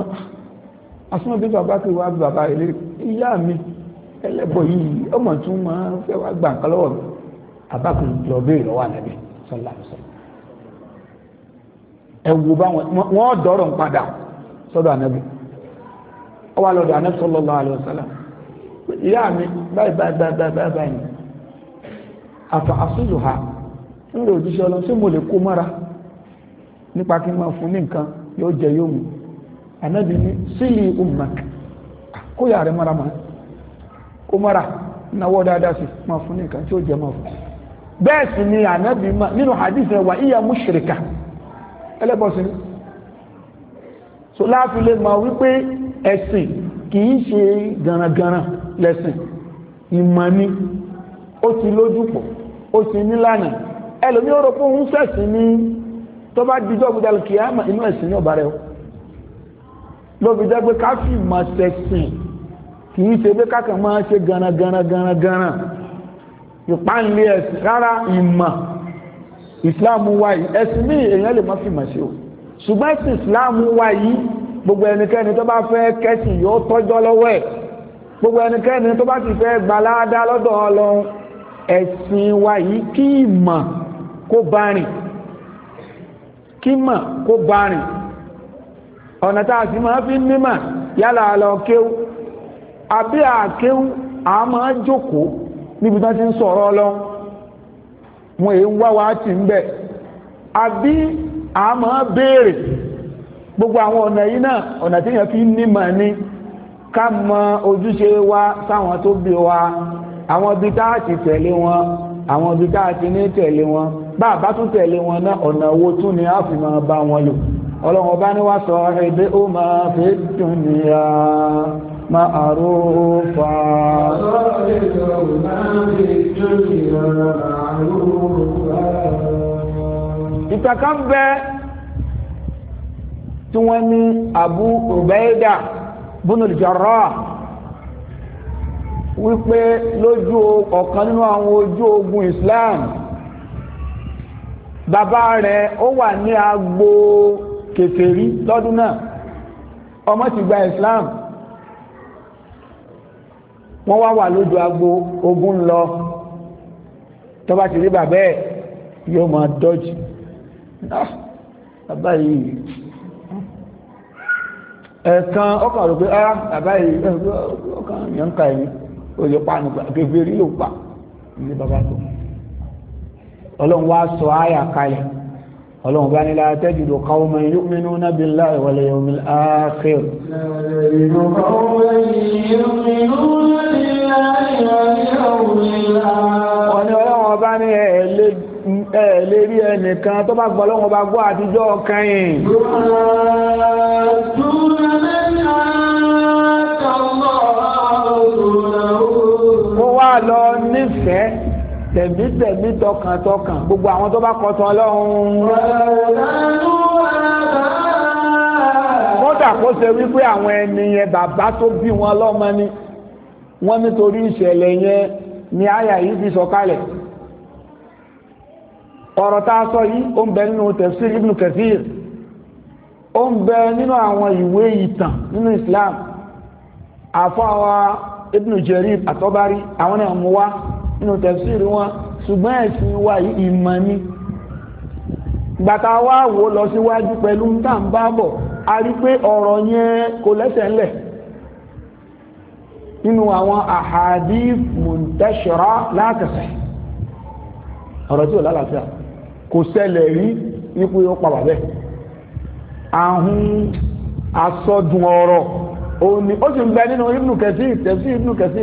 asúnmọ́ bí bàbá kiri wá bàbá ilé ìyá mi ẹlẹ́bọ̀ yìí ọmọ tí wọ́n máa fẹ́ wá gbà nǹkan lọ́wọ́ mi lọ bí lọ́wọ́ ànábì sọlá sọ ẹwù bá wọn wọ́n ń padà sọ́dọ̀ ànábì ọ wà lọ́dọ̀ ànábì ìyá mi báyìí báyìí báyìí báyìí báyìí àfà àsúnjù ha ń mo lè kó nípa kí n máa fún ní nǹkan yóò jẹ yóò mú ànábì ní sílì kó yàrá mara umara mọ́ra náwó dáadáa sí máa fún ní nǹkan tí ó jẹ máa fún bẹ́ẹ̀ sì ni ànábì máa nínú hadith rẹ̀ wà ìyá mushrika ẹlẹ́bọ̀sí ni so láàfin lè máa wípé ẹ̀sìn kì í ṣe gànàgànà lẹ́sìn ìmọ̀ ni ó ti lójú pọ̀ ó ti nílànà ẹlòmí ó rò pé òun sẹ̀sìn ní tó bá inú ẹ̀sìn ní ọ̀bà rẹ̀ lóbi jẹ́ káfí máa kì í ṣe pé kákan máa ṣe gana gana gana gana ìpánlé ẹ̀sìn rárá ìmọ̀ ìsìláàmù wa yìí ẹ̀sìn ní èèyàn lè má fi mọ̀ sí o ṣùgbọ́n ẹ̀sìn ìsìláàmù wa yìí gbogbo ẹnikẹ́ni tó bá fẹ́ kẹ́sì yóò tọ́jọ́ lọ́wọ́ ẹ̀ gbogbo ẹnikẹ́ni tó bá ti fẹ́ gbaládá lọ́dọ̀ ọlọ́run ẹ̀sìn wa yìí kí ìmọ̀ kó bá rìn kí ìmọ̀ kó bá rìn ọ̀nà tá a sì máa fi ń mímọ̀ yálà lọ kéwù àbí a a jókòó níbi tán ti ń sọ̀rọ̀ ọlọ́run wọn èyí ń wa ti ń bẹ̀ àbí àmọ́ béèrè gbogbo àwọn ọ̀nà yìí náà ọ̀nà tí èèyàn fi ń nímọ̀ ni ká mọ ojúṣe wa sáwọn tó bí wa àwọn ibi tá a ti tẹ̀lé wọn àwọn ibi tá a ti ní tẹ̀lé wọn bá a bá tún tẹ̀lé wọn náà ọ̀nà wo tún ni a fi máa bá wọn lò ọlọ́run ọba ni wá sọ ó máa fi dùn معروفا ìtàkàn bẹ tí wọ́n ní Abu Ubaida bunul Jarrah wípé lójú ọ̀kan nínú àwọn ojú ogun Islam bàbá rẹ̀ ó wà ní agbo kèfèrí lọ́dún náà ọmọ ti gba Islam wọ́n wá wà lójú agbo ogun ń lọ tó bá ti rí bàbá ẹ̀ yóò máa dọ́jì ah, bàbá yìí ẹ̀ẹ̀kan ọkàn rò pé ara ah, bàbá yìí ọkàn yẹn ń ka ó lè pa nípa kékeré ló pa ní bàbá tó ọlọ́run wá sọ áyà kalẹ̀ ọlọ́run bá nílá tẹ́jùdò qawman yu'minuna billahi wal yawmil akhir ọ̀nà ọlọ́run bá ní ẹ̀ẹ̀lẹ́ rí ẹnìkan tó bá gbọ́ ọlọ́run bá gbọ́ àtijọ́ kẹyìn wọ́n wá lọ nífẹ̀ẹ́ tẹ̀mítẹ̀mí tọkàntọkàn gbogbo àwọn tó bá kọ tán lọ́hùn. kódà kó ṣe wípé àwọn ẹni yẹn bàbá tó bí wọn lọ́mọ ni wọ́n nítorí ìṣẹ̀lẹ̀ yẹn ni àyà yìí fi sọ̀kalẹ̀ ọ̀rọ̀ tá a sọ yìí ó ń bẹ nínú tafsir Ibn Kathir ó ń bẹ nínú àwọn ìwé ìtàn nínú Islam àfọwà Ibn Jerry àtọ́bárí àwọn náà mú wá nínú tẹ̀síìrì wọn ṣùgbọ́n ẹ̀sìn wa ìmọ̀ ni gbàtà wá wò lọ síwájú pẹ̀lú ń tàn bá bọ̀ a rí pé ọ̀rọ̀ yẹn kò lẹ́sẹ̀ ńlẹ̀ nínú àwọn àhàdí mùntẹ́ṣọ́rá látẹ̀sẹ̀ ọ̀rọ̀ tí ò lálàáfíà kò ṣẹlẹ̀ rí ipò yóò pa bàbẹ́ àhún asọ́dún ọ̀rọ̀ òní ó sì ń bẹ nínú ibnu kẹsí tẹ̀sí ibnu kẹsí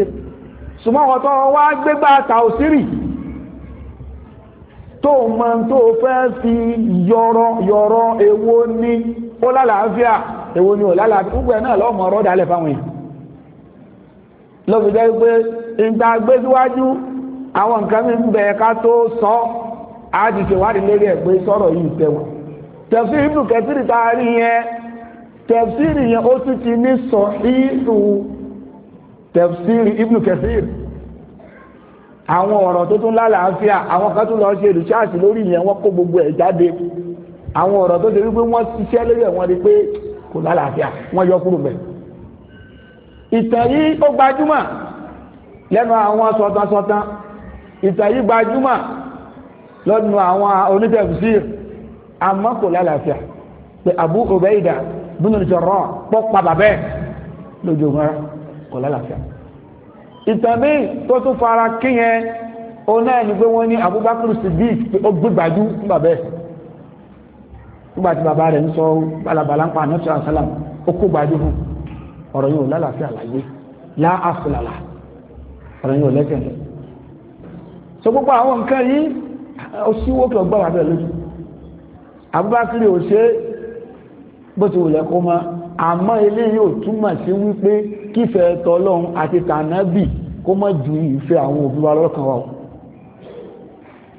ṣùgbọ́n ọ̀tọ́ wá gbégbá tàòsírì tó mọ́ tó fẹ́ fi yọ̀rọ̀ yọ̀rọ̀ èwo ní ó lálàáfíà èwo ní ò lálàáfíà gbogbo ẹ̀ náà lọ́mọ ọ̀rọ̀ dálẹ̀ fáwọn èèyàn lọ́fi jẹ́ pé ìgbà gbé síwájú àwọn nǹkan mi ń bẹ̀ ká tó sọ àdìsẹ̀ wádìí lérí ẹ̀ pé sọ̀rọ̀ yìí tẹ̀wọ̀n tẹ̀fí ibùkẹ́sìrì tá yẹn tẹ̀fí yẹn ó tún ti ní sọ ìlú tafsiri ibnu kathir àwọn ọ̀rọ̀ tó tún lálàáfíà àwọn kan tún lọ ṣe rìsáàsì lórí ìyẹn wọ́n kó gbogbo ẹ̀ jáde àwọn ọ̀rọ̀ tó ṣe wípé wọ́n ṣiṣẹ́ lórí ẹ̀ wọ́n rí pé kò lálàáfíà wọ́n yọ kúrò bẹ̀. ìtàn yìí ó gbajúmọ̀ lẹ́nu àwọn sọtansọtan ìtàn yìí gbajúmọ̀ lọ́nu àwọn onítẹ̀fùsír àmọ́ kò lálàáfíà pé Abu Ubaida bínú ìṣòro pọ́ pa bàbẹ́ kò lálàáfíà ìtàmí tó tún fara kíyẹn o náà ni pé wọ́n ní Abubakar Siddiq pé ó gbégbájú fún bàbá ẹ̀ nígbà tí bàbá rẹ̀ ń sọ balabala ń pa àná sọ́ra sálàm ó kó gbájú fún ọ̀rọ̀ yóò lálàáfíà láyé láàfúlàlà ọ̀rọ̀ yóò lẹ́sẹ̀ lẹ́sẹ̀ so gbogbo àwọn nǹkan yìí oṣíwó kí ọgbà wà bẹ́ẹ̀ lójú Abubakar ò ṣe bó ti wùlẹ̀ kó máa àmọ́ eléyìí ò túmọ̀ sí wípé kífẹ̀ẹ́ tọlọ́run àti tànábì kó má ju ìfẹ́ àwọn òbí wa lọ́kàn wa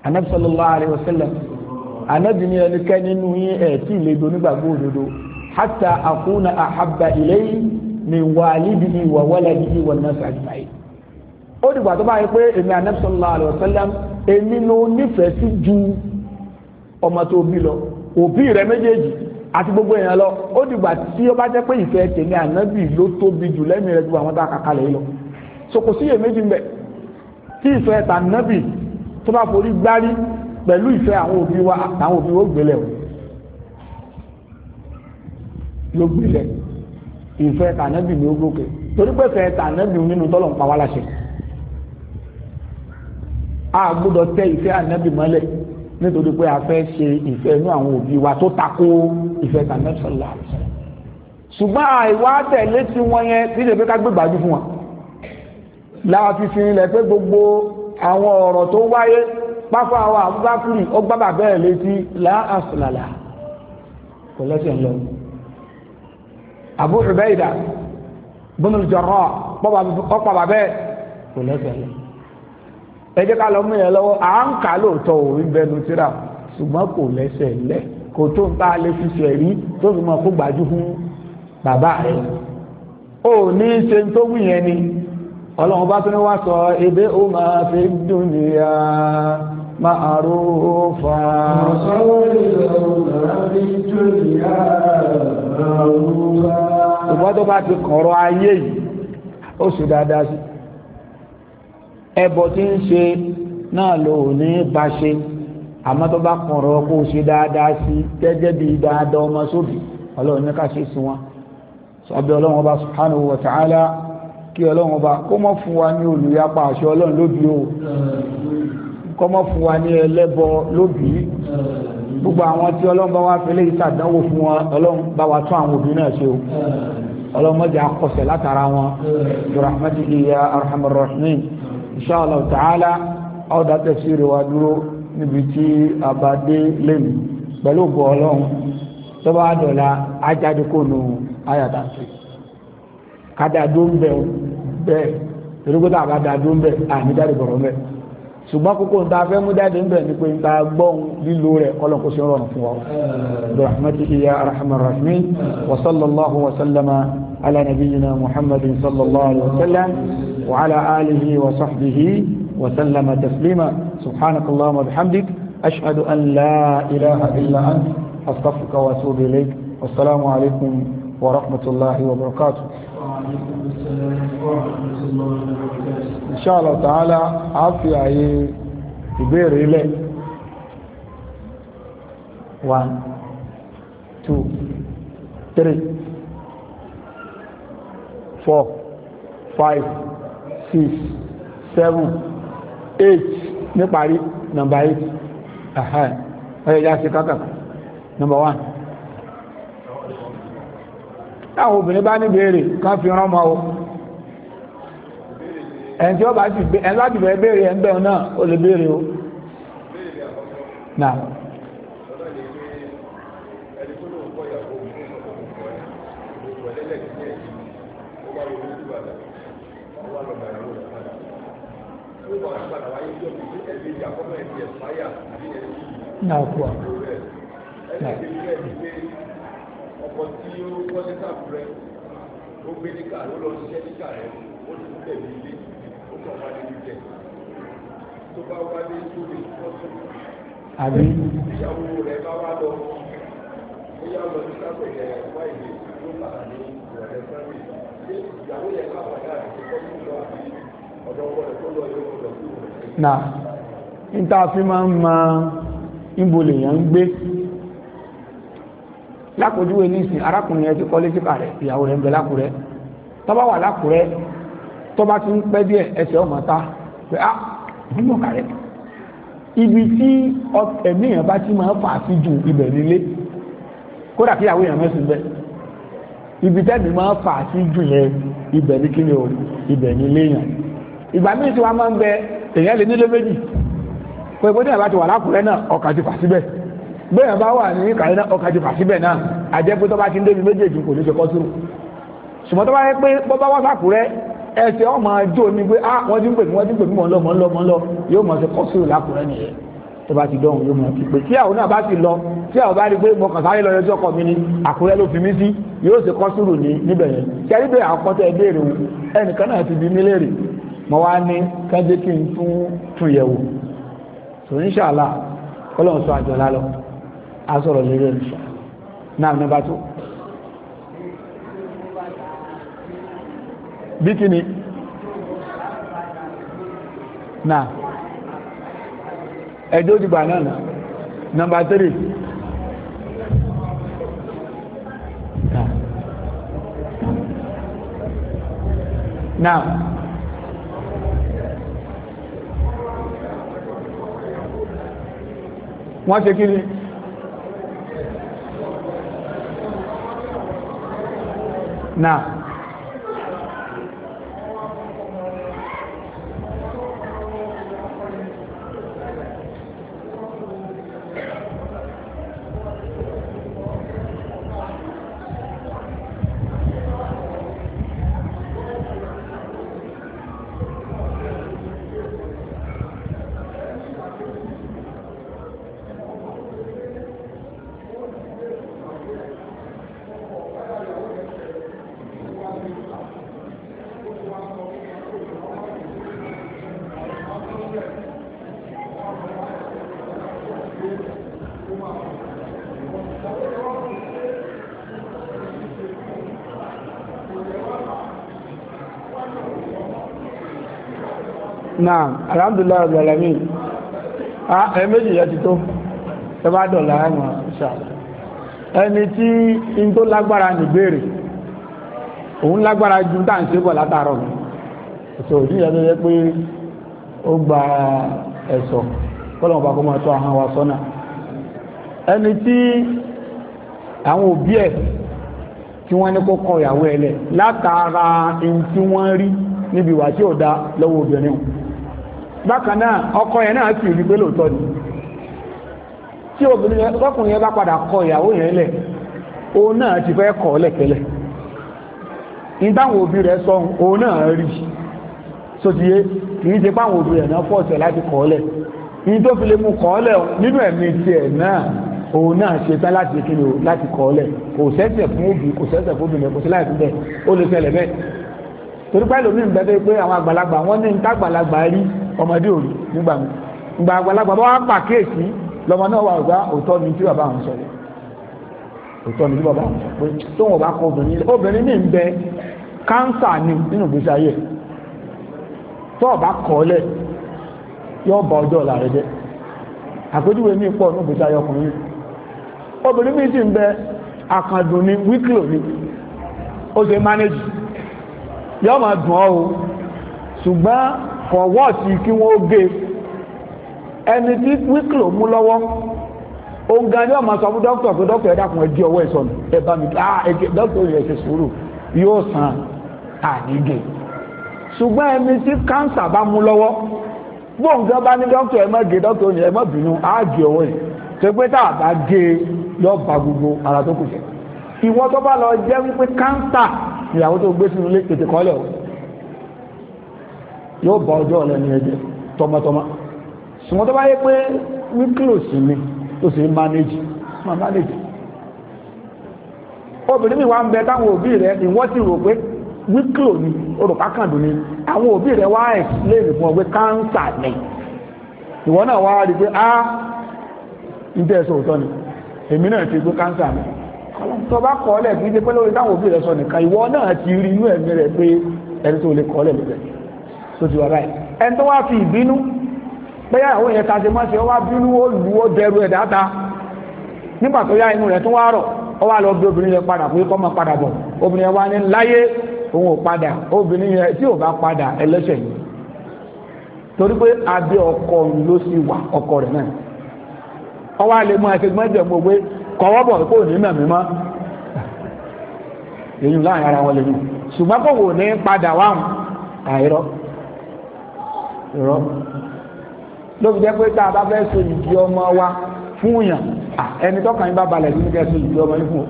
anabi sallallahu alayhi wa sallam anabi ni ẹnikẹ́ni nínú yín ẹ̀ tí ìlédo nígbàgbọ́ òdodo hatta akuna ahabba ilayhi min walidihi wa waladihi wan nas ajma'in ó dìgbà tó bá yẹ pé èmi anabi sallallahu alayhi èmi ló nífẹ̀ẹ́ sí ju ọmọ tó bí lọ òbí rẹ méjèèjì àti gbogbo èèyàn lọ ó dìgbà tí ó bá jẹ́ pé ìfẹ́ tèmi ànábì ló tóbi jù lẹ́mìí rẹ̀ ju àwọn tá a kàkà lè lọ so kò síyè méjì ń bẹ tí ìfẹ́ tànábì tó bá forí gbárí pẹ̀lú ìfẹ́ àwọn òbí wa àtàwọn òbí ó gbélẹ̀ o yóò gbélẹ̀ ìfẹ́ tànábì ni ó gòkè torí pé ìfẹ́ tànábì nínú tọ́lọ̀ ń pa wá láṣẹ a gbọ́dọ̀ tẹ ìfẹ́ ànábì mọ́lẹ̀ nítorí pé a fẹ́ ṣe ìfẹ́ inú àwọn òbí wa tó takò ìfẹ́ tàbí sọlá ṣùgbọ́n àìwá tẹ̀lé tí wọ́n yẹn kí lè fẹ́ ká gbé gbàdú fún wa láwa fi fi ilẹ̀ pé gbogbo àwọn ọ̀rọ̀ tó wáyé pápá àwọn àbúgbàkùnrin ó gbábà bẹ́ẹ̀ létí láàṣìlàlà kò lẹ́sẹ̀ ń lọ Abu Ubaida bin al-Jarrah pọ́pàá bẹ́ẹ̀ kò lẹ́sẹ̀ ń lọ ẹ jẹ́ ká lọ mú yẹn lọ́wọ́ à ń kà lóòótọ́ òun bẹnu tíra ṣùgbọ́n kò lẹ́sẹ̀ lẹ̀ kò tó ń bá a lè fi ṣe rí tó fi mọ̀ kó gbájú fún bàbá rẹ̀ ó ní ṣe tó wù yẹn ni ọlọ́run bá tún wá sọ ebe ó máa fi dùn níyà máa ró fa. ṣùgbọ́n tó bá ti kọ̀rọ̀ ayé yìí ó ṣe dáadáa sí i ẹbọ tí ń ṣe náà ló ní bá ṣe àmọ́ tó bá kọ̀rọ̀ kó ṣe dáadáa sí gẹ́gẹ́ bí dáadáa ọmọ sóbì ọlọ́run ní ká ṣe sí wọn sọ́bẹ̀ ọlọ́run ọba subhanahu wa ta'ala kí ọlọ́run ọba kó mọ́ fún wa ní olùyapa àṣẹ ọlọ́run lóbi o kó mọ́ fún wa ní ẹlẹ́bọ lóbi gbogbo àwọn tí ọlọ́run bá wá fẹ́lẹ́ ìsàdánwò fún wọn ọlọ́run bá wa tún àwọn òbí náà ṣe o ọlọ́run mọ́jà akọ̀ṣẹ̀ látara wọn rahmatullahi ya arhamar rahimin insha Allah ta'ala a ó dá tẹ̀síìrì wa dúró níbi tí a bá dé lẹ́nu pẹ̀lú ògùn ọlọ́run tó bá dọ̀la ajáde kò nù ayàtà sí kádà dún bẹ́ẹ̀ torípótà àbá dá dún bẹ́ẹ̀ àmì jáde bọ̀rọ̀ bẹ́ẹ̀ ṣùgbọ́n kókó ń ta fẹ́ mú jáde ń bẹ̀ ní pé ń ta gbọ́n lílo rẹ̀ ọlọ́n kó ṣe rọrùn fún wa rahmatullahi ya arhamar rahimin wa sallallahu wa sallama ala nabiyyina muhammadin sallallahu alaihi wa sallam وعلى آله وصحبه وسلم تسليما سبحانك اللهم وبحمدك أشهد أن لا إله إلا أنت أصطفك وأتوب إليك والسلام عليكم ورحمة الله وبركاته وعليكم السلام ورحمة الله وبركاته إن شاء الله تعالى عافية يبير إليك 1 2 3 4 5 six seven eight níparí nọmba eight ọ̀yẹ̀ ìyá sí kákà nọmba one táwọn obìnrin bá ní béèrè kan fi rán mọ́ o ẹni tí ó bá ti bẹ̀ẹ́ béèrè ẹ̀ ń náà ó lè béèrè o náà náà kú ìyàwó rẹ̀ bá wá lọ ó lọ àbí na níta fi máa ma ìbòlè yàn gbe gbé lápòjúwe arakunrin ìsìn arákùnrin ẹ ti kọ́ létíkà bẹ ti ń pẹ́ díẹ̀ ẹsẹ̀ ọmọ ta pé á ah, nínú kàrẹ́ ibi tí ẹ̀mí èèyàn bá ti ju ibẹ̀ nile kódà kí àwọn èèyàn mẹ́sìn ibi tẹ́mi ma fà sí jù yẹn ibẹ̀ ní kíni o ibẹ̀ nílé yẹn ìgbà míì tí wọ́n máa ń bẹ èèyàn lè nílé méjì pé bó dẹ̀ bá ti wà lákùrẹ́ náà ọkà ti fà síbẹ̀ bẹ́ẹ̀ bá wà ní kàrí náà ọkà ti fà síbẹ̀ náà àjẹpẹ́ tó bá ti ń débi méjèèjì kò ní ṣe kọ́ sírù ṣùgbọ́n tó bá yẹ pé bọ́ bá wá sàkùrẹ́ ẹsẹ̀ ọmọ ajó ni pé ah wọ́n ti ń pè mí wọ́n ti ń pè mí mọ̀ ń lọ mọ̀ ń lọ mọ̀ ń yóò mọ̀ ṣe kọ́ sírù lákùrẹ́ nìyẹn tó bá ti dọ̀hùn ni àkúrẹ́ ló fi mí sí yóò ṣe kọ́ ẹnìkan náà ti bí mí mo wá ní kẹ́jẹ́ kí n tún tún yẹ̀wò so inṣàlá kọ́lọ̀n sọ àjọlá lọ a sọ̀rọ̀ lórí ẹ̀ṣọ́ náà nígbà tó bí kí ni náà ẹjọ́ òdìgbà náà náà nọmbà 3 náà wọ́n ṣe kí ni náà náà alhamdulillah ọ̀gbẹ̀lẹ̀mí ẹ̀mẹ́jì yẹ ti tó ẹbá dọ̀lá ẹ̀mọ̀ ṣàlẹ̀ ẹni tí in tó lágbára nìgbèrè òun lágbára ju tá à ń ṣe bọ̀ látàárọ̀ mi ètò òdí yẹ tó yẹ pé ó gba ẹ̀sọ̀ kọ́lọ̀ ọba kó máa tó ahọ́n wa sọ́nà ẹni tí àwọn òbí ẹ̀ tí wọ́n ní kó kọ ìyàwó ẹlẹ̀ látara in tí wọ́n rí níbi ìwà tí ò dá lọ́wọ́ obìnrin bákan náà ọkọ yẹn náà sì rí pé lóòótọ́ ni tí obìnrin yẹn lọ́kùnrin yẹn bá padà kọ ìyàwó yẹn lẹ̀ òun náà ti fẹ́ kọ̀ lẹ̀kẹ́lẹ̀ ìdáhùn òbí rẹ̀ sọ òun náà rí sotiye kìí ṣe páwọn òbí rẹ̀ náà fọ́ọ̀sẹ̀ láti kọ̀ lẹ̀ ní tó fi lè mú kọ̀ lẹ̀ nínú ẹ̀mí tiẹ̀ náà òun náà ṣe tán láti kí ni o láti kọ̀ lẹ̀ kò sẹ́sẹ̀ fún òbí kò sẹ́sẹ̀ fún obìnrin kò sí láì fún ó lè ṣẹlẹ̀ bẹ́ẹ̀ torí pẹ́lú mi ń bẹ́ẹ̀ pé àwọn àgbàlagbà wọ́n ní ń tá àgbàlagbà rí ọmọdé òru nígbà mi ìgbà àgbàlagbà bá wá pàkíyèsí lọmọ náà wà ọ̀gá òótọ́ ni tí bàbá àwọn sọ òótọ́ ni tí bàbá sọ pé tó wọn bá kọ obìnrin obìnrin ń bẹ kánsà ni nínú ìgbésí ayé tó ọba kọ́lẹ̀ yóò bá ọjọ́ ọ̀la rẹ àpéjúwe pọ̀ ìgbésí ayé ọkùnrin o ṣùgbọ́n for what kí wọ́n ó gé ẹni tí wíkìlò mú lọ́wọ́ ó ń gan ní ọmọ sọ fún dókítà pé dókítà ẹ dákun ẹ jí ọwọ́ ìsọnù ẹ bá mi ah dókítà ò yẹ ṣe sùúrù yóò san àdígè ṣùgbọ́n ẹni tí káńsà bá mú lọ́wọ́ gbóǹgá bá ní dókítà ẹ má gé dókítà òyìn ẹ má bínú á jí ọwọ́ ẹ ṣe pé tá a bá gé e yọ ba gbogbo ara tó kù jẹ ìwọ tó bá lọ jẹ́ wípé káńsà ìyàwó tó gbé sínú ilé tètè kọ́lẹ̀ o. yóò bá ọjọ́ ọ̀lẹ́ ní tọmọtọmọ ṣùgbọ́n tó bá yẹ pé wíkìlòsì mi tó manage ma manage obìnrin mi wá ń bẹ táwọn òbí rẹ ni ti rò pé ni olùpákàndùn ni àwọn òbí rẹ wá fún káńsà ni ìwọ náà wá rí pé ah ń tẹ́ ẹ̀sọ́ òótọ́ ni èmi náà ti gbé káńsà mi tó bá kọ́ ọ́lẹ̀ kí n pé lórí táwọn òbí rẹ sọ nìkan ìwọ náà ti rí inú ẹ̀mí rẹ pé ẹni tó lè kọ́ so you are right ẹni tó wá fi ìbínú bẹ́yà àwọn èèyàn ta ṣe mọ́ ṣe ó wá bínú ó lù ó dẹrù ẹ̀ dáta nígbà tó yá inú rẹ̀ tó wá rọ̀ ó wá lọ bí obìnrin yẹn padà pé kọ́ máa padà bọ̀ obìnrin yẹn wá ní láyé òun ò padà obìnrin yẹn ọkọ ló sì ọkọ rẹ̀ náà wá lè mú ẹsẹ̀ gbogbo kọ́wọ́ bọ̀ kó ní mẹ̀mí mọ́ èyí láàrin ara wọn irọ́ ló fi jẹ́ pé tá a bá fẹ́ so ìdí ọmọ wa fún yàn ẹni tọ́kàn yín bá balẹ̀ nínú kẹ́ so ìdí ọmọ yín fún o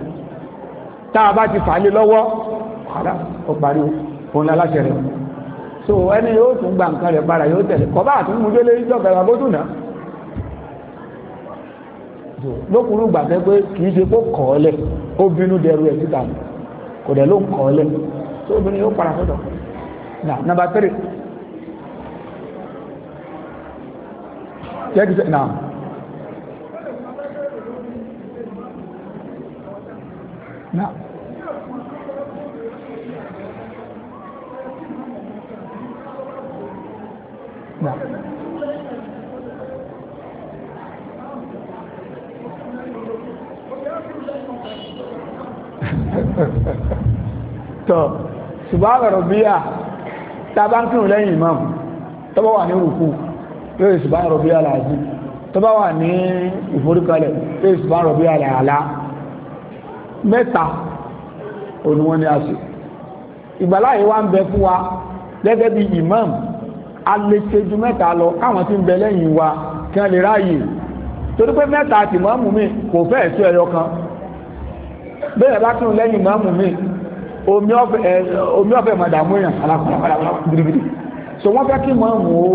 tá a bá ti fà á lé lọ́wọ́ ọ̀rá ó parí o òun láláṣẹ rẹ̀ so ẹni yóò tún gba nǹkan rẹ̀ padà yóò tẹ̀lé kọ́ bá àtúnmúdé lé ìjọba ìwàbójú náà lókùnrin gbàgbé pé kìí ṣe kó kọ̀ ọ́ lẹ̀ ó bínú dẹrù ẹ̀ síta kò dẹ̀ ló ń kọ̀ ọ́ lẹ̀ tó obìnrin yóò para sọ́dọ̀ nà nàbà tẹ́rẹ̀ yẹ́kì sẹ́ náà náà náà tọ́ ṣùgbọ́n àwọn ọ̀rọ̀ bíyà tàbá ń kírùn lẹ́yìn imam tọ́bọ̀ wà ní rùkú yóò sì bá rọ̀bí àlàájú tó bá wà ní ìforúkalẹ̀ yóò sì bá rọ̀bí àlàálá mẹ́ta òníwọ́n ni a sì ìgbàláyé wá ń bẹ fún wa gẹ́gẹ́ bí imam a lè ṣejú mẹ́ta lọ káwọn tí ń bẹ lẹ́yìn wa kí wọ́n lè ráàyè torí pé mẹ́ta àti mọ́mù mi kò fẹ́ ẹ̀sù ẹ̀yọ kan bẹ́ẹ̀ bá tún lẹ́yìn mọ́mù mi omi ọ̀fẹ́ mọ̀dàmúyàn alákùnrin so wọ́n fẹ́ kí mọ́mù ó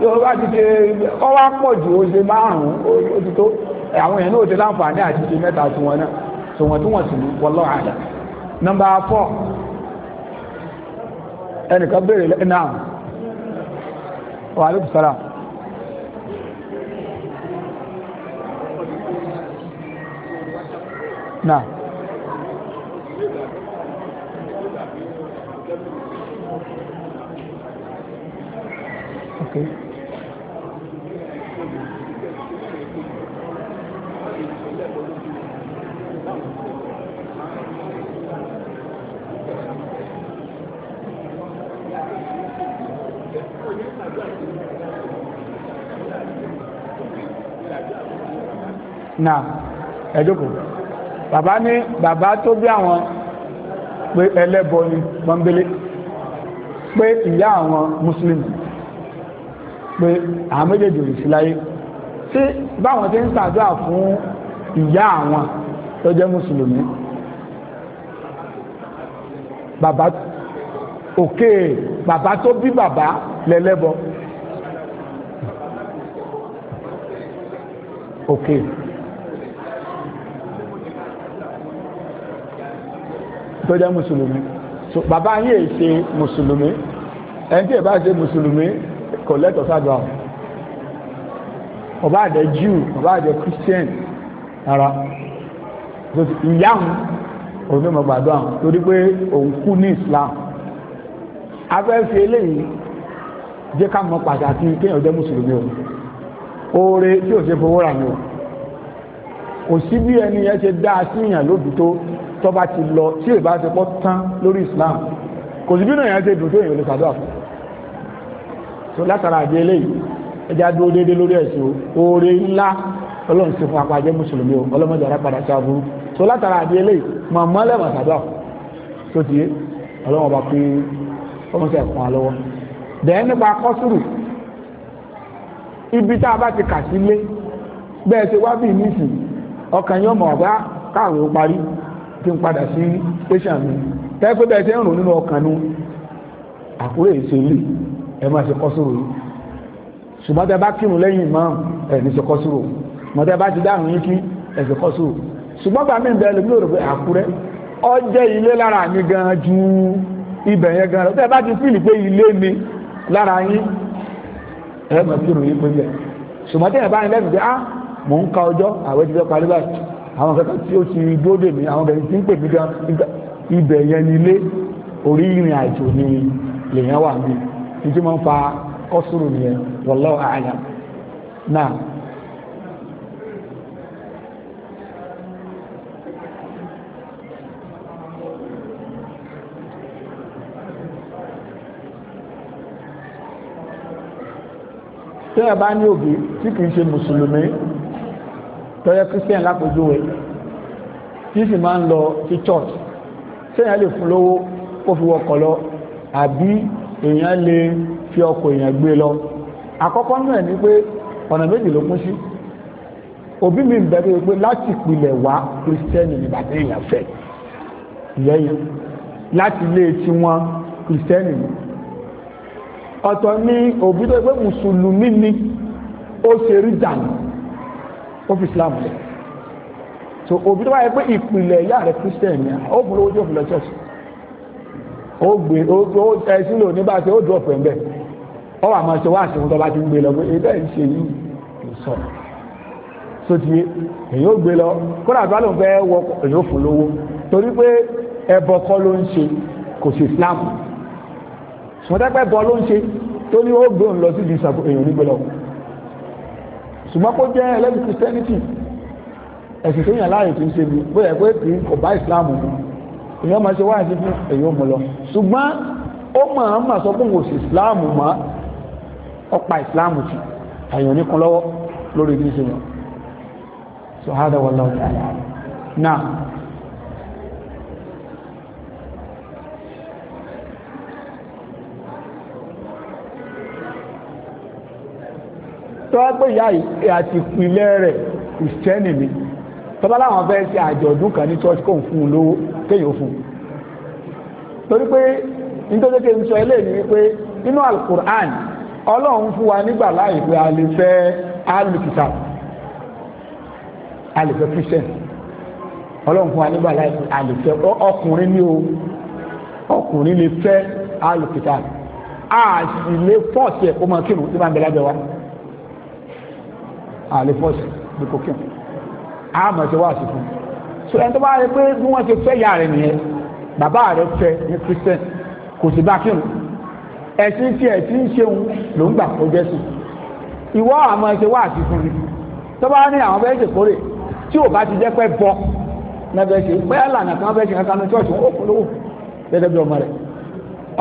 tó bá ti ṣe kọ́ márùn-ún ó àwọn èèyàn náà ti láǹfààní àti mẹ́ta tí wọn náà tí wọ́n tí wọ́n sì nọmba fọ́ ẹnìkan wà náà ẹ̀dọ́kọ̀ bàbá ní bàbá tó bí àwọn pé ẹlẹ́bọ ni gbọ́ngbélé pé ìyá àwọn mùsùlùmí pé àwọn méjèèjì rí sí láyé tí báwọn tí ń ṣàdúrà fún ìyá àwọn tó jẹ́ mùsùlùmí bàbá òkè bàbá tó bí bàbá lẹ́lẹ́bọ òkè. Okay. tó jẹ́ mùsùlùmí so bàbá yín èyí ṣe mùsùlùmí ẹni tí ì bá ṣe mùsùlùmí kò lẹ́tọ̀ọ́ sádùá ọba àjẹ Jew ọba àjẹ Christian rárá ìyá òun òun ló mọ gbàdúrà torí pé òun kú ní Islam afẹ́fẹ́ eléyìí jẹ́ ká mọ̀ pàtàkì kéèyàn jẹ́ mùsùlùmí o oore tí ò ṣe fowó rà ní o kò sí bí ẹni yẹn ṣe dáa síyàn lóbi tó tó bá ti lọ tí ìbá ti pọ́ tán lórí Islam kò sí bí náà yẹn ti dùn tó èèyàn lè sàdọ́ àfún so látara àdé eléyìí ẹja dúró déédéé lórí ẹ̀sìn oore ńlá ọlọ́run sí fún apájẹ́ mùsùlùmí o ọlọ́mọdé ara padà sáfún so látara àdé eléyìí màmá lẹ́mọ̀ sàdọ́ àfún tó ti yé ọlọ́run ọba pé ọmọ sẹ́ fún wa lọ́wọ́ dẹ̀ nípa kọ́sùrù ibi tá a bá ti kà sílé bẹ́ẹ̀ ṣe wá bí nísìn ọkàn yóò mọ̀ ọ̀gá ah, káàwé parí kí n padà sí tẹ́sán mi tẹ́kọ́ bẹ́ẹ̀ tẹ́ ń rò nínú ọkàn nu àkúrò èsè lè ẹ máa ṣe kọ́sùrù yìí ṣùgbọ́n tẹ́ bá kírun lẹ́yìn ìmọ̀ ẹ̀ ní ṣe kọ́sùrù mọ̀ tẹ́ bá ti dáhùn yín kí ẹ̀ ṣe kọ́sùrù ṣùgbọ́n bàmí ń bẹ́ẹ̀ lómi lòrò àkúrẹ́ ọ ilé lára mi gan ju ibẹ̀ yẹn gan lọ tẹ́ bá ti fìlì pé ilé mi lára yín ẹ̀ máa kírun yín pé bẹ́ẹ̀ ṣùgbọ́n tẹ́ bá ń lẹ́nu pé ah mò àwọn kankan tí ó ti gbóde mi àwọn bẹ̀rẹ̀ tí ń pè mí gan ibẹ̀ yẹn ni ilé orí ìrìn àjò ni lèyàn wà ní ìdí máa fa kọ́sùrù nìyẹn wallahu a'lam náà bá tọ́jọ́ christian lápòjúwe tí sì máa ń lọ sí church sẹ́yìn lè fún lówó kó fi wọkọ̀ lọ àbí èèyàn lè fi ọkọ̀ èèyàn gbé lọ àkọ́kọ́ náà ni pé ọ̀nà méjì ló kún sí òbí mi ń bẹ̀rẹ̀ pé láti ìpìlẹ̀ wá kírísítẹ́nì ni bàbá èèyàn fẹ́ lẹ́yìn láti ilé tí wọ́n kírísítẹ́nì ni ọ̀tọ̀ ni òbí tó pé mùsùlùmí ni ó ṣe rí dànù ó fi islam lẹ̀ so òbí tó bá yẹ pé ìpìlẹ̀ ìyá rẹ̀ christian ni ó fún lówó tí ó fi lọ church ó gbé ó ẹsìn lò nígbà tí ó dùn ọ̀pẹ̀ ńbẹ̀ ó wà máa ṣe wá àṣìwọ̀n tó bá gbé lọ pé ebẹ́ ń ṣe yìí kò sọ so ti èyí ó gbé lọ kódà tó bá lòun fẹ́ wọ èyí ó fún lówó torí pé ẹbọ kọ́ ló ń ṣe kò sí islam sọ̀tẹ́pẹ́ bọ́ ló ń ṣe tó ní ó gbé òun lọ sí ìdí ìsàkó èyí ò ní gbé lọ ṣùgbọ́n kó jẹ́ ẹlẹ́bi christianity ẹ̀sìn tó yàn láàrin tí ń ṣe bí bóyá pé kì í kò bá islam mu èèyàn máa ṣe wáyé fún èèyàn mú lọ ṣùgbọ́n ó máa ń mà sọ fún òsì islam mọ́ ọ̀pá islam tì àyàn nìkan lọ́wọ́ lórí bí ṣe yàn so hada wallahu ta'ala náà tọ́wọ́ pé ìyá àti ìpìlẹ̀ rẹ̀ kìrìsìtẹ́nì mi tọ́bá láwọn fẹ́ ṣe àjọ̀dún kan ní church kóhùn fún un lówó kéyò fún un torí pé nítorí pé ń sọ ilé ní wípé nínú alukur'an ọlọ́run fún wa nígbà láì pé a lè fẹ́ alùkìtà a lè fẹ́ christian ọlọ́run fún wa nígbà láì pé a lè fẹ́ ọkùnrin ní o ọkùnrin lè fẹ́ alùkìtà a sì lè fọ́ọ̀sì ẹ̀kọ́ mọ́ kírun tí máa ń bẹ lábẹ́ wa. àlefọ́sẹ̀ bí kò kíọ̀ àmọ̀ fún so ẹni tó bá rẹ pé bí wọ́n ṣe fẹ́ ìyá rẹ nìyẹn bàbá rẹ fẹ́ ní christian kò sì bá kíọ̀ ẹ̀sìn tí ẹ̀sìn ń ṣeun ló ń gbà kó jẹ́ fún mi tó bá ní àwọn bẹ́ẹ̀ tí ò bá ti jẹ́ pẹ́ bọ́ nẹ́bẹ̀ ṣe bẹ́ẹ̀ lànà kan bẹ́ẹ̀ ṣe kankan ní ṣọ́ọ̀ṣì ó kún lówó gẹ́gẹ́ bí ọmọ rẹ̀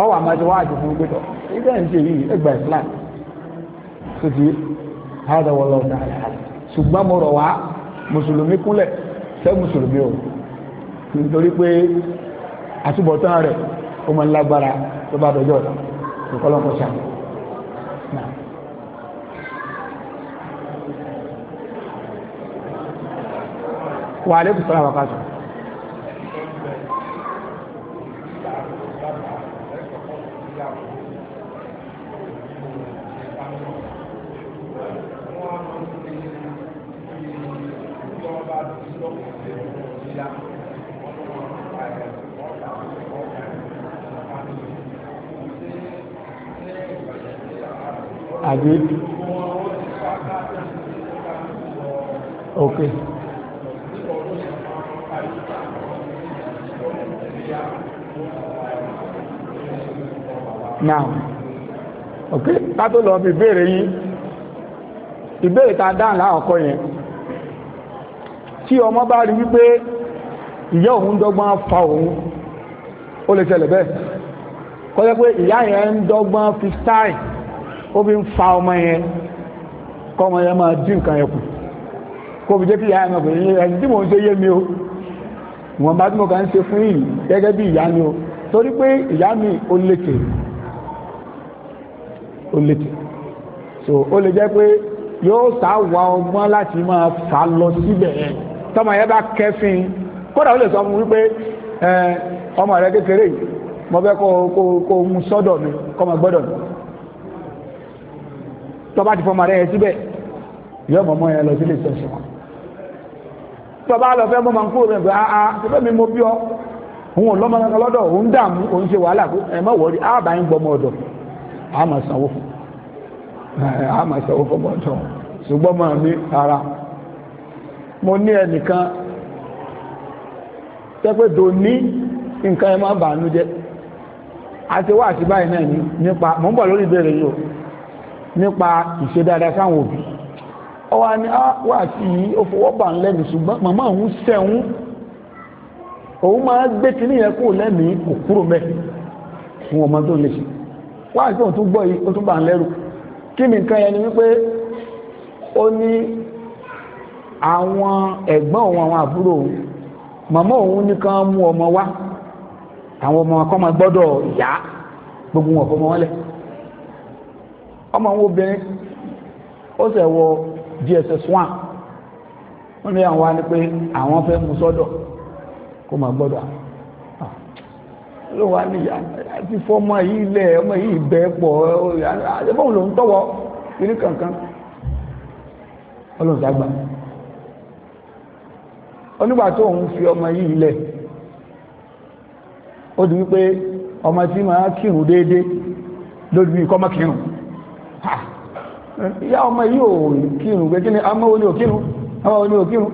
ọwọ́ àmọ́ fún hádà wọlọ tààlà ṣùgbọ́n mo rọ̀ wá mùsùlùmí kúnlẹ̀ fẹ́ mùsùlùmí o nítorí pé àtúbọ̀tán rẹ̀ ó máa ń lágbára tó bá dọjọ́ ọ̀la ìkọlọ́kọ̀ sáà ok now ok kátó lọ bí ìbéèrè yín ìbéèrè ta dáhùn láàkọ́ yẹn tí ọmọ bá rí wípé ìyá òun dọ́gbọ́n fa òun ó lè ṣẹlẹ̀ bẹ́ẹ̀ kọ́jẹ́ pé ìyá yẹn ń dọ́gbọ́n fi style ó fi ń fa ọmọ yẹn kọ́mọ yẹn máa dín nǹkan yẹn kù kó fi jẹ́ kí ìyá ẹ̀mọ̀ pé ẹni tí mò ń ṣe yé mi o wọ́n bá tí mo kàn ń ṣe fún yìí gẹ́gẹ́ bí ìyá mi o torí pé ìyá mi ó lékè ó lékè so ó lè jẹ́ pé yóò sáwà ọgbọ́n láti máa fà lọ síbẹ̀ yẹn tọ́mọ yẹn bá kẹfin kódà ó lè sọ fún wípé ọmọ rẹ kékeré yìí mo fẹ́ kó mú sọ́dọ̀ mi kọ́ mọ gbọ́dọ̀ mi tọ́ba ti fọmọ rẹ yẹn síbẹ̀ yóò mọ̀ mọ́ yẹn lọ sílé ìtọ́sí wọn tọba lọ fẹ́ mọ́ kúrò rẹ̀ pé àà mi bí òun ò lọ́mọ kankan òun dààmú òun ṣe wàhálà pé ẹ má wọrí àbá ń gbọmọ ọ̀dọ̀ àmà sanwó ní ẹnìkan ní nǹkan ẹ bàánú jẹ, àti wá àti báyìí náà ọwọ́ ni a ah, wà sí òfòwọ́bà lẹ́nu ṣùgbọ́n màmá òun sẹ́hún òun máa gbé kìíní ní ẹkù lẹ́nu kò kúrò mẹ́ fún ọmọ tó lè ṣe wá sí gbọ́ tún bà ń lẹ́rù kí ni nǹkan wípé ó ní àwọn ẹ̀gbọ́n òun àwọn ọmọ wá àwọn ọmọ kan máa gbọ́dọ̀ yá gbogbo ọmọ ọmọ dss1 wọ́n ní àwọn wá ní pé àwọn fẹ́ mú sọ́dọ̀ kó ma gbọ́dọ̀ ah, ló wá ní àti fọ́mọ yìí lẹ̀ ọmọ yìí bẹ́ pọ̀ àjẹ́bọ̀n ló ń tọ́wọ́ kiri kankan ọlọ́sàgbà onígbà tó ń fi ọmọ yìí lẹ̀ ó di wípé ọmọ tí máa kírun déédéé lórí ikọ́ mọ́kírun ìyá ọmọ yìí ò kírun gbé kíni ọmọ òní òkírun ọmọ òní òkírun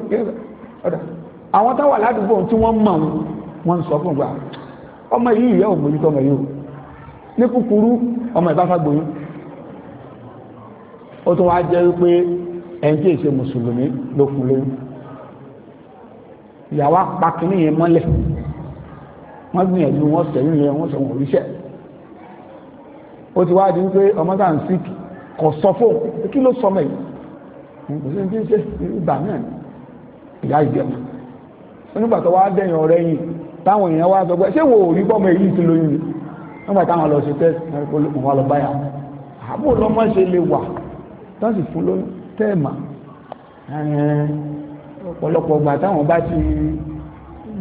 àwọn táwà ládùúgbò tí wọ́n mọ̀ wọn sọ fún gbà ah, ọmọ yìí ìyá òmòjútó ọmọ yìí ní kúkúrú ọmọ ìbáfá gbòyún ó tún wá jẹ́ wípé ẹni tí èsè mùsùlùmí ló fún lóyún ìyàwó apakínní yẹn mọ́lẹ̀ wọ́n gbìyànjú wọ́n sẹ́yìn yẹn wọ́n sọ wọn òríṣẹ́ ó ti wá di wípé ọmọ táà ń síkì kò sọ fún kí ló sọmọ yìí kò sí ní ṣe ìgbà náà ìyá ìjẹun onígbàtọ̀ wá dẹ̀yìn ọ̀rẹ́ yìí táwọn èèyàn wá sọ pé ṣé wo ò rí bọ́mọ èyí ti lóyún ni nígbà táwọn lọ ṣe test ẹ̀kọ́ wọn lọ báyà àbò lọ́mọ ṣe lè wà tán sì fún lóyún tẹ́ẹ̀mà ọ̀pọ̀lọpọ̀ ọgbà táwọn bá ti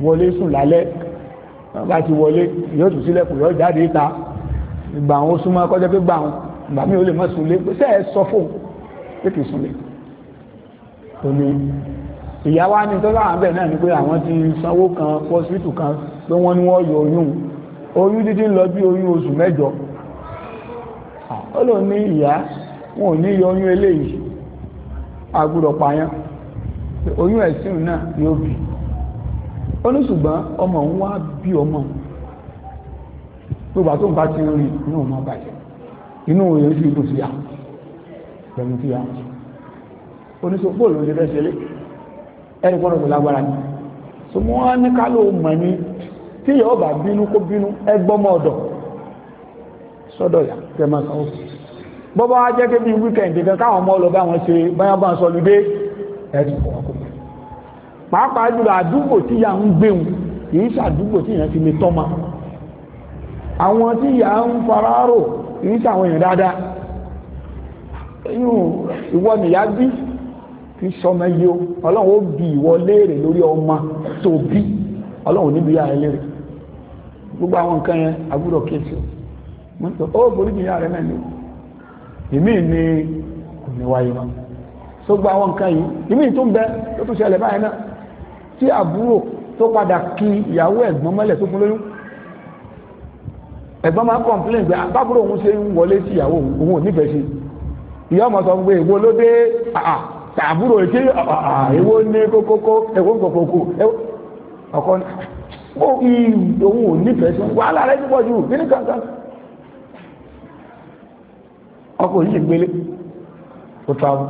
wọlé sùn lálẹ́ bá ti wọlé yóò tún sílẹ̀kùn yóò jáde ìta ìgbà àwọn ó súnmọ́ kọ́jọ́ pé gbà àwọn ìgbà mi ò lè mọ́ súnlé pé sẹ́ẹ̀ sọ fún pé kì í súnlé tó ní ìyá wa ní tó láwọn náà ni pé àwọn ti sanwó kan pọ́sítù kan pé wọ́n ní wọ́n yọ oyún oyún dídí ń lọ bí oyún oṣù mẹ́jọ ó lò ní ìyá wọn ò ní yọ oyún eléyìí agbúdọ̀ pààyàn oyún ẹ̀sìn náà ni ó bì ó ní ṣùgbọ́n ọmọ òun wá bí ọmọ gbogbo àtúntà ti rí inú ọmọ bàjẹ́ inú òye sí ikú síyà pẹ̀lú síyà oníṣòwò bóòlù ló ti ẹni pọ́nrọ̀ mi lágbára ni so mo wá ní kálò mọ̀ ní tí yóò bá bínú kó bínú ẹgbọ́mọ ọ̀dọ̀ sọ́dọ̀ yà tẹ́ máa sanwó bọ́bá wá jẹ́ kébí wíkẹ̀ndì kan káwọn ọmọ lọ bá wọn ṣe báyá bá ń sọ lùdé ẹ̀tù fọwọ́kọ́ pàápàá jùlọ àdúgbò tí yà ń gbéhùn kì kìí sàwọn èèyàn dáadáa yíò ìwọ nìyá bí kìí sọmọ yìí o ọlọ́run ó bi ìwọ léèrè lórí ọmọ tó bí ọlọ́run níbi yára léèrè gbogbo àwọn nǹkan yẹn agbúrò kéèsì mọ́tò ó borí jìyà rẹ̀ náà ni ìmí ni kò ní wáyé wọn tó gba àwọn nǹkan yìí ìmí tó ń bẹ tó tún ṣẹlẹ̀ báyìí náà tí àbúrò tó padà kí ìyàwó ẹ̀gbọ́n mọ́lẹ̀ tó fún lóyún ẹ̀gbọ́n máa complain pé ah, bábúrò òun ṣe ń wọlé sí ìyàwó òun ò nífẹ̀ẹ́ sí ìyá ọmọ sọ pé èwo ló dé ah, ah, àbúrò èké èwo ní kókókó èwo ń kòkòkò ọkọ òun ò nífẹ̀ẹ́ sí wàhálà rẹ̀ púpọ̀ jù kí ní kankan ọkọ yìí ṣe gbélé ó travel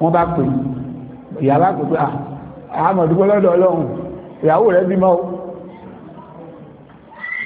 wọ́n bá pè ìyá bá pè pé àmọ̀dúgbọ́ lọ́dọ̀ ọlọ́run ìyàwó rẹ̀ bímọ o.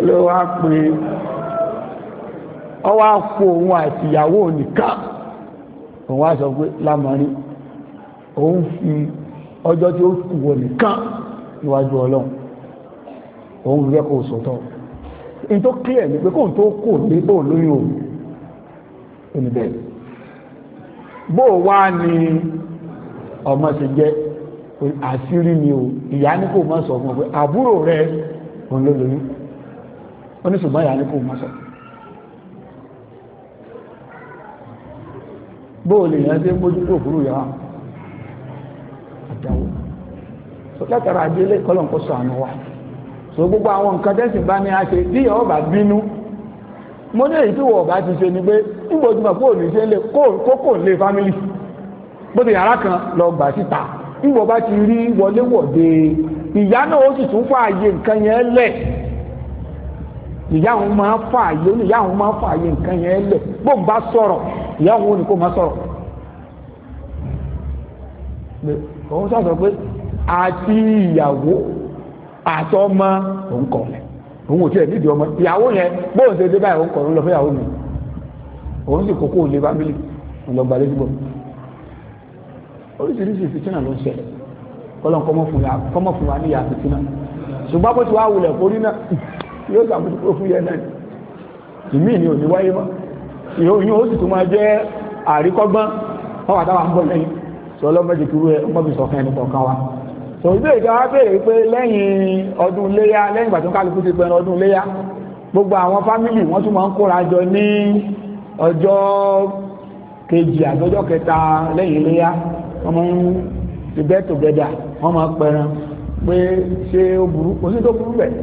ló wá pé ọwá fò òun àti ìyàwó nìkan òun wá sọ pé lámọ́rí òun fi ọjọ́ tí ó kù wọ nìkan níwájú ọlọ́run òun rí ẹkọ̀ òsòtọ́ in tó kílẹ̀ ní pé kóhùn tó kò ní bóò lóyún òun oníbẹ̀ bóò wá ní ọmọ ṣe jẹ́ àṣírí ni o ìyá ní kò mọ́ sọ fún ọ pé àbúrò rẹ̀ òun ló lóyún ó ní ṣùgbọ́n ìyá ní kò mọ́ sọ bóòlù ìyẹn tí mójú tó kúrò yá àdáwò látara àdílé kọ́lọ̀kọ́ sọ àánú wa so gbogbo àwọn nǹkan tẹ́sì bá ní a ṣe tí ìyàwó bá bínú mo ní èyí tí wọ́n bá ti ṣe ni pé nígbòjúmọ̀ kó lè ṣe lè kókò lè fámílì bó ti yàrá kan lọ gbà síta nígbò bá ti rí wọléwọ̀de ìyá náà ó sì tún fààyè nǹkan yẹn lẹ̀ ìyá òun máa fà yé ìyá òun máa fà yé nǹkan yẹn lẹ̀ bó ń bá sọ̀rọ̀ ìyá òun ò ní kó máa sọ̀rọ̀ òun sọ̀rọ̀ pé àti ìyàwó àtọmọ òun kọ̀ lẹ̀ òun ò tiẹ̀ nídìí ọmọ ìyàwó yẹn bóun ṣe dé báyìí òun kọ̀ ló lọ fẹ́ ìyàwó mi òun sì kókó òun lè bá mílì ọlọ́gbà lẹ́gbọ̀ oríṣiríṣi fìtínà ló ń ṣẹlẹ̀ kọ́lọ́n kọ́mọ́ fún wa ní ìyá fìtínà ṣùgbọ́n bó ti wá wulẹ̀ kórìí náà yóò sàmójúkúrò fún yẹn náà ìmí ni ò ní wáyé mọ́ ìhòyìn ó sì tún máa jẹ́ àríkọ́gbọ́n wọ́n wà táwà ń bọ̀ lẹ́yìn tí ọlọ́mọdé kúrú ẹ mọ́bí sọ fún ẹni kọ̀ọ̀kan wa tò ní ìjọ wa béèrè pé lẹ́yìn ọdún léyá lẹ́yìn ìgbà tó ń kálukú ti pẹ̀lú ọdún léyá gbogbo àwọn fámìlì wọ́n tún máa ń kóra jọ ní ọjọ́ kejì àtọjọ́ kẹta lẹ́yìn léyá wọ́n máa ń ti bẹ́ẹ̀ tó gẹ́dà wọ́n máa pẹran pé ṣé ó burú kò sí tó burú bẹ́ẹ̀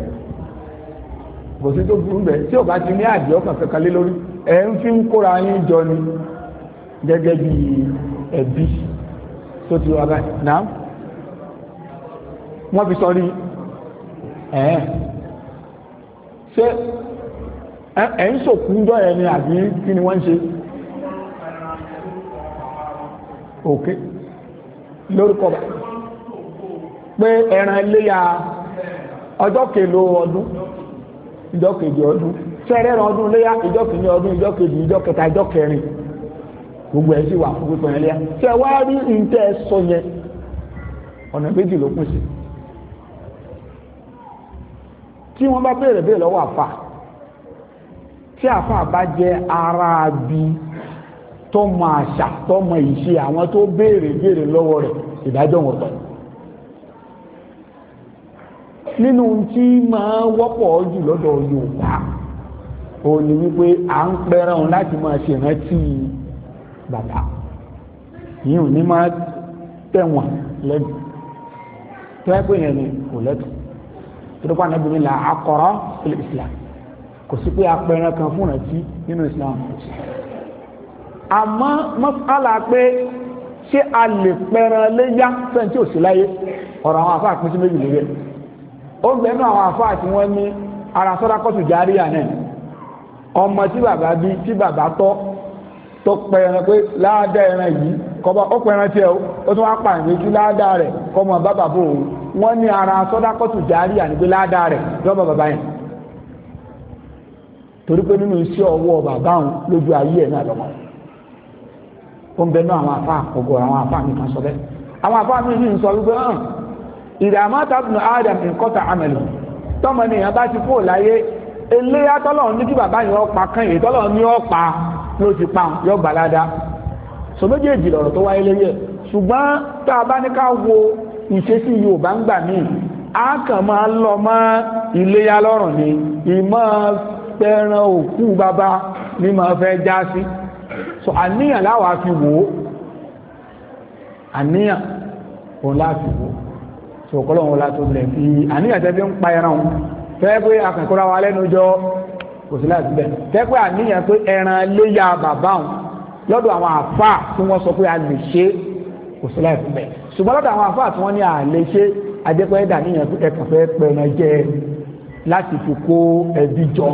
kò sí tó burú bẹ́ẹ̀ tí ò bá ti ní àjọ kankan lé lórí ẹ̀ ń fi ń kóra yín jọ ni gẹ́gẹ́ bí ẹbí tó ti wà báyìí náà wọ́n fi sọ rí ẹ̀ẹ́ ṣé ẹ̀ ń sòkúnjọ́ ẹ̀ ni àbí kí ni wọ́n ṣe òkè lórúkọ pé ẹran iléyà ọjọ́ kèlò ọdún ìjọ kejì ọdún fẹ́rẹ́ ràn ọdún léyà ìjọ kejì ọdún ìjọ kejì ìjọ kẹta ìjọ kẹrin gbogbo ẹ̀ sì wà fún pípọ̀ yẹn léyà ṣe wá rí nǹkan ẹ sọ yẹn ọ̀nà méjì ló pín sí tí wọ́n bá béèrè béèrè lọ́wọ́ àfà tí àfà bá jẹ́ ara bí tọ́mọ àṣà tọ́mọ ìṣe àwọn tó béèrè béèrè lọ́wọ́ rẹ̀ ìdájọ́ wọn tọ̀nà nínú tí máa wọ́pọ̀ jù lọ́dọ̀ Yorùbá ó ní wípé à ń pẹ́ràn láti máa ṣèrántí bàbá yìí ò ní máa tẹ̀wọ̀n lẹ́nu tó ẹ pé yẹn ni kò lẹ́tọ̀ọ́ tó dọ́pọ̀ anábìrin là á kọ́rọ́ Islam kò sí pé apẹ̀rẹ̀ kan fún ìrántí nínú Islam àmọ́ mọ́sálà pé ṣé a lè pẹ̀rẹ̀ léyà fẹ́ntì òsì láyé ọ̀rọ̀ àwọn afáàpín sí méjì lórí ẹ̀ ó ń bẹnu àwọn àfáà tí wọ́n ní ara sọ́dákọ́tù járíà náà ọmọ tí bàbá bí tí bàbá tọ́ tó pẹ ẹran pé láàdá ẹran yìí kọba ó pẹ ẹran tiẹ̀ ó tún wá pa ìwé láàdá rẹ̀ bàbá ara sọ́dákọ́tù járíà ní pé láàdá rẹ̀ lọ́bọ̀ bàbá yẹn torí pé nínú iṣẹ́ ọwọ́ bàbá òun lójú ayé ẹ̀ náà lọ́mọ ó ń àwọn àfáà àwọn àfáà mi kan sọ bẹ́ẹ̀ àwọn àfáà mi ìdààmátà bùnú adam nkọ́ta amẹ̀lú tọ́mọ ní ìyàn bá ti kó láyé eléyà tọ́lọ́run ní kí bàbá yẹn ọ̀pá kan yìí tọ́lọ́run ní ọ̀pá ló ti pa yọ gbàládá so méjèèjì lọ̀rọ̀ tó wáyé lẹ́yẹ ṣùgbọ́n tá a bá ní ká wo ìṣesí yorùbá ń gbà míì a kàn máa lọ mọ́ iléyà lọ́rùn ni ìmọ̀ fẹ́ràn òkú bàbá ni màá fẹ́ já sí so àníyàn láwàá fi wò ó àníyàn òun láà wò ó so kọ́lọ́n wọlá tó bẹ̀rẹ̀ fi àníyàn tẹ́ fi ń pa ẹran fẹ́ pé akẹ́kọ̀ọ́ ra wa lẹ́nu jọ kò sí láti bẹ̀ fẹ́ pé àníyàn pé ẹran léyà bàbá òun lọ́dọ̀ àwọn àfà tí wọ́n sọ pé a lè ṣe kò sí láti bẹ̀ ṣùgbọ́n lọ́dọ̀ àwọn àfà tí wọ́n ní a lè ṣe adẹ́pẹ́ dàníyàn pé ẹ̀kàn fẹ́ pẹ̀rẹ̀ jẹ láti fi kó ẹbí jọ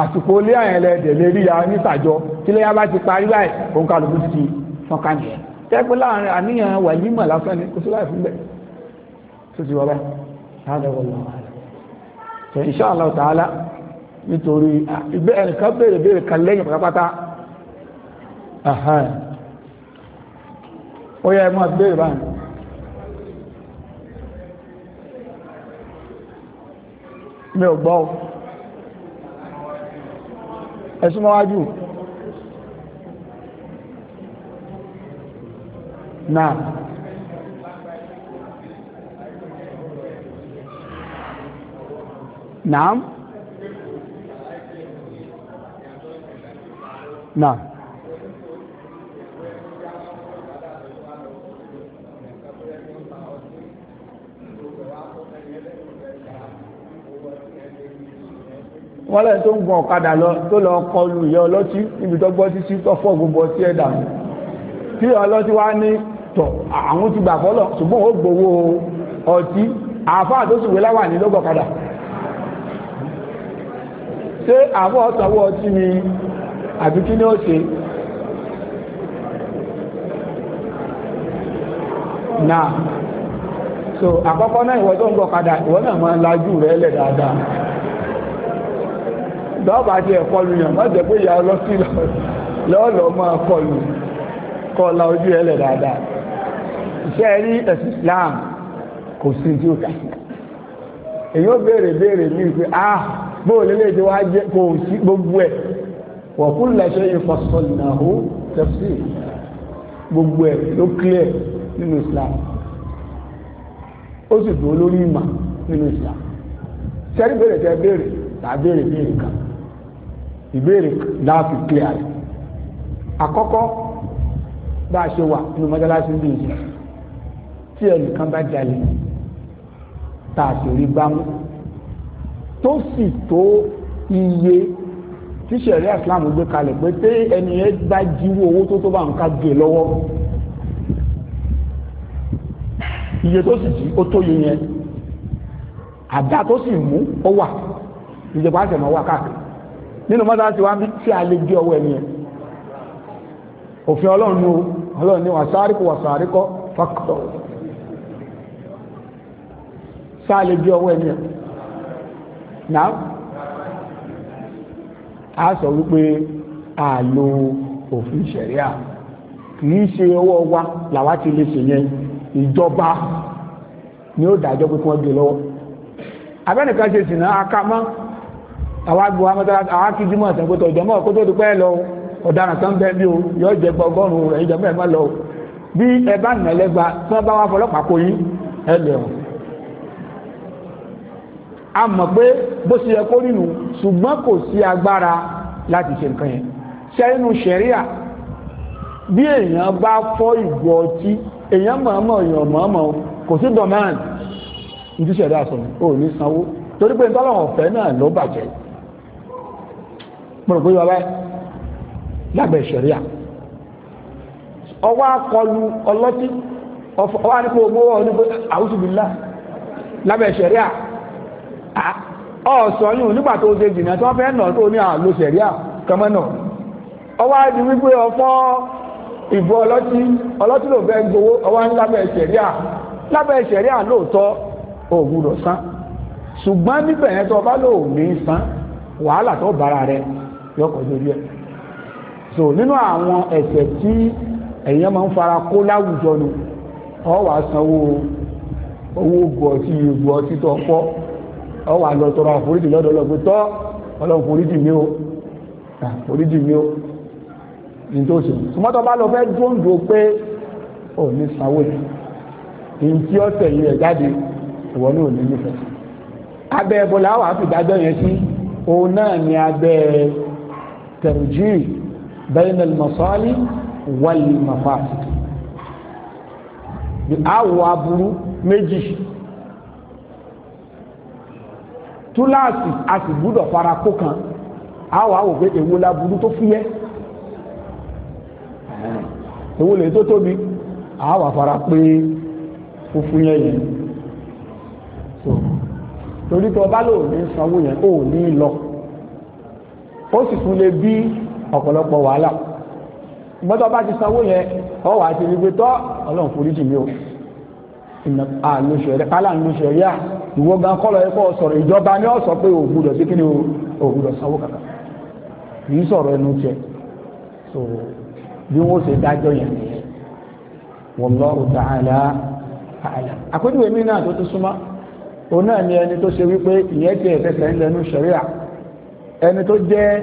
àsìkò ilé àyẹ̀lẹ̀ dẹ̀lẹ̀ rí ya nítàjọ tí lẹ́yà bá ti parí báyìí òun kálukú ti fọ́nká nìyẹn tẹ́gbẹ́ láàrin àníyàn wà nímọ̀ lásán ni kò sí láì fún bẹ́ẹ̀ tó ti wọ́n bá hádà wallahu a'lam so insha Allah ta'ala nítorí ìgbẹ́ ẹnìkan béèrè béèrè kan lẹ́yìn pátápátá ó yẹ mọ́ béèrè báyìí mi ò gbọ́ ẹ̀sùn náà نعم نعم wọ́n lẹ́yìn tó ń gun ọ̀kadà lọ tó lọ kọlu ìyá ọlọ́tí níbi tó gbọ́ títí tó fọ́ gbogbo ọtí ẹ̀dà tí ọlọ́tí wá ní tọ̀ àwọn ti gbà fọ́lọ̀ ṣùgbọ́n ó gbowó ọtí àáfáà tó sì wé láwà ní lọ́gbọ̀kadà ṣé àbọ̀ ọ̀sánwó ọtí ni àbí kí so àkọ́kọ́ náà ìwọ tó ń gbọ́ padà ìwọ náà máa lajú rẹ̀ lẹ̀ dáadáa dọ́ọ̀bà ti ẹ̀kọlù yàn má jẹ́ pé ìyá ọlọ́sí lọ́ọ̀lọ́ máa oju kọlà ojú rẹ̀ dáadáa iṣẹ́ rí ẹ̀sìn Islam kò sí tí ó èyí ah bóòlù lè jẹ́ wá jẹ́ kò sí gbogbo ẹ̀ wa kulla shay'in fassalnahu tafsir gbogbo ẹ̀ ló clear nínú Islam ó sì dúró lórí ìmọ̀ nínú Islam sẹ́rí bèrè tẹ bèrè tà bèrè bèrè kan ìbéèrè láàfin clear àkọ́kọ́ bá a ṣe wà nínú mọ́tálásí ń bí ìṣẹ́ tí ẹnìkan bá jalè tá a sì rí gbámú tó sì tó iye tí sẹ̀rí islam gbé kalẹ̀ pé tí ẹni yẹn bá jíwó owó tó tó bá ń ká gé lọ́wọ́ iye tó sì jí ó tó yẹ yẹn àdá tó sì mú ó wà ìjọba àtẹ̀mọ́ wà káàkiri nínú mọ́tà tí wọ́n fi àlè gé ọwọ́ ẹni yẹn òfin ọlọ́run ní o ọlọ́run ní wàsáríkọ wàsáríkọ fákítọ̀ sáà lè gé ọwọ́ ẹni yẹn Now, a sọ wípé àlò òfin ṣẹ̀ríà kìí ṣe ọwọ́ wa làwa ti lè ṣe yẹn ìjọba ni ó dájọ́ pé kí wọ́n gbé lọ́wọ́ abẹ́nìkan ṣe sì náà akámọ́ àwọn agbó àwọn akíjímọ̀ ìsẹ̀kótó ìjọmọ́ kó tó dúpẹ́ lọ ọ̀daràn kan bẹ́ẹ̀ bí o yọ jẹ gbọgọ́rùn-ún rẹ̀ ìjọba ẹ̀ má lọ bí ẹ bá nà ẹlẹ́gba tí wọ́n bá wá fọlọ́pàá kó yín ẹ lẹ́wọ̀n a mọ̀ pé bó ṣe yẹ kó rí ṣùgbọ́n kò sí agbára láti ṣe nǹkan yẹn ṣe inú ṣẹ̀ríà bí èèyàn bá fọ́ ìgò ọtí èèyàn mọ̀ọ́mọ̀ èèyàn mọ̀ọ́mọ̀ kò sí dọ̀mán ìdí sọ̀rọ̀ ní sanwó torí pé tọ́lọ̀wọ̀n ọ̀fẹ́ náà ló bàjẹ́ pé ṣẹ̀ríà ọwọ́ akọlu ọlọ́tí ọwọ́ owó ṣẹ̀ríà ọ̀sọ̀ yìí nígbà tó ṣe jìnà tó fẹ́ nà tó ní àlò sẹ̀ríà kọmọ́nà ọwá di wípé ọfọ́ ìbò ọlọ́tí ọlọ́tí ló fẹ́ gbowó ọwá ń lábẹ́ sẹ̀ríà lábẹ́ sẹ̀ríà lóòótọ́ òwúrọ̀ san ṣùgbọ́n níbẹ̀ yẹn tó bá lò ní san wàhálà tó bára rẹ yọkọ̀ lórí ẹ̀ so nínú àwọn ẹ̀ṣẹ̀ tí ẹ̀yẹn máa ń fara kó láwùjọ nu ọ wàá sanwó owó gbọ̀ tí ìgbọ̀ títọ́ pọ́ ọ wà lọ tọrọ àforíjì lọ́dọ̀ ọlọ́gbé tọ́ ọlọ́run foríjì mi ó ah, foríjì mi ó ní tó ṣe sọmọ́tọ́ bá lọ fẹ́ dóńdó pé ò ní sanwó ìyìn tí ó tẹ̀lé rẹ̀ jáde ìwọ ní òní nífẹ̀ẹ́ abẹ́ ẹbọlá àwọ̀ aburú méjì túláàsì a sì gbúdọ̀ fara kó kan a wà wò pé èwo la burú tó fúyẹ́ èwo lè tó tóbi a wà fara pé ó fúyẹ́ yẹn torí tó bá lò ní sanwó yẹn ó ní lọ ó sì tún lè bí ọ̀pọ̀lọpọ̀ wàhálà gbọ́dọ̀ bá ti sanwó yẹn ọ wà á ti rí pé tọ́ ọlọ́run foríjì mi ò àlòṣẹ̀rí à ìwọ gan kọ́ lọ ẹ̀kọ́ sọ̀rọ̀ ìjọba ni ó sọ pé ògbúdọ̀ sí kí ni ògbúdọ̀ sanwó kàkà kì í sọ̀rọ̀ ẹnu tiẹ̀ so bí wọ́n ṣe dájọ́ yẹn nìyẹn wallahu ta'ala a'lam àpéjúwe mi náà tó tún súnmọ́ òun náà ni ẹni tó ṣe wípé ìyẹn ti ẹ̀fẹ́fẹ́ ń lẹnu ṣẹ̀ríà ẹni tó jẹ́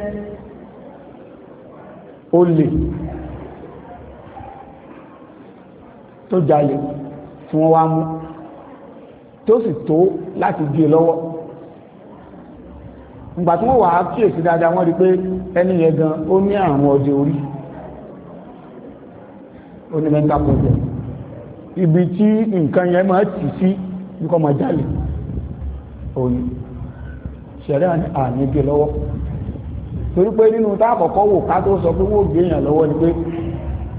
olè tó jalè fún wọ́n tó sì tó láti gé lọ́wọ́ ìgbà tí wọ́n wà á kíyèsí dáadáa wọ́n rí pé ẹni yẹn gan ó ní àrùn ọjọ́ orí ó ní mental problem ibi tí nǹkan yẹn máa tì sí nípa ọmọ jálè òní ṣẹ̀rẹ́ àmì gé lọ́wọ́ torí pé nínú tá àkọ́kọ́ wò ká tó sọ pé wọ́n gbé èèyàn lọ́wọ́ ni pé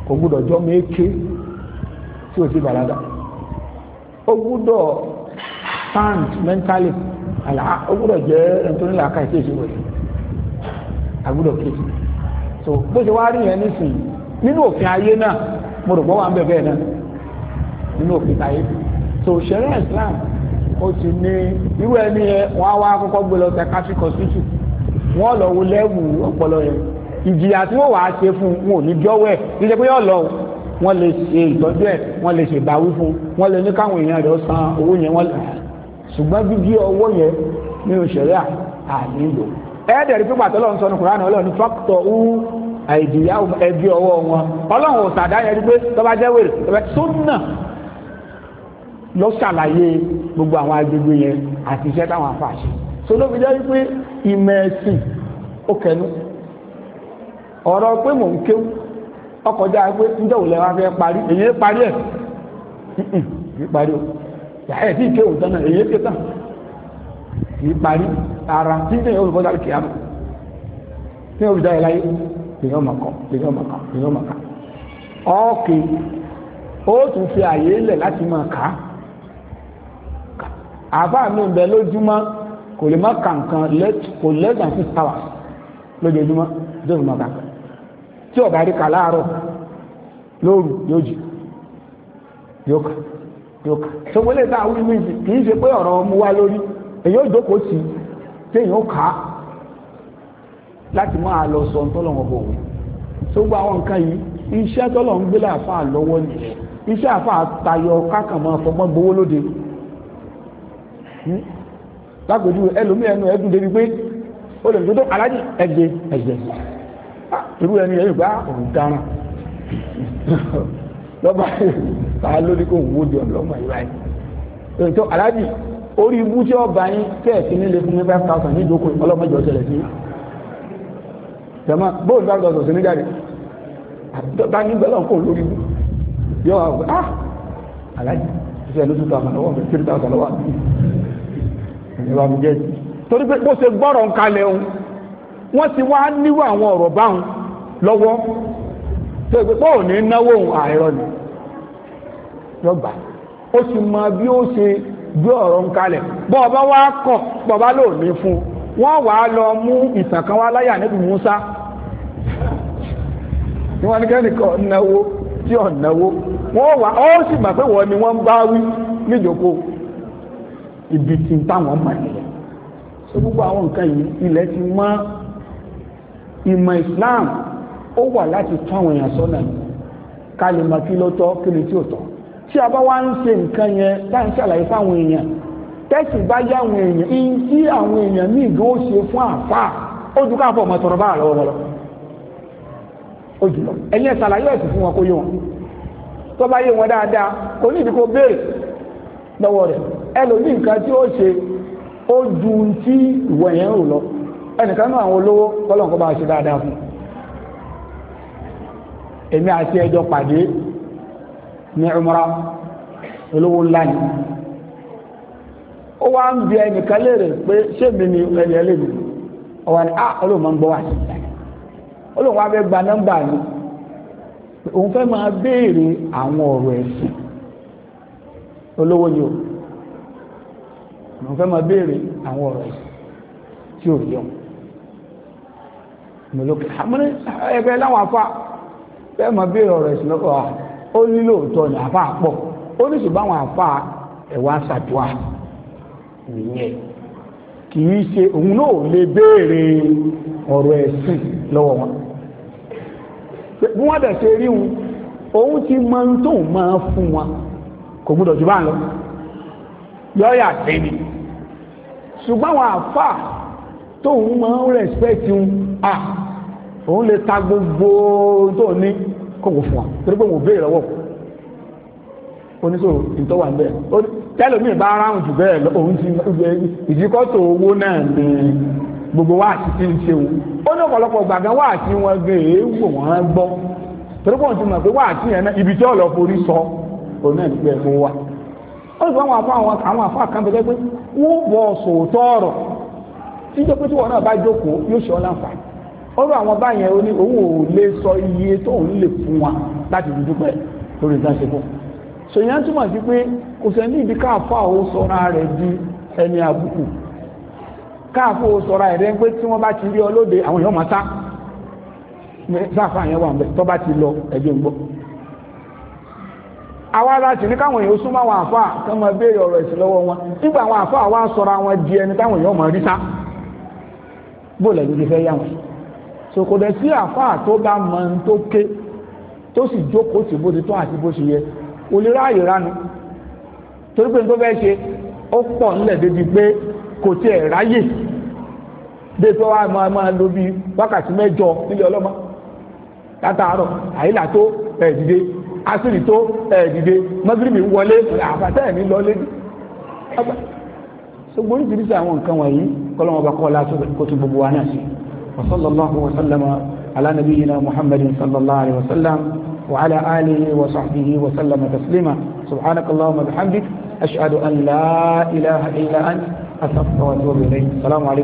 kò gbúdọ̀ jọ́ méké tí ò sí bàlágà ó gbúdọ̀ sound mentally ọgbọ́dọ̀ jẹ́ ẹ̀ntọ́ni làákà ìkéèsì wẹ̀ agbọ́dọ̀ kéèsì so bó ṣe wá rí yẹn nísìnyí nínú òfin ayé náà mo rò pọ́ wà ń bẹ̀ bẹ́ẹ̀ náà nínú òfin ayé so ṣẹ̀rẹ̀ Islam ó ti ní irú ẹni yẹn wọ́n á wá kọ́kọ́ gbé lọ psychiatric hospital wọ́n lọ wo lẹ́wù ọpọlọ yẹn ìjìyà tí wọ́n wàá ṣe fún wọn ò ní jọ́wọ́ ẹ̀ kí ṣe pé yọ̀ lọ wọ́n lè ṣe ìtọ́jú ẹ̀ wọ́n lè ṣèbáwí fún wọ́n lè ní káwọn èèyàn rẹ̀ san owó yẹn wọ́n lè ṣùgbọ́n gígé ọwọ́ yẹn nínú ṣẹ̀ríà ànílò ẹ̀ẹ́dẹ̀rí pípa tó lọ́n sọnù kùránù ọlọ́run fọ́kítọ̀ ú àìdíyà ẹbí ọwọ́ wọn ọlọ́run ò sàdá yẹn wípé tọ́ba jẹ́ wèrè tọ́ba sọ́nà ló ṣàlàyé gbogbo àwọn agbègbè yẹn àti iṣẹ́ táwọn afáàṣe so ló fi jẹ́ wípé ìmọ̀ ẹ̀sìn ó kẹnu ọ̀rọ̀ pé mò ń kéwú ọkọ̀ já pé ń jẹ́ òun lẹ́wọ́n fẹ́ parí èyí parí ẹ̀ ẹ̀ tí ìké òtán náà èyí ké tán kì í parí ara tí tí yóò bọ́dá kì í àmà tí yóò dáyé láyé lèyìn ọmọ kan lèyìn ọmọ kan lèyìn ọmọ kan ọ́ọ̀kì ó tún fi àyè lẹ̀ láti máa kà á àbá mi bẹ lójúmọ́ kò lè má kà nǹkan kò lẹ́gàn sí sáwà lójoojúmọ́ tó fi máa kà tí ọ̀gá rí kà láàárọ̀ lóru yóò jì yóò kà sọgbọ́lẹ̀ tá a wí mí kì í ṣe pé ọ̀rọ̀ mu wá lórí èyí ò jókòó sí téèyàn ó kà á láti máa lọ sọ tọ́lọ̀wọ̀n bò wí sọgbọ́ àwọn nǹkan yìí iṣẹ́ tọ́lọ̀ ń gbélé àfa lọ́wọ́ nìyẹn iṣẹ́ àfa tayọ kákan máa fọgbọ́n gbowó lóde lágbèjú ẹlòmí ẹnu ẹdùn débi pé ó lè dúdú alájì ẹgbẹ ẹgbẹ ah, irú ẹni ẹyìn bá ah, òun dáná lọ́ba àá lórí kò wó di ọ̀dọ̀ ọmọ ìwà yìí ètò aláàjì orí ibú tí ọba yín kẹ́ẹ̀sì nílé fún mi five thousand ní ìdókòó ọlọ́mọdé ọ̀sẹ̀lẹ̀ sí jẹ̀mọ́ bóòlù five thousand sí níjàre bá ní bẹ́ẹ̀ lọ́nkọ́ lórí ibú yọ àwọn ah aláàjì iṣẹ́ ló tún ta àwọn ọlọ́wọ́ mi three thousand lọ́wọ́ mi ìwà mi jẹ́ torí pé bó ṣe gbọ́rọ̀ ń kalẹ̀ òun ti wá níwọ̀ àwọn ọ̀rọ̀ báwọn lọ́wọ́ tó ìpé pọ́ òní náwó ohun àìrọ ni lọ́gbà ó sì mọ bí ó ṣe gbé ọ̀rọ̀ ń kalẹ̀ bọ́ ọba wá kọ̀ bọ́ba lò ní fún wọ́n wà á lọ mú ìtàn wá láyà níbi Musa ní wọ́n ní kẹ́nìkan náwó tí ọ̀ náwó wọ́n wà ó sì mọ̀ pé wọ́n ni wọ́n bá wí níjòkó ibi tí táwọn mọ̀ nílẹ̀ so gbogbo àwọn nǹkan yìí ilẹ̀ ti mọ́ ìmọ̀ Islam ó wà láti tún àwọn èèyàn sọ́nà ká lè mọ̀ kí ló tọ́ kí ni tí ò tọ́ tí a bá wá ń ṣe nǹkan yẹn bá ń ṣàlàyé fáwọn èèyàn tẹ́sì bá yá àwọn èèyàn in tí àwọn èèyàn míì gan ó ṣe fún àfà ó dùn káàfọ̀ ọmọ tọrọ báà lọ́wọ́ lọ ó ẹ̀ ṣàlàyé ẹ̀sìn fún wọn kó yé wọn tó bá yé wọn dáadáa kò ní béèrè lọ́wọ́ rẹ̀ lọ ẹnìkan náà àwọn olówó nǹkan bá ṣe dáadáa fún èmi àti ẹjọ́ pàdé ní umra olówó ńlá ni ó wá ń bi ẹnìkan léèrè pé ṣé mi ni ẹni ẹlẹ́mi ọ̀wà ni a olóòmọ ń gbọ́ wà sí ìlànà olóòmọ wa fẹ́ gba nọ́mbà ni òun fẹ́ máa béèrè àwọn ọ̀rọ̀ ẹ̀sìn olówó ni o òun fẹ́ máa béèrè àwọn ọ̀rọ̀ ẹ̀sìn tí ò yọ mọ̀lọ́kẹ́ àmúlẹ̀ ẹgbẹ́ láwọn bẹ́ẹ̀ mọ béèrè ọ̀rọ̀ ẹ̀sìn lọ́kọ̀ wa ó nílò òótọ́ ní àfa àpọ̀ ó ní ṣùgbọ́n àwọn àfa ẹ̀wà ṣàdúà nìyẹn kì í ṣe òun náà lè béèrè ọ̀rọ̀ ẹ̀sìn lọ́wọ́ wọn bí wọ́n dẹ̀ ṣe rí wọn òun ti mọ ohun tóun máa fún wọn kò gbúdọ̀ jù bá ń lọ lọ́ọ̀yà tẹ́ni ṣùgbọ́n àwọn àfa tóun máa ń rẹ̀spẹ̀tì wọn òun lè ta gbogbo tó ní kòkò fún wa torí pé òun béèrè lọ́wọ́ oníṣòwò ìtọ́wà ń bẹ̀ bá jù bẹ́ẹ̀ òun ti ìdíkọ́tò owó náà ní gbogbo wa àti tí ń ṣe wọn ó ní ọ̀pọ̀lọpọ̀ gbàgán wá àti wọn wọn gbọ́ torí pé ti mọ̀ pé àti sọ òun náà wa ó sì àwọn àwọn pé wọ́n bọ̀ ọ̀rọ̀ àwọn báyẹn ó ní òun ò lè sọ iye tó òun lè fún wa láti dúdúpẹ́ lórí ìdáṣe fún ṣèyàn túmọ̀ sí pé kò sẹ́ ní ibi káàfà ó sọra rẹ̀ di ẹni àbùkù káàfà ó sọra rẹ̀ pé tí wọ́n bá ti rí ọ lóde àwọn èèyàn máa sá sáfà yẹn wà ń bẹ tó bá ti lọ ẹgbẹ́ ń gbọ́ àwa láti ní káwọn èèyàn súnmọ́ àwọn àfáà kan máa béèrè ọ̀rọ̀ ìsìn lọ́wọ́ wọn nígbà àwọn àfáà wá sọ̀rọ̀ àwọn di ẹni táwọn èèyàn máa rí sá bóòlù ẹ̀dùn fẹ́ yá wọn so kò dẹ̀ sí àfáà tó bá mọ ohun tó ké tó sì jókòó sí bó ti tọ́ àti bó ṣe yẹ kò lè ráàyè ránu torí pé tó fẹ́ ṣe ó pọ̀ nílẹ̀ débi pé kò tiẹ̀ ráyè dé tó wá máa máa lo bí wákàtí mẹ́jọ nílé ọlọ́mọ látàárọ̀ àyílà tó ẹ̀ẹ́dìde asiri tó ẹ̀ẹ́dìde mọ́gírìmì wọlé àbátẹ́ ẹ̀mí lọ lé ṣùgbọ́n oríṣiríṣi àwọn nǹkan wọ̀nyí kọ́lọ́mọba kọ́ ọlá kó tún gbogbo wa náà sí وصلى الله وسلم على نبينا محمد صلى الله عليه وسلم وعلى آله وصحبه وسلم تسليما سبحانك اللهم وبحمدك أشهد أن لا إله إلا أنت أستغفرك وأتوب إليك السلام عليكم